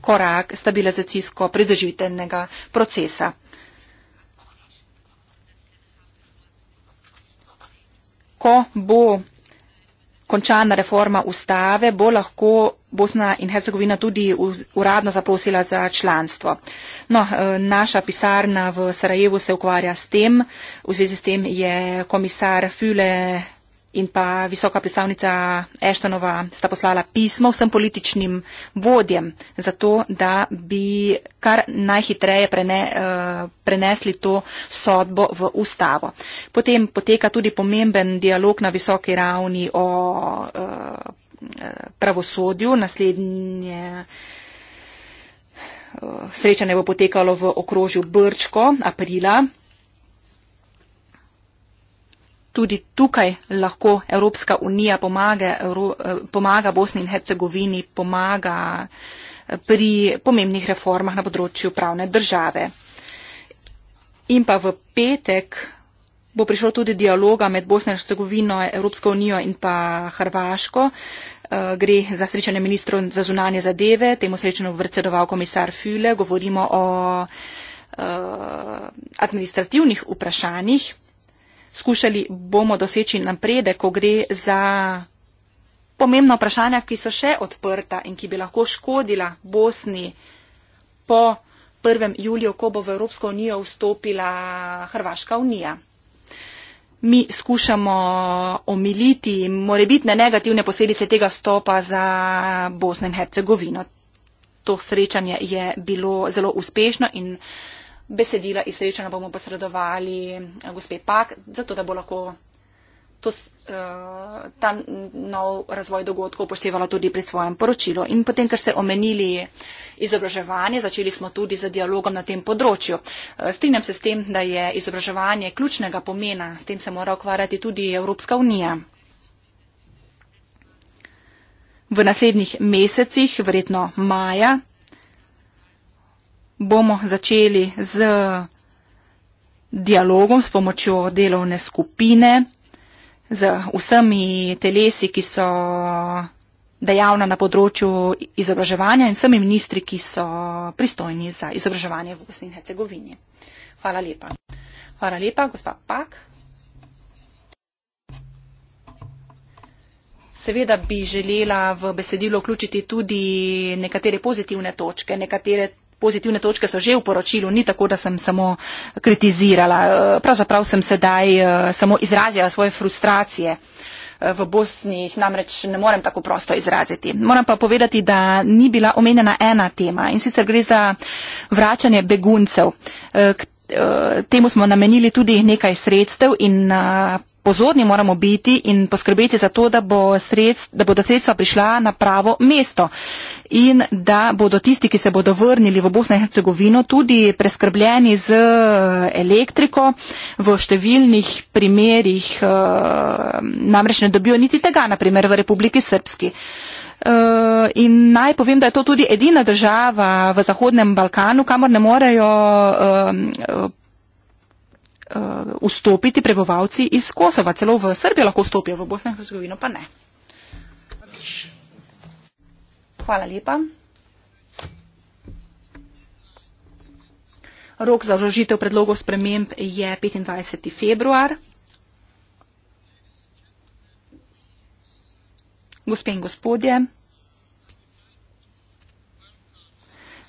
korak stabilizacijsko-predrživitelnega procesa. Ko bo končana reforma ustave, bo lahko Bosna in Hercegovina tudi uradno zaprosila za članstvo. No, eh, naša pisarna v Sarajevu se ukvarja s tem. V zvezi s tem je komisar Füle in pa visoka predstavnica Eštonova sta poslala pismo vsem političnim vodjem za to, da bi kar najhitreje prene, eh, prenesli to sodbo v ustavo. Potem poteka tudi pomemben dialog na visoki ravni o eh, pravosodju. Naslednje eh, srečanje bo potekalo v okrožju Brčko aprila tudi tukaj lahko Evropska unija pomaga, Evro, eh, pomaga Bosni in Hercegovini, pomaga eh, pri pomembnih reformah na področju pravne države. In pa v petek bo prišlo tudi dialoga med Bosno in Hercegovino, Evropsko unijo in pa Hrvaško. Eh, gre za srečanje ministrov za zunanje zadeve, temu srečanju predsedoval komisar Füle, govorimo o administrativnih vprašanjih skušali bomo doseči napredek, ko gre za pomembna vprašanja, ki so še odprta in ki bi lahko škodila Bosni po 1. juliju, ko bo v Evropsko unijo vstopila Hrvaška unija. Mi skušamo omiliti morebitne negativne posledice tega stopa za Bosno in Hercegovino. To srečanje je bilo zelo uspešno in besedila iz srečanja bomo posredovali eh, gospe Pak, zato da bo lahko to, uh, ta nov razvoj dogodkov upoštevala tudi pri svojem poročilu. In potem, ker ste omenili izobraževanje, začeli smo tudi z dialogom na tem področju. Eh, strinjam se s tem, da je izobraževanje ključnega pomena, s tem se mora ukvarjati tudi Evropska unija. V naslednjih mesecih, verjetno maja, bomo začeli z dialogom s pomočjo delovne skupine, z vsemi telesi, ki so dejavna na področju izobraževanja in vsemi ministri, ki so pristojni za izobraževanje v Bosni in Hercegovini. Hvala lepa. Hvala lepa, gospa Pak. Seveda bi želela v besedilo vključiti tudi nekatere pozitivne točke, nekatere pozitivne točke so že v poročilu, ni tako, da sem samo kritizirala. Eh, pravzaprav sem sedaj eh, samo izrazila svoje frustracije. Eh, v Bosni jih namreč ne morem tako prosto izraziti. Moram pa povedati, da ni bila omenjena ena tema in sicer gre za vračanje beguncev. K Eh, temu smo namenili tudi nekaj sredstev in eh, pozorni moramo biti in poskrbeti za to, da, bo sredst, da bodo sredstva prišla na pravo mesto in da bodo tisti, ki se bodo vrnili v Bosno in Hercegovino, tudi preskrbljeni z eh, elektriko v številnih primerjih, namreč ne dobijo niti tega, naprimer v Republiki Srpski. Uh, Eh, in naj povem, da je to tudi edina država v Zahodnem Balkanu, kamor ne morejo eh, eh, vstopiti prebovalci iz Kosova. Celo v Srbijo lahko vstopijo, v Bosno in Hrvatsko pa ne. Hvala lepa. Rok za vložitev predlogov sprememb je 25. februar. Gospe in gospodje,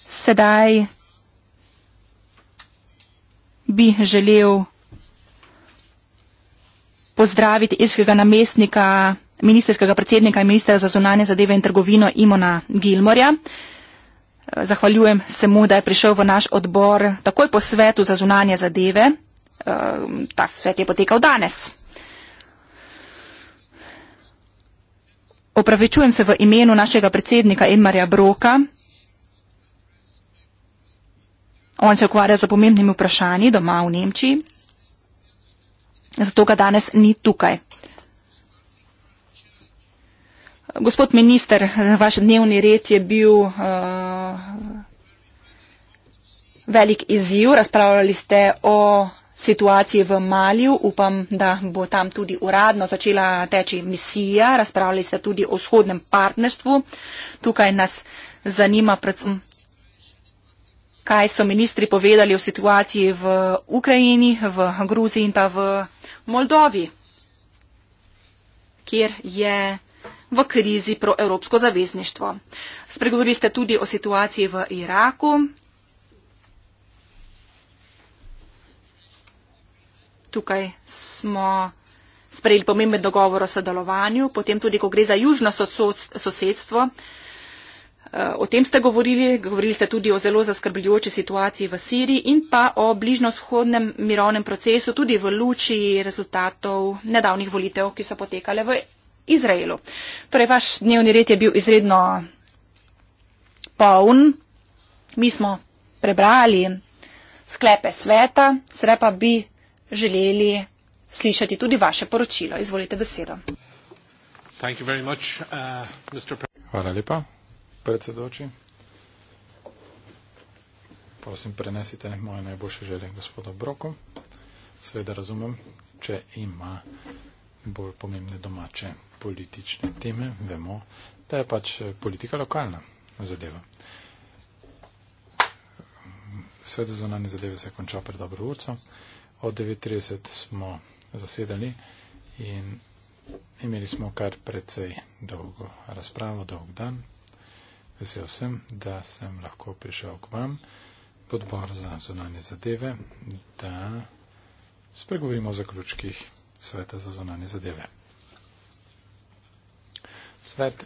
sedaj bi želel pozdraviti iškega namestnika, ministerskega predsednika in ministra za zunanje zadeve in trgovino Imona Gilmorja. Zahvaljujem se mu, da je prišel v naš odbor takoj po svetu za zunanje zadeve. Ehm, ta svet je potekal danes. Opravičujem se v imenu našega predsednika Emarja Broka. On se ukvarja za pomembnimi vprašanji doma v Nemčiji. Zato ga danes ni tukaj. Gospod minister, vaš dnevni red je bil uh, velik izziv. Razpravljali ste o situaciji v Maliju. Upam, da bo tam tudi uradno začela teči misija. Razpravljali ste tudi o vzhodnem partnerstvu. Tukaj nas zanima predvsem, kaj so ministri povedali o situaciji v Ukrajini, v Gruziji in pa v Moldovi, kjer je v krizi proevropsko zavezništvo. Spregovorili ste tudi o situaciji v Iraku, tukaj smo sprejeli pomemben dogovor o sodelovanju, potem tudi, ko gre za južno sosedstvo. Eh, o tem ste govorili, govorili ste tudi o zelo zaskrbljujoči situaciji v Siriji in pa o bližnjo-shodnem mirovnem procesu, tudi v luči rezultatov nedavnih volitev, ki so potekale v Izraelu. Torej, vaš dnevni red je bil izredno poln. Mi smo prebrali sklepe sveta, sedaj pa bi želeli slišati tudi vaše poročilo. Izvolite besedo. Much, uh, Hvala lepa, predsedoči. Prosim, prenesite moje najboljše želje gospodu Broku. Sveda razumem, če ima bolj pomembne domače politične teme, vemo, da je pač politika lokalna zadeva. Svet za zunanje zadeve se je končal pred dobro urcem od 9.30 smo zasedali in imeli smo kar precej dolgo razpravo, dolg dan. Vesel sem, da sem lahko prišel k vam v odbor za zunanje zadeve, da spregovorimo o zaključkih Sveta za zunanje zadeve. Svet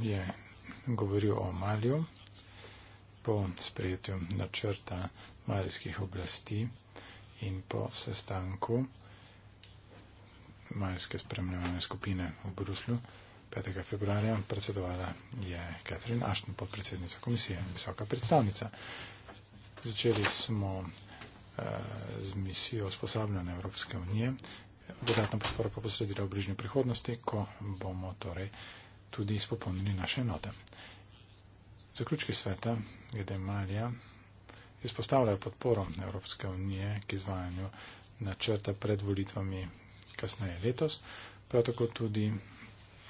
je govoril o Malju po sprejetju načrta malijskih oblasti in po sestanku majske spremljevalne skupine v Bruslju 5. februarja predsedovala je Catherine Ashton, podpredsednica komisije in visoka predstavnica. Začeli smo eh, z misijo usposabljanja Evropske unije, dodatno podporo pa posredila v bližnji prihodnosti, ko bomo torej tudi izpopolnili naše note. Zaključki sveta, glede Malija, izpostavljajo podporo Evropske unije k izvajanju načrta pred volitvami kasneje letos, prav tako tudi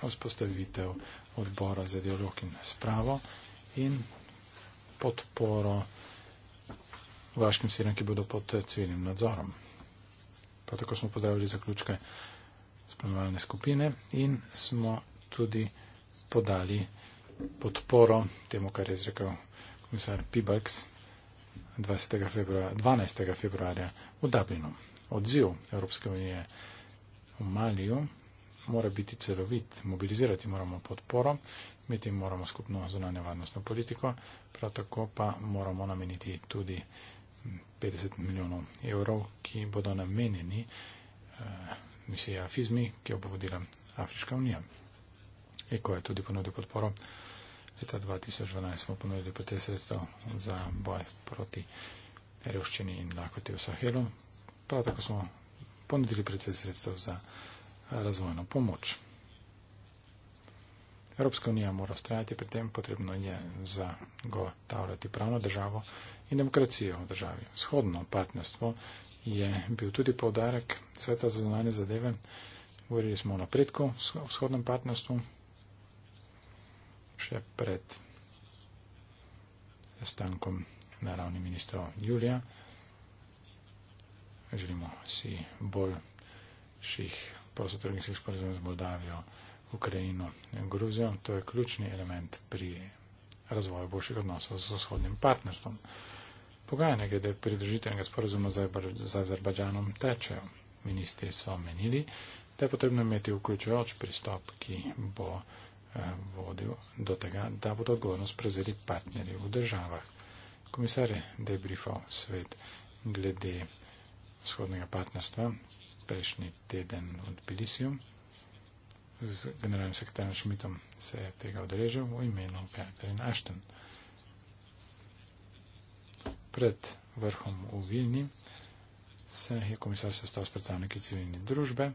vzpostavitev odbora za dialog in spravo in podporo vaškim sirem, ki bodo pod civilnim nadzorom. Prav tako smo pozdravili zaključke spremljalne skupine in smo tudi podali podporo temu, kar je izrekel komisar Pibalks. 20. februarja, 12. februarja v Dublinu. Odziv Evropske unije v Maliju mora biti celovit, mobilizirati moramo podporo, imeti moramo skupno zunanje varnostno politiko, prav tako pa moramo nameniti tudi 50 milijonov evrov, ki bodo namenjeni eh, misiji Afizmi, ki jo bo vodila Afriška unija. Eko je tudi ponudil podporo leta 2012 smo ponudili precej sredstev za boj proti revščini in lakoti v Sahelu. Prav tako smo ponudili precej sredstev za razvojno pomoč. Evropska unija mora ustrajati pri tem, potrebno je zagotavljati pravno državo in demokracijo v državi. Vzhodno partnerstvo je bil tudi poudarek sveta za zunanje zadeve. Govorili smo o napredku v vzhodnem partnerstvu, še pred sestankom na ravni ministra Julija. Želimo si boljših prostotrgnjskih sporozumov z Moldavijo, Ukrajino in Gruzijo. To je ključni element pri razvoju boljših odnosov z vzhodnim partnerstvom. Pogajanje glede pridružitvenega sporozuma z Azerbajdžanom tečejo. Ministri so menili, da je potrebno imeti vključujoč pristop, ki bo vodil do tega, da bodo odgovornost prevzeli partnerji v državah. Komisar je debriefal svet glede vzhodnega partnerstva prejšnji teden v Tbilisiju. Z generalnim sekretarjem Šmitom se je tega odrežil v imenu Catherine Ashton. Pred vrhom v Vilni se je komisar sestal s predstavniki civilne družbe,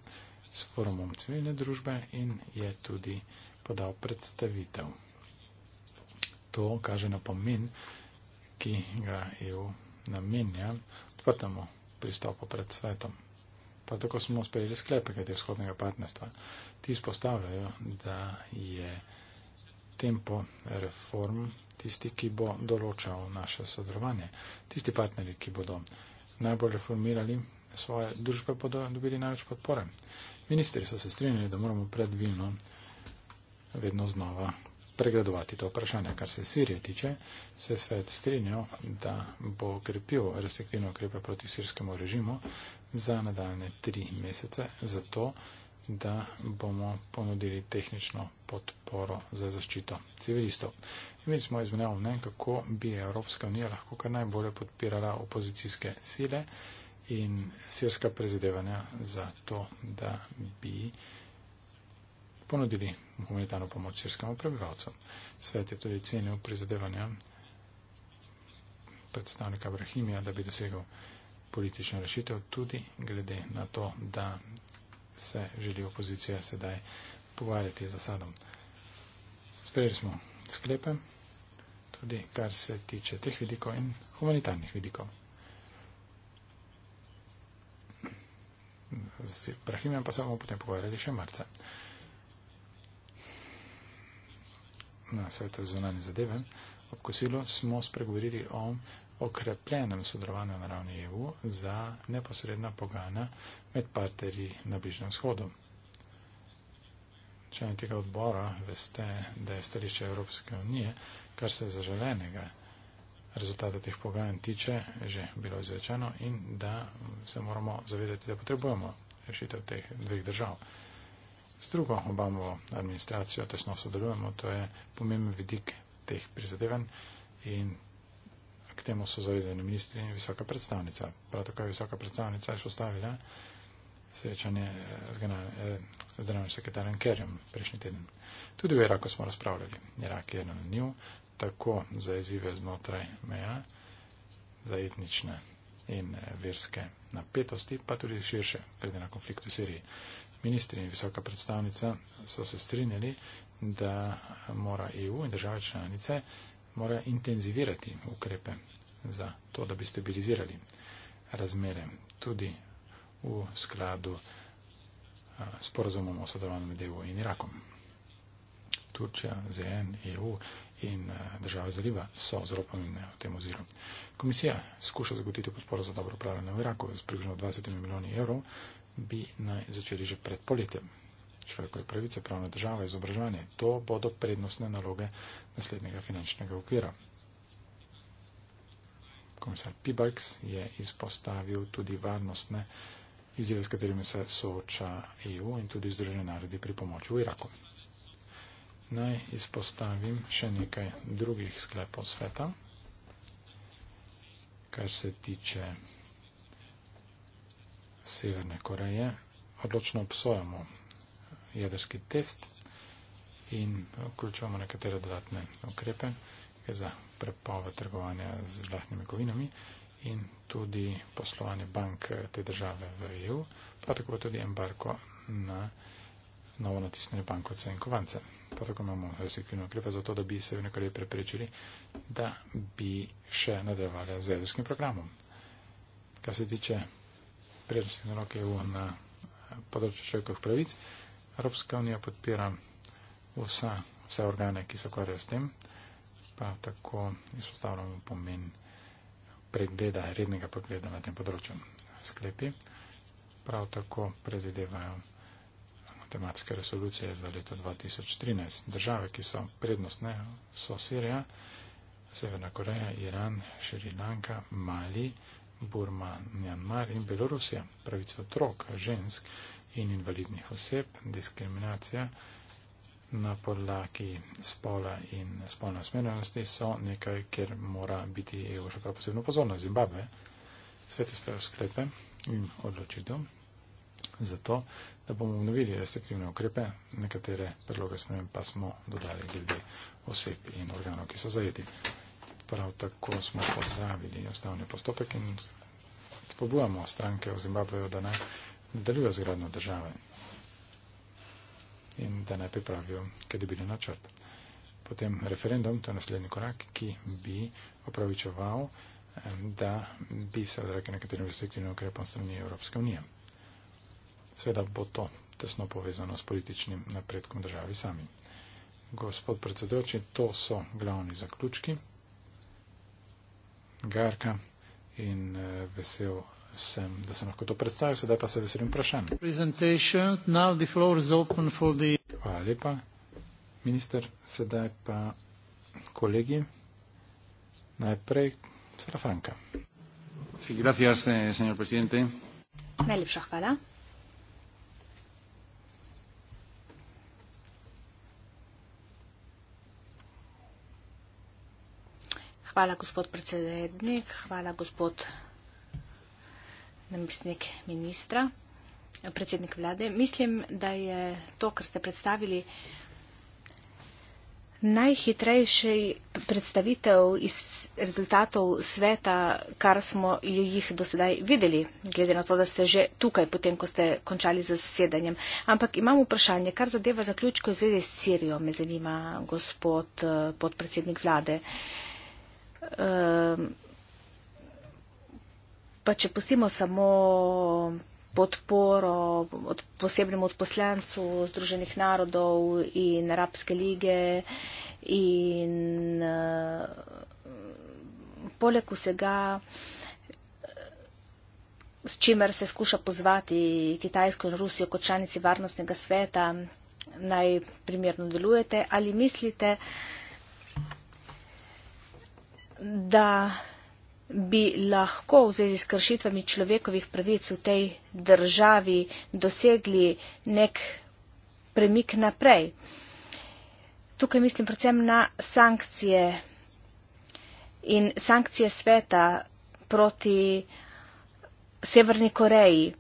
s forumom civilne družbe in je tudi uh, podal predstavitev. To kaže na pomen, ki ga EU namenja odprtemu pristopu pred svetom. Pa tako smo sprejeli sklepe glede vzhodnega partnerstva. Ti izpostavljajo, da je tempo reform tisti, ki bo določal naše sodelovanje. Tisti partnerji, ki bodo najbolj reformirali svoje družbe, bodo dobili največ podpore. Ministri so se strinjali, da moramo predvilno vedno znova pregledovati to vprašanje. Kar se Sirije tiče, se svet strinjal, da bo krepil restriktivne ukrepe proti sirskemu režimu za nadaljne tri mesece, zato da bomo ponudili tehnično podporo za zaščito civilistov. Imeli smo izmenjavo mnen, kako bi Evropska unija lahko kar najbolje podpirala opozicijske sile in sirska prezidevanja za to, da bi ponudili humanitarno pomoč sirskemu prebivalcu. Svet je tudi cenil prizadevanja predstavnika Brahimija, da bi dosegel politično rešitev, tudi glede na to, da se želi opozicija sedaj pogovarjati za sadom. Sprejeli smo sklepe, tudi kar se tiče teh vidikov in humanitarnih vidikov. Z Brahimijem pa se bomo potem pogovarjali še marca. na svetu zunanje zadeve, ob kosilu smo spregovorili o okrepljenem sodelovanju na ravni EU za neposredna pogajanja med partnerji na Bližnjem vzhodu. Člani tega odbora veste, da je stališče Evropske unije, kar se zaželenega rezultata teh pogajanj tiče, že bilo izrečeno in da se moramo zavedati, da potrebujemo rešitev teh dveh držav z drugo Obamovo administracijo tesno sodelujemo. To je pomemben vidik teh prizadevanj in k temu so zavedeni ministri in visoka predstavnica. Prav tako je visoka predstavnica izpostavila srečanje eh, z, eh, z državnim sekretarjem Kerjem prejšnji teden. Tudi v Iraku smo razpravljali. Irak je na njiju, tako za izzive znotraj meja, za etnične in eh, verske napetosti, pa tudi širše, glede na konflikt v Siriji ministri in visoka predstavnica so se strinjali, da mora EU in države članice mora intenzivirati ukrepe za to, da bi stabilizirali razmere tudi v skladu s porazumom o sodelovanju med EU in Irakom. Turčija, ZN, EU in država Zaliva so zelo pomembne v tem oziru. Komisija skuša zagotiti podporo za dobro upravljanje v Iraku z približno 20 milijoni evrov, bi naj začeli že pred poletjem. Človekove pravice, pravna država, izobraževanje. To bodo prednostne naloge naslednjega finančnega okvira. Komisar Pibax je izpostavil tudi varnostne izzive, s katerimi se sooča EU in tudi Združene narodi pri pomoči v Iraku. Naj izpostavim še nekaj drugih sklepov sveta, kar se tiče Severne Koreje, odločno obsojamo jedrski test in vključujemo nekatere dodatne ukrepe za prepoved trgovanja z žlahnimi kovinami in tudi poslovanje bank eh, te države v EU, pa tako tudi embargo na novo natisnjene bankovce in kovance. Pa tako imamo restriktivne ukrepe za to, da bi se v nekaj preprečili, da bi še nadaljevali z jedrskim programom. Kar se tiče prijateljskih narok EU na področju človekovih pravic. Evropska unija podpira vsa, vse organe, ki se ukvarjajo s tem, pa tako izpostavljamo pomen pregleda, rednega pregleda na tem področju. Sklepi prav tako predvidevajo tematske resolucije za leto 2013. Države, ki so prednostne, so Sirija, Severna Koreja, Iran, Šrilanka, Mali, Burma, Mjanmar in Belorusija, pravice otrok, žensk in invalidnih oseb, diskriminacija na podlaki spola in spolne usmerjenosti so nekaj, kjer mora biti EU še prav posebno pozorna. Zimbabve svet je sprejel sklepe in odločitev za to, da bomo obnovili restriktivne ukrepe, nekatere predloge smo pa smo dodali glede oseb in organov, ki so zajeti. Prav tako smo pozdravili ustavni postopek in spobujamo stranke v Zimbabveju, da naj nadaljuje z gradno države in da naj pripravijo kredibilen načrt. Potem referendum, to je naslednji korak, ki bi opravičeval, da bi se odrekel nekaterim restriktivnim ukrepom strani Evropske unije. Sveda bo to tesno povezano s političnim napredkom državi sami. Gospod predsedujoči, to so glavni zaključki. Garka in eh, vesel sem, da sem lahko to predstavil, sedaj pa se veselim vprašanj. Hvala lepa, minister, sedaj pa kolegi. Najprej Sara Franka. Sí, gracias, eh, señor presidente. Najlepša hvala. Hvala, gospod predsednik. Hvala, gospod namestnik ministra, predsednik vlade. Mislim, da je to, kar ste predstavili, najhitrejši predstavitev iz rezultatov sveta, kar smo jih do sedaj videli, glede na to, da ste že tukaj, potem, ko ste končali z zasedanjem. Ampak imam vprašanje, kar zadeva zaključko zvede s Sirijo, me zanima gospod eh, podpredsednik vlade. Uh, Ehm, pa če pustimo samo podporo od posebnemu odposlancu Združenih narodov in Arabske lige in eh, poleg vsega, s čimer se skuša pozvati Kitajsko in Rusijo kot članici varnostnega sveta, naj primerno delujete ali mislite, da da bi lahko v zvezi s kršitvami človekovih pravic v tej državi dosegli nek premik naprej. Tukaj mislim predvsem na sankcije in sankcije sveta proti Severni Koreji.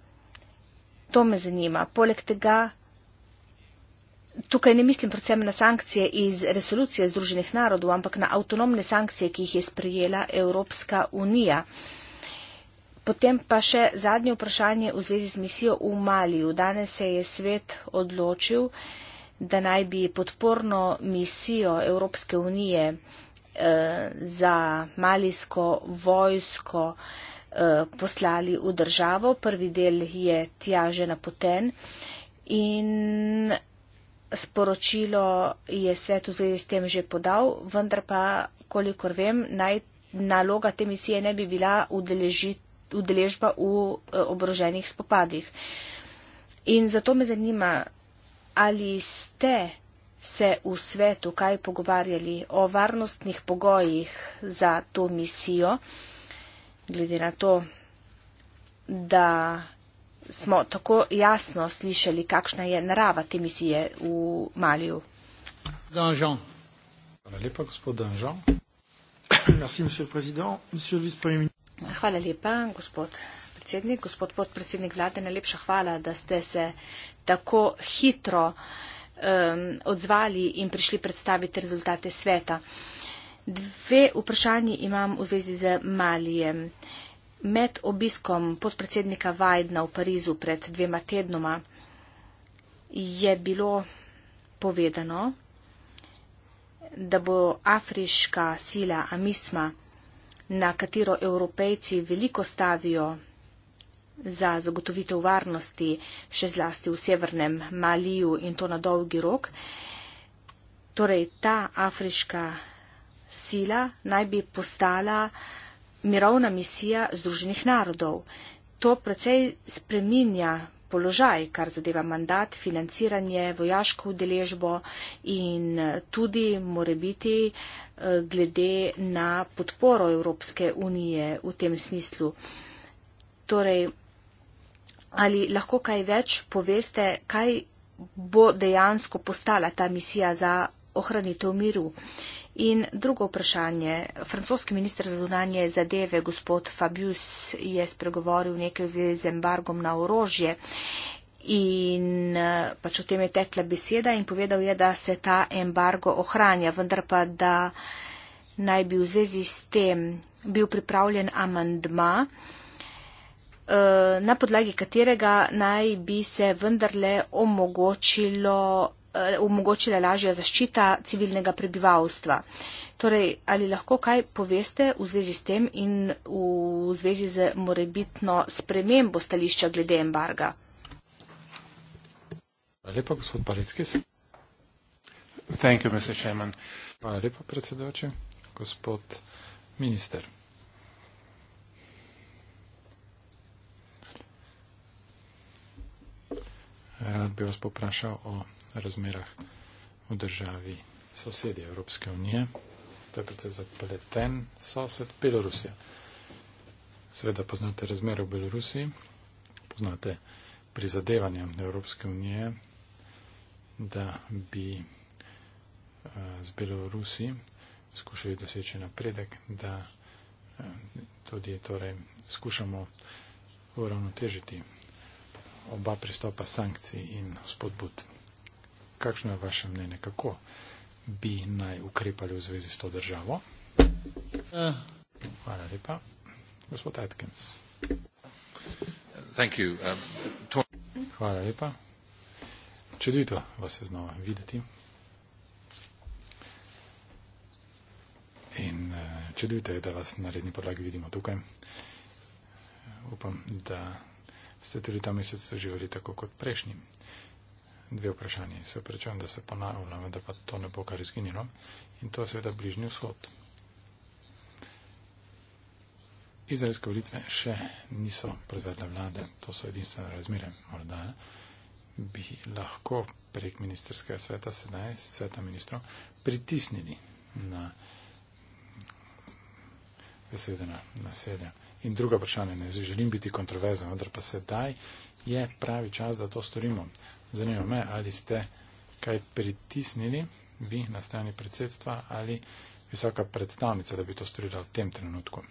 To me zanima. Poleg tega Tukaj ne mislim predvsem na sankcije iz resolucije Združenih narodov, ampak na avtonomne sankcije, ki jih je sprijela Evropska unija. Potem pa še zadnje vprašanje v zvezi z misijo v Maliju. Danes se je svet odločil, da naj bi podporno misijo Evropske unije eh, za malijsko vojsko eh, poslali v državo. Prvi del je tja že napoten. In sporočilo je svet v zvezi s tem že podal, vendar pa, kolikor vem, naj, naloga te misije ne bi bila udeležba v eh, oboroženih spopadih. In zato me zanima, ali ste se v svetu kaj pogovarjali o varnostnih pogojih za to misijo, glede na to, da smo tako jasno slišali, kakšna je narava te misije v Maliju. Hvala lepa, gospod Danžan. (coughs) Hvala lepa, gospod predsednik. Gospod podpredsednik vlade, najlepša hvala, da ste se tako hitro um, odzvali in prišli predstaviti rezultate sveta. Dve vprašanji imam v zvezi z Malijem. Med obiskom podpredsednika Vajdna v Parizu pred dvema tednoma je bilo povedano, da bo afriška sila Amisma, na katero evropejci veliko stavijo za zagotovitev varnosti, še zlasti v severnem Maliju in to na dolgi rok. Torej, ta afriška sila naj bi postala mirovna misija Združenih narodov. To precej spreminja položaj, kar zadeva mandat, financiranje, vojaško udeležbo in eh, tudi more biti eh, glede na podporo Evropske unije v tem smislu. Torej, ali lahko kaj več poveste, kaj bo dejansko postala ta misija za ohranitev miru? Uh, In drugo vprašanje. Francoski minister za zunanje zadeve, gospod Fabius, je spregovoril nekaj z embargom na orožje. In eh, pač o tem je tekla beseda in povedal je, da se ta embargo ohranja, vendar pa, da naj bi v zvezi s tem bil pripravljen amandma, eh, na podlagi katerega naj bi se vendarle omogočilo Eh, omogočila lažja zaščita civilnega prebivalstva. Torej, ali lahko kaj poveste v zvezi s tem in v zvezi z morebitno spremembo stališča glede embarga? Hvala lepa, gospod Palecki. Thank you, Mr. Chairman. Hvala lepa, predsedujoči. Gospod minister. Rad bi vas poprašal o razmerah v državi sosedje Evropske unije. To je predvsem zapleten sosed Belorusija. Seveda poznate razmere v Belorusiji, poznate prizadevanja Evropske unije, da bi eh, z Belorusi skušali doseči napredek, da eh, tudi torej, skušamo uravnotežiti oba pristopa sankcij in spodbud kakšno je vaše mnenje, kako bi naj ukrepali v zvezi s to državo? Hvala lepa. Gospod Atkins. Thank you. Um, Hvala lepa. Čudovito vas je znova videti. In uh, čudovito je, da vas na redni podlagi vidimo tukaj. Upam, da ste tudi ta mesec živeli tako kot prejšnji dve vprašanji. Se prečujem, da se ponavljam, da pa to ne bo kar izginilo. In to je seveda bližnji vzhod. Izraelske volitve še niso predvedle vlade, to so edinstvene razmere. Morda bi lahko prek ministerskega sveta sedaj, sveta ministrov, pritisnili na zasedena naselja. In druga vprašanja, ne želim biti kontroverzen, vendar pa sedaj je pravi čas, da to storimo. Zanima me, ali ste kaj pritisnili vi na strani predsedstva ali visoka predstavnica, da bi to storila v tem trenutku.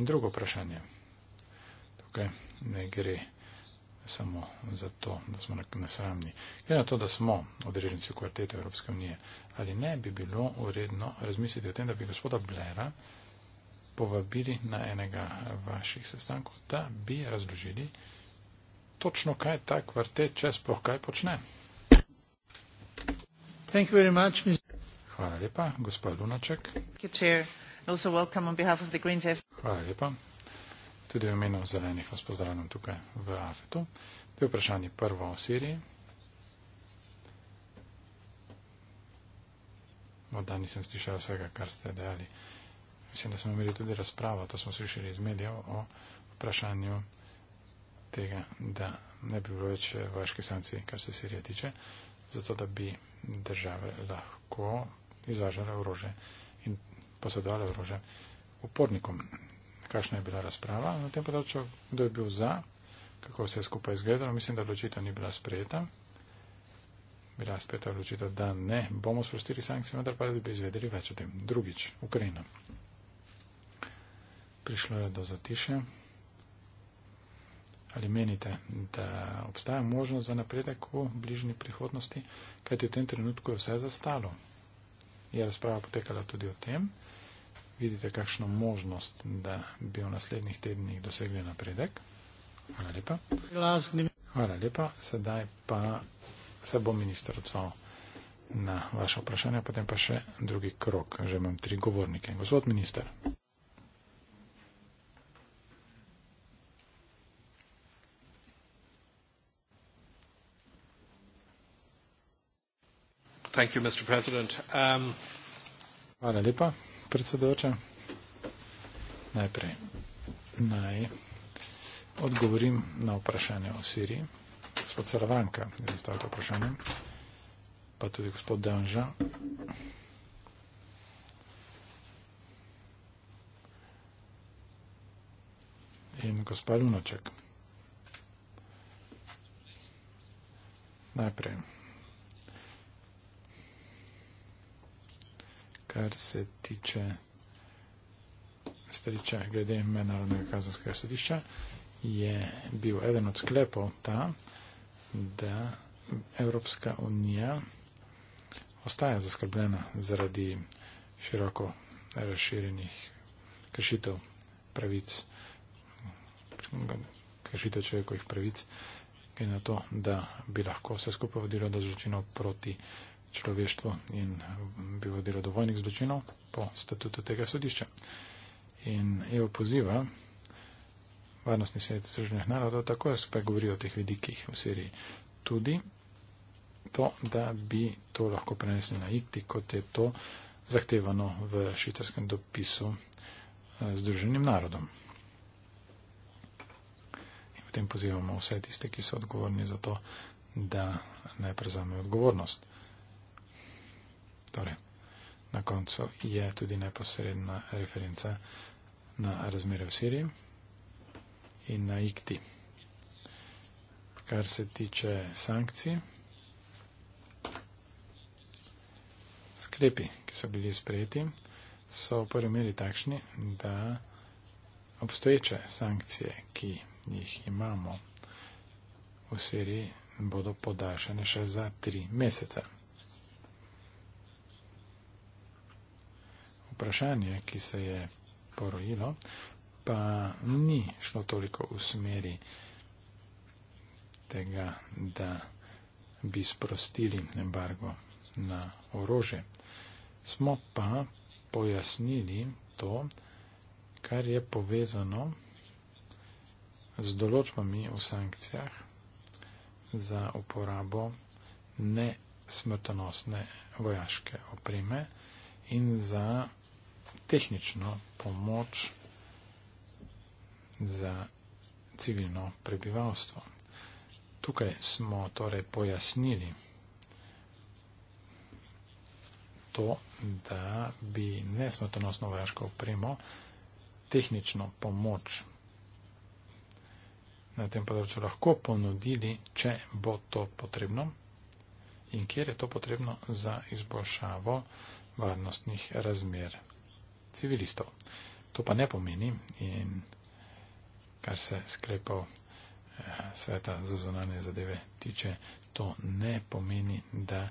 In drugo vprašanje. Tukaj ne gre samo za to, da smo nasramni. Glede na to, da smo odreženci v kvartetu Evropske unije, ali ne bi bilo uredno razmisliti o tem, da bi gospoda Blera povabili na enega vaših sestankov, da bi razložili, točno kaj ta kvartet čez sploh kaj počne. Much, Ms... Hvala lepa, gospod Lunaček. Hvala lepa. Tudi v imenu zelenih vas pozdravljam tukaj v Afetu. To je vprašanje prvo o Siriji. Morda nisem slišal vsega, kar ste dejali. Mislim, da smo imeli tudi razpravo, to smo slišali iz medijev o vprašanju tega, da ne bi bilo več eh, vaške sankcije, kar se Sirije tiče, zato da bi države lahko izvažale orože in posedovale orože upornikom. Kakšna je bila razprava na tem področju, kdo je bil za, kako se je skupaj izgledalo, mislim, da odločitev ni bila sprejeta. Bila spet odločitev, da ne bomo sprostili sankcije, vendar pa da bi izvedeli več o tem. Drugič, Ukrajina. Prišlo je do zatiše. Ali menite, da obstaja možnost za napredek v bližnji prihodnosti, kajti v tem trenutku je vse zastalo? Je razprava potekala tudi o tem? Vidite, kakšno možnost, da bi v naslednjih tednih dosegli napredek? Hvala lepa. Hvala lepa. Sedaj pa se bo minister odzval na vaše vprašanje, potem pa še drugi krok. Že imam tri govornike. Gospod minister. Thank you, Mr. President. Um... Hvala lepa, predsedujoča. Najprej naj odgovorim na vprašanje o Siriji. Gospod Saravanka je zastavil to vprašanje, pa tudi gospod Danža. In gospod Lunoček. Najprej. kar se tiče stariča glede mednarodnega kazanskega sodišča, je bil eden od sklepov ta, da Evropska unija ostaja zaskrbljena zaradi široko razširjenih kršitev pravic, kršitev človekovih pravic, glede na to, da bi lahko vse skupaj vodilo do zločinov proti človeštvo in mm, bilo delo do vojnih zločinov po statutu tega sodišča. In EU poziva Varnostni svet Združenih narodov tako, da se govori o teh vidikih v Siriji. Tudi to, da bi to lahko prenesli na IKTI, kot je to zahtevano v švicarskem dopisu eh, Združenim narodom. In potem pozivamo vse tiste, ki so odgovorni za to, da najprej zame odgovornost torej na koncu je tudi neposredna referenca na razmere v Siriji in na IKTI. Kar se tiče sankcij, sklepi, ki so bili sprejeti, so v prvi meri takšni, da obstoječe sankcije, ki jih imamo v Siriji, bodo podaljšane še za tri mesece. vprašanje, ki se je porojilo, pa ni šlo toliko v smeri tega, da bi sprostili embargo na orože. Smo pa pojasnili to, kar je povezano z določbami v sankcijah za uporabo nesmrtonosne vojaške opreme in za tehnično pomoč za civilno prebivalstvo. Tukaj smo torej pojasnili to, da bi nesmrtonosno vojaško opremo tehnično pomoč na tem področju lahko ponudili, če bo to potrebno in kjer je to potrebno za izboljšavo varnostnih razmer civilistov. To pa ne pomeni in kar se sklepov eh, sveta za zonanje zadeve tiče, to ne pomeni, da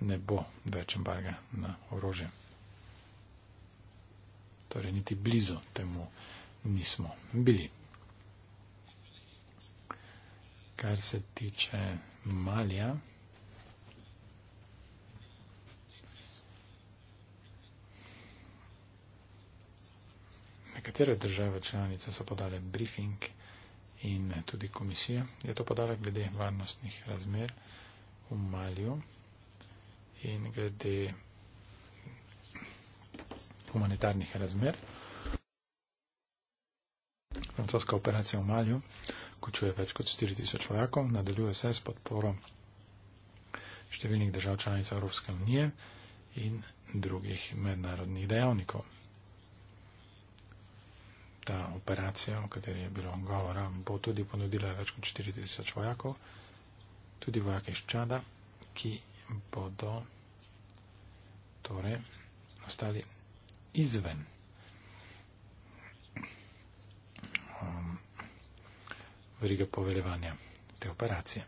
ne bo več embarga na orože. Torej, niti blizu temu nismo bili. Kar se tiče Malja, Nekatere države članice so podale briefing in tudi komisija je to podala glede varnostnih razmer v Malju in glede humanitarnih razmer. Francoska operacija v Malju vključuje več kot 4000 vojakov, nadaljuje se s podporo številnih držav članic Evropske unije in drugih mednarodnih dejavnikov ta operacija, o kateri je bilo govora, bo tudi ponudila več kot 4000 vojakov, tudi vojake iz Čada, ki bodo torej ostali izven. Um, Vrige poveljevanja te operacije.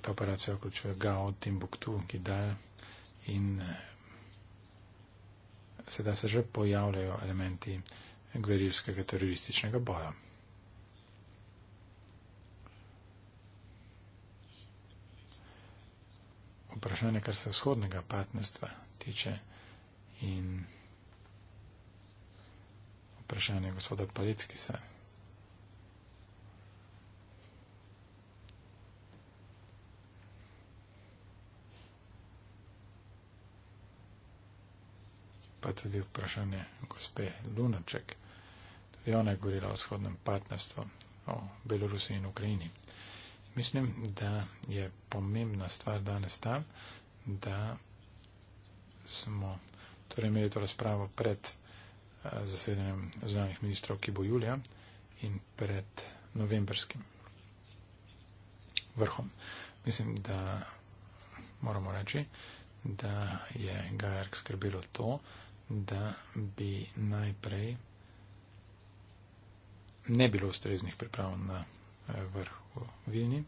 Ta operacija vključuje Gao, Timbuktu, Gidal in eh, sedaj se že pojavljajo elementi gverilskega terorističnega boja. Vprašanje, kar se vzhodnega partnerstva tiče in vprašanje gospoda Palickisa. pa tudi vprašanje gospe Lunaček. Tudi ona je govorila o shodnem partnerstvu, o Belorusiji in Ukrajini. Mislim, da je pomembna stvar danes ta, da smo torej imeli to razpravo pred eh, zasedanjem zunanjih ministrov, ki bo julija in pred novembrskim vrhom. Mislim, da moramo reči, da je Gajark skrbelo to, da bi najprej ne bilo ustreznih priprav na eh, vrhu Vilni.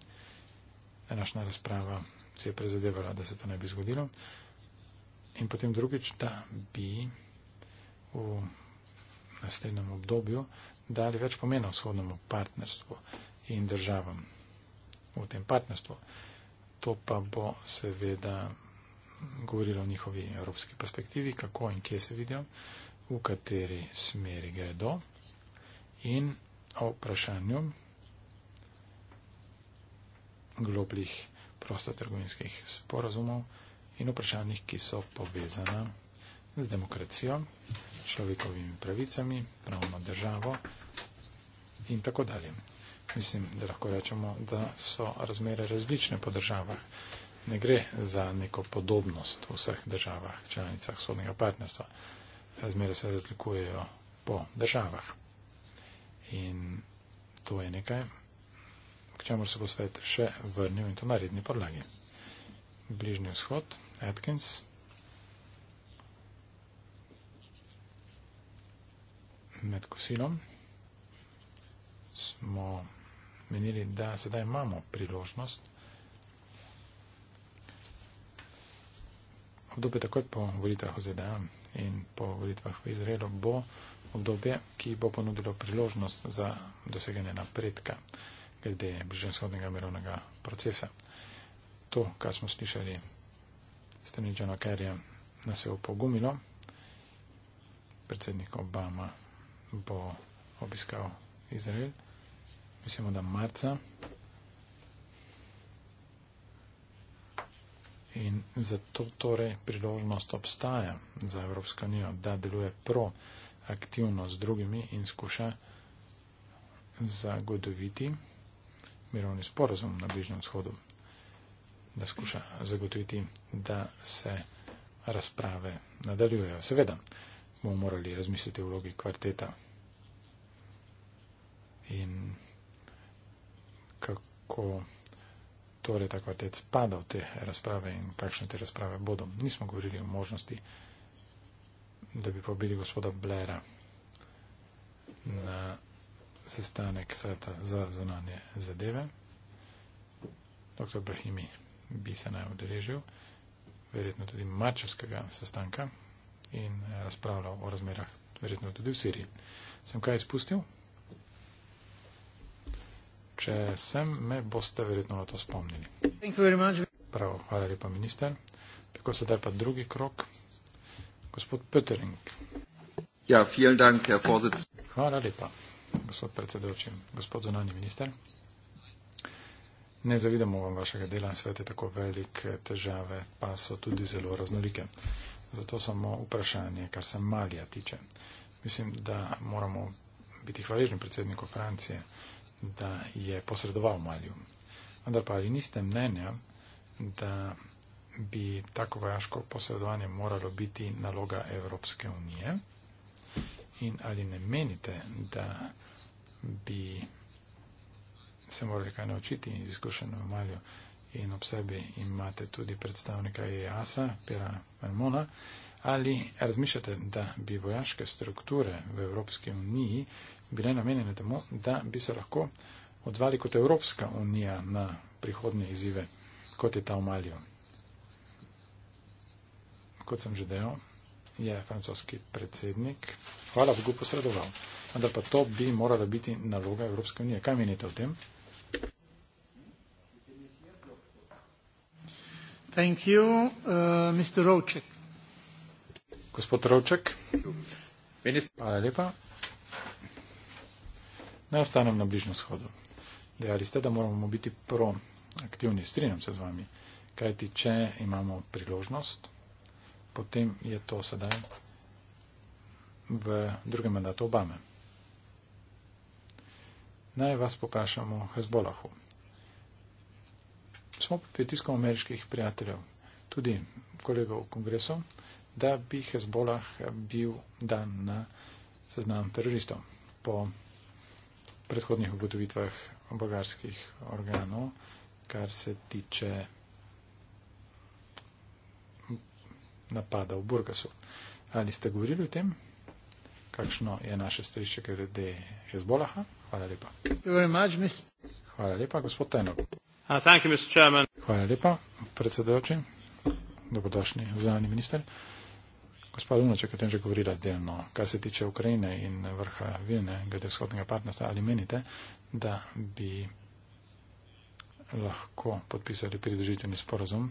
Današnja razprava se je prezadevala, da se to ne bi zgodilo. In potem drugič, da bi v naslednjem obdobju dali več pomena vzhodnemu partnerstvu in državam v tem partnerstvu. To pa bo seveda govorila o njihovi evropski perspektivi, kako in kje se vidijo, v kateri smeri gredo in o vprašanju globlih prostotrgovinskih sporazumov in vprašanjih, ki so povezana z demokracijo, človekovimi pravicami, pravno državo in tako dalje. Mislim, da lahko rečemo, da so razmere različne po državah ne gre za neko podobnost v vseh državah, članicah sodnega partnerstva. Razmere se razlikujejo po državah. In to je nekaj, k čemu se bo svet še vrnil in to na redni podlagi. Bližnji vzhod, Atkins. Med kosilom smo menili, da sedaj imamo priložnost obdobje takoj po volitvah v ZDA in po volitvah v Izraelu bo obdobje, ki bo ponudilo priložnost za doseganje napredka glede bližnjevzhodnega mirovnega procesa. To, kar smo slišali strani Johna Kerrija, nas je upogumilo. Predsednik Obama bo obiskal Izrael. Mislimo, da marca. in zato torej priložnost obstaja za Evropsko unijo, da deluje proaktivno z drugimi in skuša zagotoviti mirovni sporozum na Bližnjem vzhodu, da skuša zagotoviti, da se razprave nadaljujejo. Seveda bomo morali razmisliti o vlogi kvarteta in kako torej tako otec pada v te razprave in kakšne te razprave bodo. Nismo govorili o možnosti, da bi pobili gospoda Blera na sestanek sveta za zunanje zadeve. Dr. Brahimi bi se naj odrežil, verjetno tudi mačevskega sestanka in razpravljal o razmerah verjetno tudi v Siriji. Sem kaj izpustil? če sem, me boste verjetno na to spomnili. Prav, hvala lepa, minister. Tako se daj pa drugi krok. Gospod Pötering. Ja, dank, hvala lepa, gospod predsedujoči, gospod zunani minister. Ne zavidamo vam vašega dela, svet je tako velik, težave pa so tudi zelo raznolike. Zato samo vprašanje, kar se Malija tiče. Mislim, da moramo biti hvaležni predsedniku Francije, da je posredoval Maliju. Vendar pa ali niste mnenja, da bi tako vojaško posredovanje moralo biti naloga Evropske unije? In ali ne menite, da bi se morali kaj naučiti iz izkušenja v Malju in ob sebi imate tudi predstavnika EASA, Pera Mermona, ali razmišljate, da bi vojaške strukture v Evropski uniji bile namenjene temu, da bi se lahko odzvali kot Evropska unija na prihodne izzive, kot je ta v Malju. Kot sem že dejal, je francoski predsednik, hvala Bogu, posredoval. Vendar pa to bi morala biti naloga Evropske unije. Kaj menite o tem? Thank you, uh, Mr. Rovček. Gospod Rovček. Hvala lepa. Naj ostanem na Bližnjem shodu. Dejali ste, da moramo biti proaktivni, strinjam se z vami. Kajti, če imamo priložnost, potem je to sedaj v drugem mandatu Obame. Naj vas poprašamo o Hezbolahu. Smo pod pritiskom ameriških prijateljev, tudi kolegov v kongresu, da bi Hezbolah bil dan na seznam teroristov po predhodnih ugotovitvah bogarskih organov, kar se tiče napada v Burgasu. Ali ste govorili o tem, kakšno je naše stališče glede Hezbolaha? Hvala lepa. Hvala lepa, gospod Tajno. Uh, Hvala lepa, predsedujoči. Dobrodošli, zunani minister. Gospa Lunaček, o tem že govorila delno, kar se tiče Ukrajine in vrha Vilne glede vzhodnega partnerstva, ali menite, da bi lahko podpisali pridružitveni sporozum?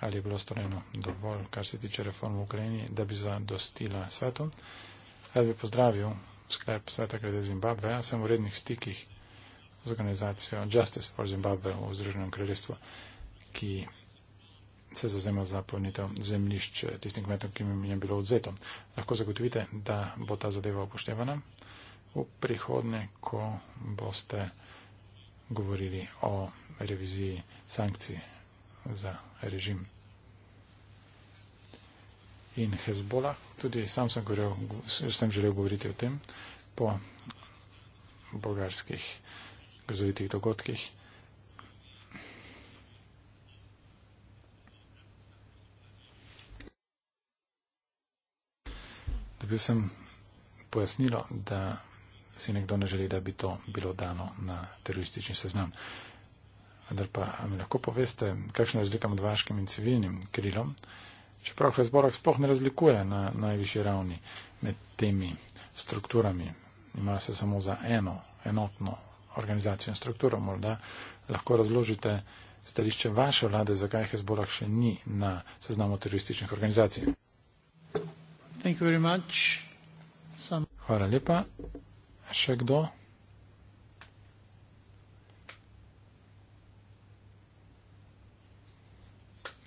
Ali je bilo storjeno dovolj, kar se tiče reform v Ukrajini, da bi zadostila svetu? Ali bi pozdravil sklep sveta glede Zimbabve? Jaz sem v rednih stikih z organizacijo Justice for Zimbabwe v Združenem kraljestvu, ki se zazema za polnitev zemljišč tistim kmetom, ki jim je bilo odzeto. Lahko zagotovite, da bo ta zadeva upoštevana v prihodnje, ko boste govorili o reviziji sankcij za režim. In Hezbollah, tudi sam sem, govoril, sem želel govoriti o tem po bolgarskih gazovitih dogodkih. dobil sem pojasnilo, da si nekdo ne želi, da bi to bilo dano na teroristični seznam. Vendar pa mi lahko poveste, kakšna je razlika med vaškim in civilnim krilom, čeprav v zborah sploh ne razlikuje na najvišji ravni med temi strukturami. Ima se samo za eno enotno organizacijo in strukturo. Morda lahko razložite stališče vaše vlade, zakaj Hezbolah še ni na seznamu terorističnih organizacij. Thank you very much. Some... Hvala lepa. Še kdo?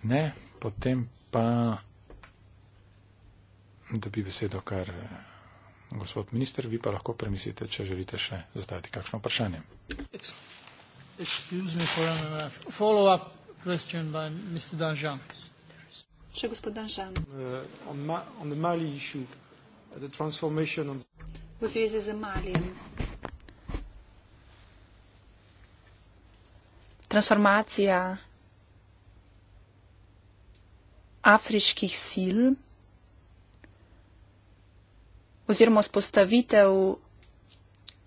Ne, potem pa da bi besedo kar eh, gospod minister, vi pa lahko premislite, če želite še zastaviti kakšno vprašanje. Excuse me for a follow-up question by Mr. Danjan. Še gospodin Žan. Uh, ma, issue, the... V zvezi z Malijem. Transformacija afriških sil oziroma spostavitev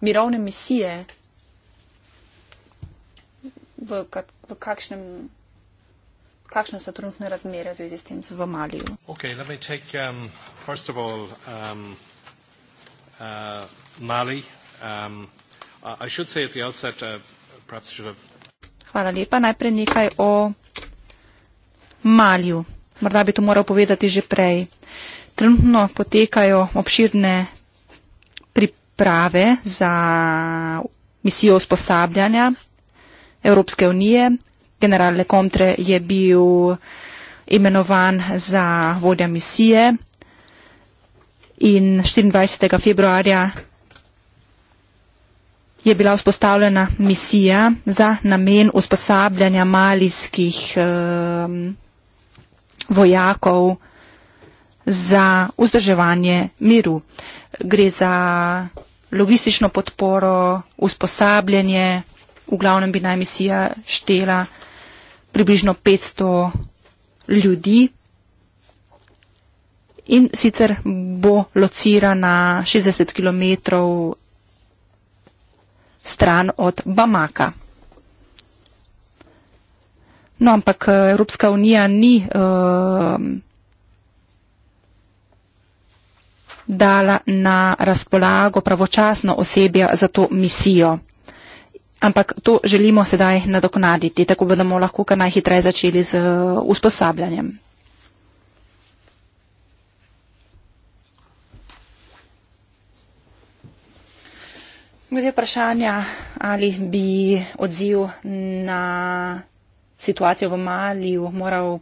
mirovne misije v, kak, v kakšnem kakšne so trenutne razmere v zvezi s tem v Maliju? Okay, let me take um, first of all um, uh, Mali. Um, I should say at the outset, uh, perhaps should have. Hvala lepa. Najprej nekaj o Malju. Morda bi to moral povedati že prej. Trenutno potekajo obširne priprave za misijo usposabljanja Evropske unije, general Lecomte je bil imenovan za vodja misije in 24. februarja je bila vzpostavljena misija za namen usposabljanja malijskih eh, vojakov za vzdrževanje miru. Gre za logistično podporo, usposabljanje, v glavnem bi naj misija štela približno 500 ljudi in sicer bo locirana 60 km stran od Bamaka. No, ampak eh, Evropska unija ni uh, dala na razpolago pravočasno osebja za to misijo. Ampak to želimo sedaj nadoknaditi, tako da bomo lahko kar najhitreje začeli z uh, usposabljanjem. Glede vprašanja, ali bi odziv na situacijo v Maliju moral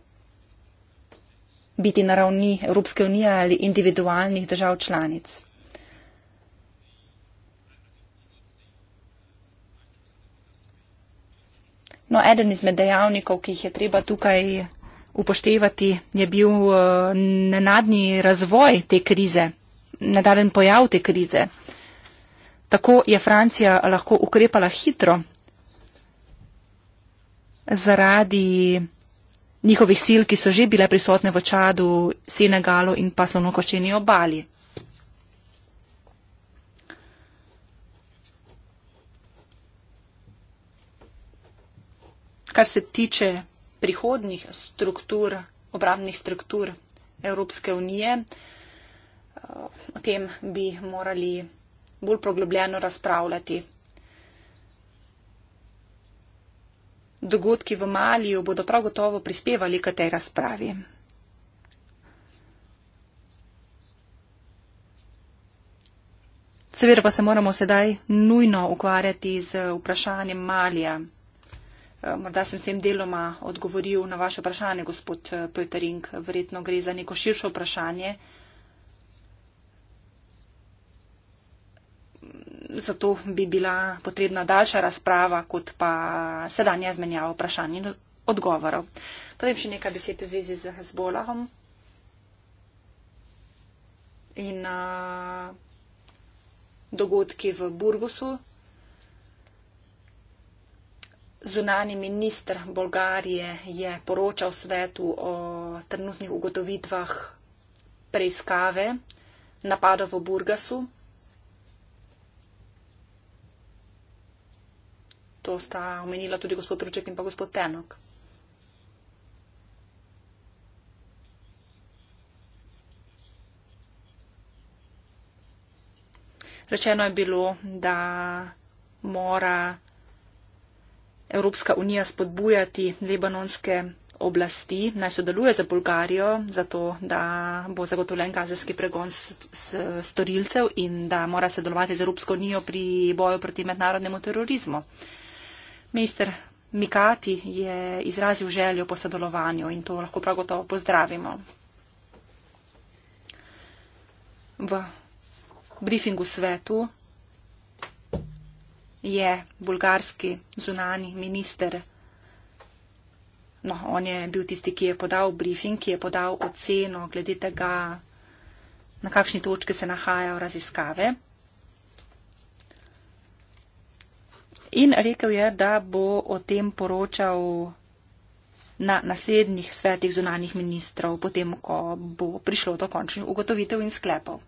biti na ravni Evropske unije ali individualnih držav članic. No, eden izmed dejavnikov, ki jih je treba tukaj upoštevati, je bil eh, nenadni razvoj te krize, nadaljen pojav te krize. Tako je Francija lahko ukrepala hitro zaradi njihovih sil, ki so že bile prisotne v Čadu, Senegalu in pa slonokoščeni obali. kar se tiče prihodnih struktur, obramnih struktur Evropske unije, eh, o tem bi morali bolj poglobljeno razpravljati. Dogodki v Maliju bodo prav gotovo prispevali k tej razpravi. Seveda pa se moramo sedaj nujno ukvarjati z vprašanjem Malija. Eh, morda sem s tem deloma odgovoril na vaše vprašanje, gospod eh, Pojterink. Verjetno gre za neko širše vprašanje. Zato bi bila potrebna daljša razprava, kot pa sedanja izmenjava vprašanj in odgovorov. Povem še nekaj besed v zvezi z Hezbolahom. In uh, dogodki v Burgosu, zunani ministr Bolgarije je poročal svetu o trenutnih ugotovitvah preiskave napadov v Burgasu. To sta omenila tudi gospod Ruček in pa gospod Tenok. Rečeno je bilo, da mora Evropska unija spodbujati libanonske oblasti, naj sodeluje za Bolgarijo, zato da bo zagotovljen gazijski pregon storilcev in da mora sodelovati z Evropsko unijo pri boju proti mednarodnemu terorizmu. Minister Mikati je izrazil željo po sodelovanju in to lahko prav gotovo pozdravimo. V brifingu svetu je bulgarski zunani minister. No, on je bil tisti, ki je podal briefing, ki je podal oceno glede tega, na kakšni točki se nahajajo raziskave. In rekel je, da bo o tem poročal na naslednjih svetih zunanih ministrov, potem, ko bo prišlo do končnih ugotovitev in sklepov.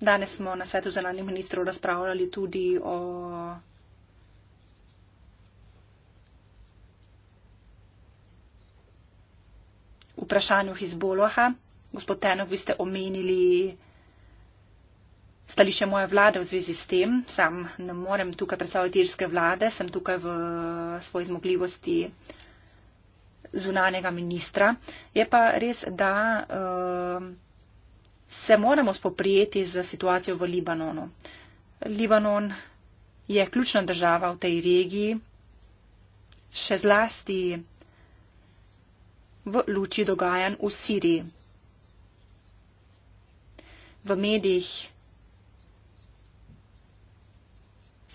Danes smo na svetu zanalnih ministrov razpravljali tudi o vprašanju Hizboloha. Gospod Tenov, vi ste omenili stališče moje vlade v zvezi s tem. Sam ne morem tukaj predstavljati irske vlade, sem tukaj v svoji zmogljivosti zunanega ministra. Je pa res, da. Uh, se moramo spoprijeti z situacijo v Libanonu. Libanon je ključna država v tej regiji, še zlasti v luči dogajanj v Siriji. V medijih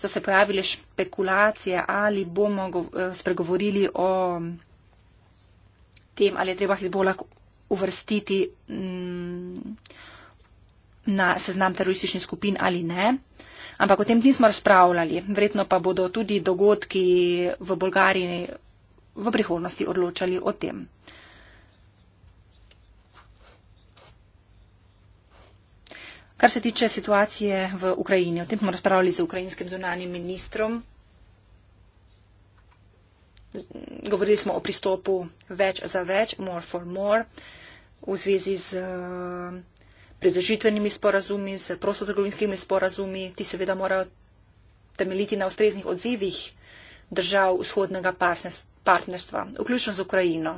so se pojavile špekulacije, ali bomo eh, spregovorili o tem, ali je treba Hezbolah uvrstiti. Mm, na seznam terorističnih skupin ali ne. Ampak o tem nismo razpravljali. Verjetno pa bodo tudi dogodki v Bolgariji v prihodnosti odločali o tem. Kar se tiče situacije v Ukrajini, o tem smo razpravljali z ukrajinskim zunanim ministrom. Govorili smo o pristopu več za več, more for more, v zvezi z. Uh, prezažitvenimi sporazumi, z prostotrgovinskimi sporazumi. Ti seveda morajo temeljiti na ustreznih odzivih držav vzhodnega partnerstva, vključno z Ukrajino.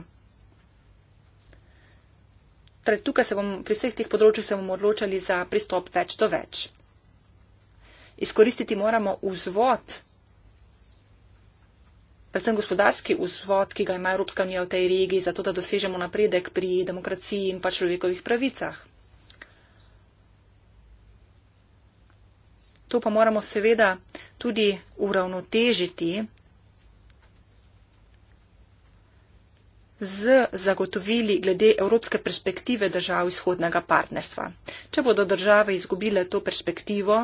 Torej, tukaj se bom pri vseh teh področjih se bomo odločali za pristop več do več. Izkoristiti moramo vzvod, predvsem gospodarski vzvod, ki ga ima Evropska unija v tej regiji, zato da dosežemo napredek pri demokraciji in pa človekovih pravicah. To pa moramo seveda tudi uravnotežiti z zagotovili glede evropske perspektive držav izhodnega partnerstva. Če bodo države izgubile to perspektivo,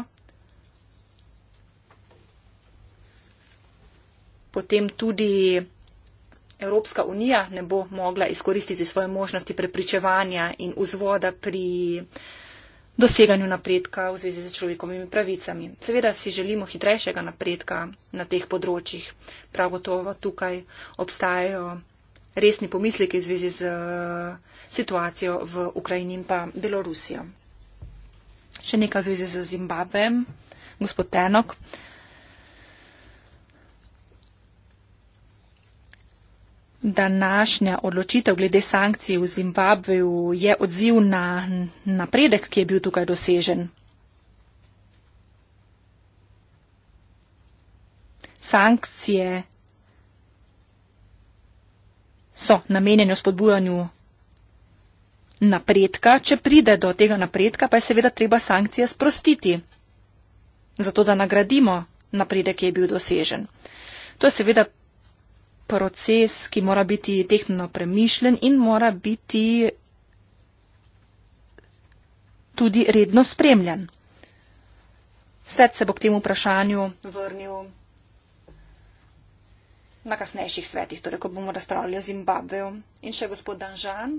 potem tudi Evropska unija ne bo mogla izkoristiti svoje možnosti prepričevanja in vzvoda pri doseganju napredka v zvezi z človekovimi pravicami. Seveda si želimo hitrejšega napredka na teh področjih. Prav gotovo tukaj obstajajo resni pomisleki v zvezi z eh, situacijo v Ukrajini in pa Belorusijo. Še nekaj v zvezi z Zimbabvem. Gospod Tenok. današnja odločitev glede sankcij v Zimbabveju je odziv na napredek, ki je bil tukaj dosežen? Sankcije so namenjene spodbujanju napredka. Če pride do tega napredka, pa je seveda treba sankcije sprostiti, zato da nagradimo napredek, ki je bil dosežen. To je seveda proces, ki mora biti tehnično premišljen in mora biti tudi redno spremljen. Svet se bo k temu vprašanju vrnil na kasnejših svetih, torej ko bomo razpravljali o Zimbabveju. In še gospod Danžan.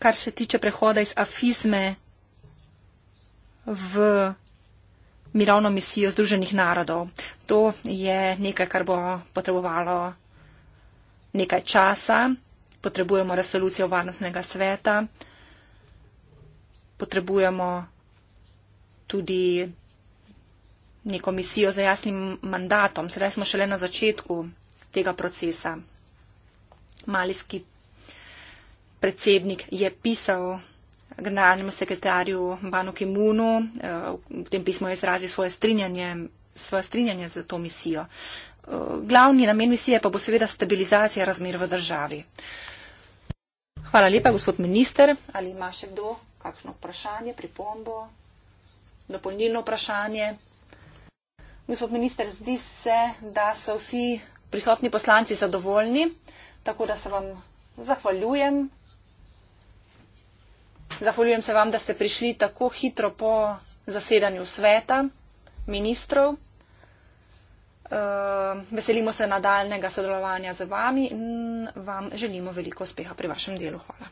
kar se tiče prehoda iz afizme v mirovno misijo Združenih narodov. To je nekaj, kar bo potrebovalo nekaj časa. Potrebujemo resolucijo Varnostnega sveta, potrebujemo tudi neko misijo za jasnim mandatom. Sedaj smo šele na začetku tega procesa. Malijski predsednik je pisal generalnemu sekretarju Banu Kimunu, eh, v tem pismu je izrazil svoje strinjanje, svoje strinjanje za to misijo. Eh, glavni namen misije pa bo seveda stabilizacija razmer v državi. Hvala lepa, gospod minister. Ali ima še kdo kakšno vprašanje, pripombo, dopolnilno vprašanje? Gospod minister, zdi se, da so vsi prisotni poslanci zadovoljni, tako da se vam zahvaljujem. Zahvaljujem se vam, da ste prišli tako hitro po zasedanju sveta ministrov. Eh, veselimo se nadaljnega sodelovanja z vami in vam želimo veliko uspeha pri vašem delu. Hvala.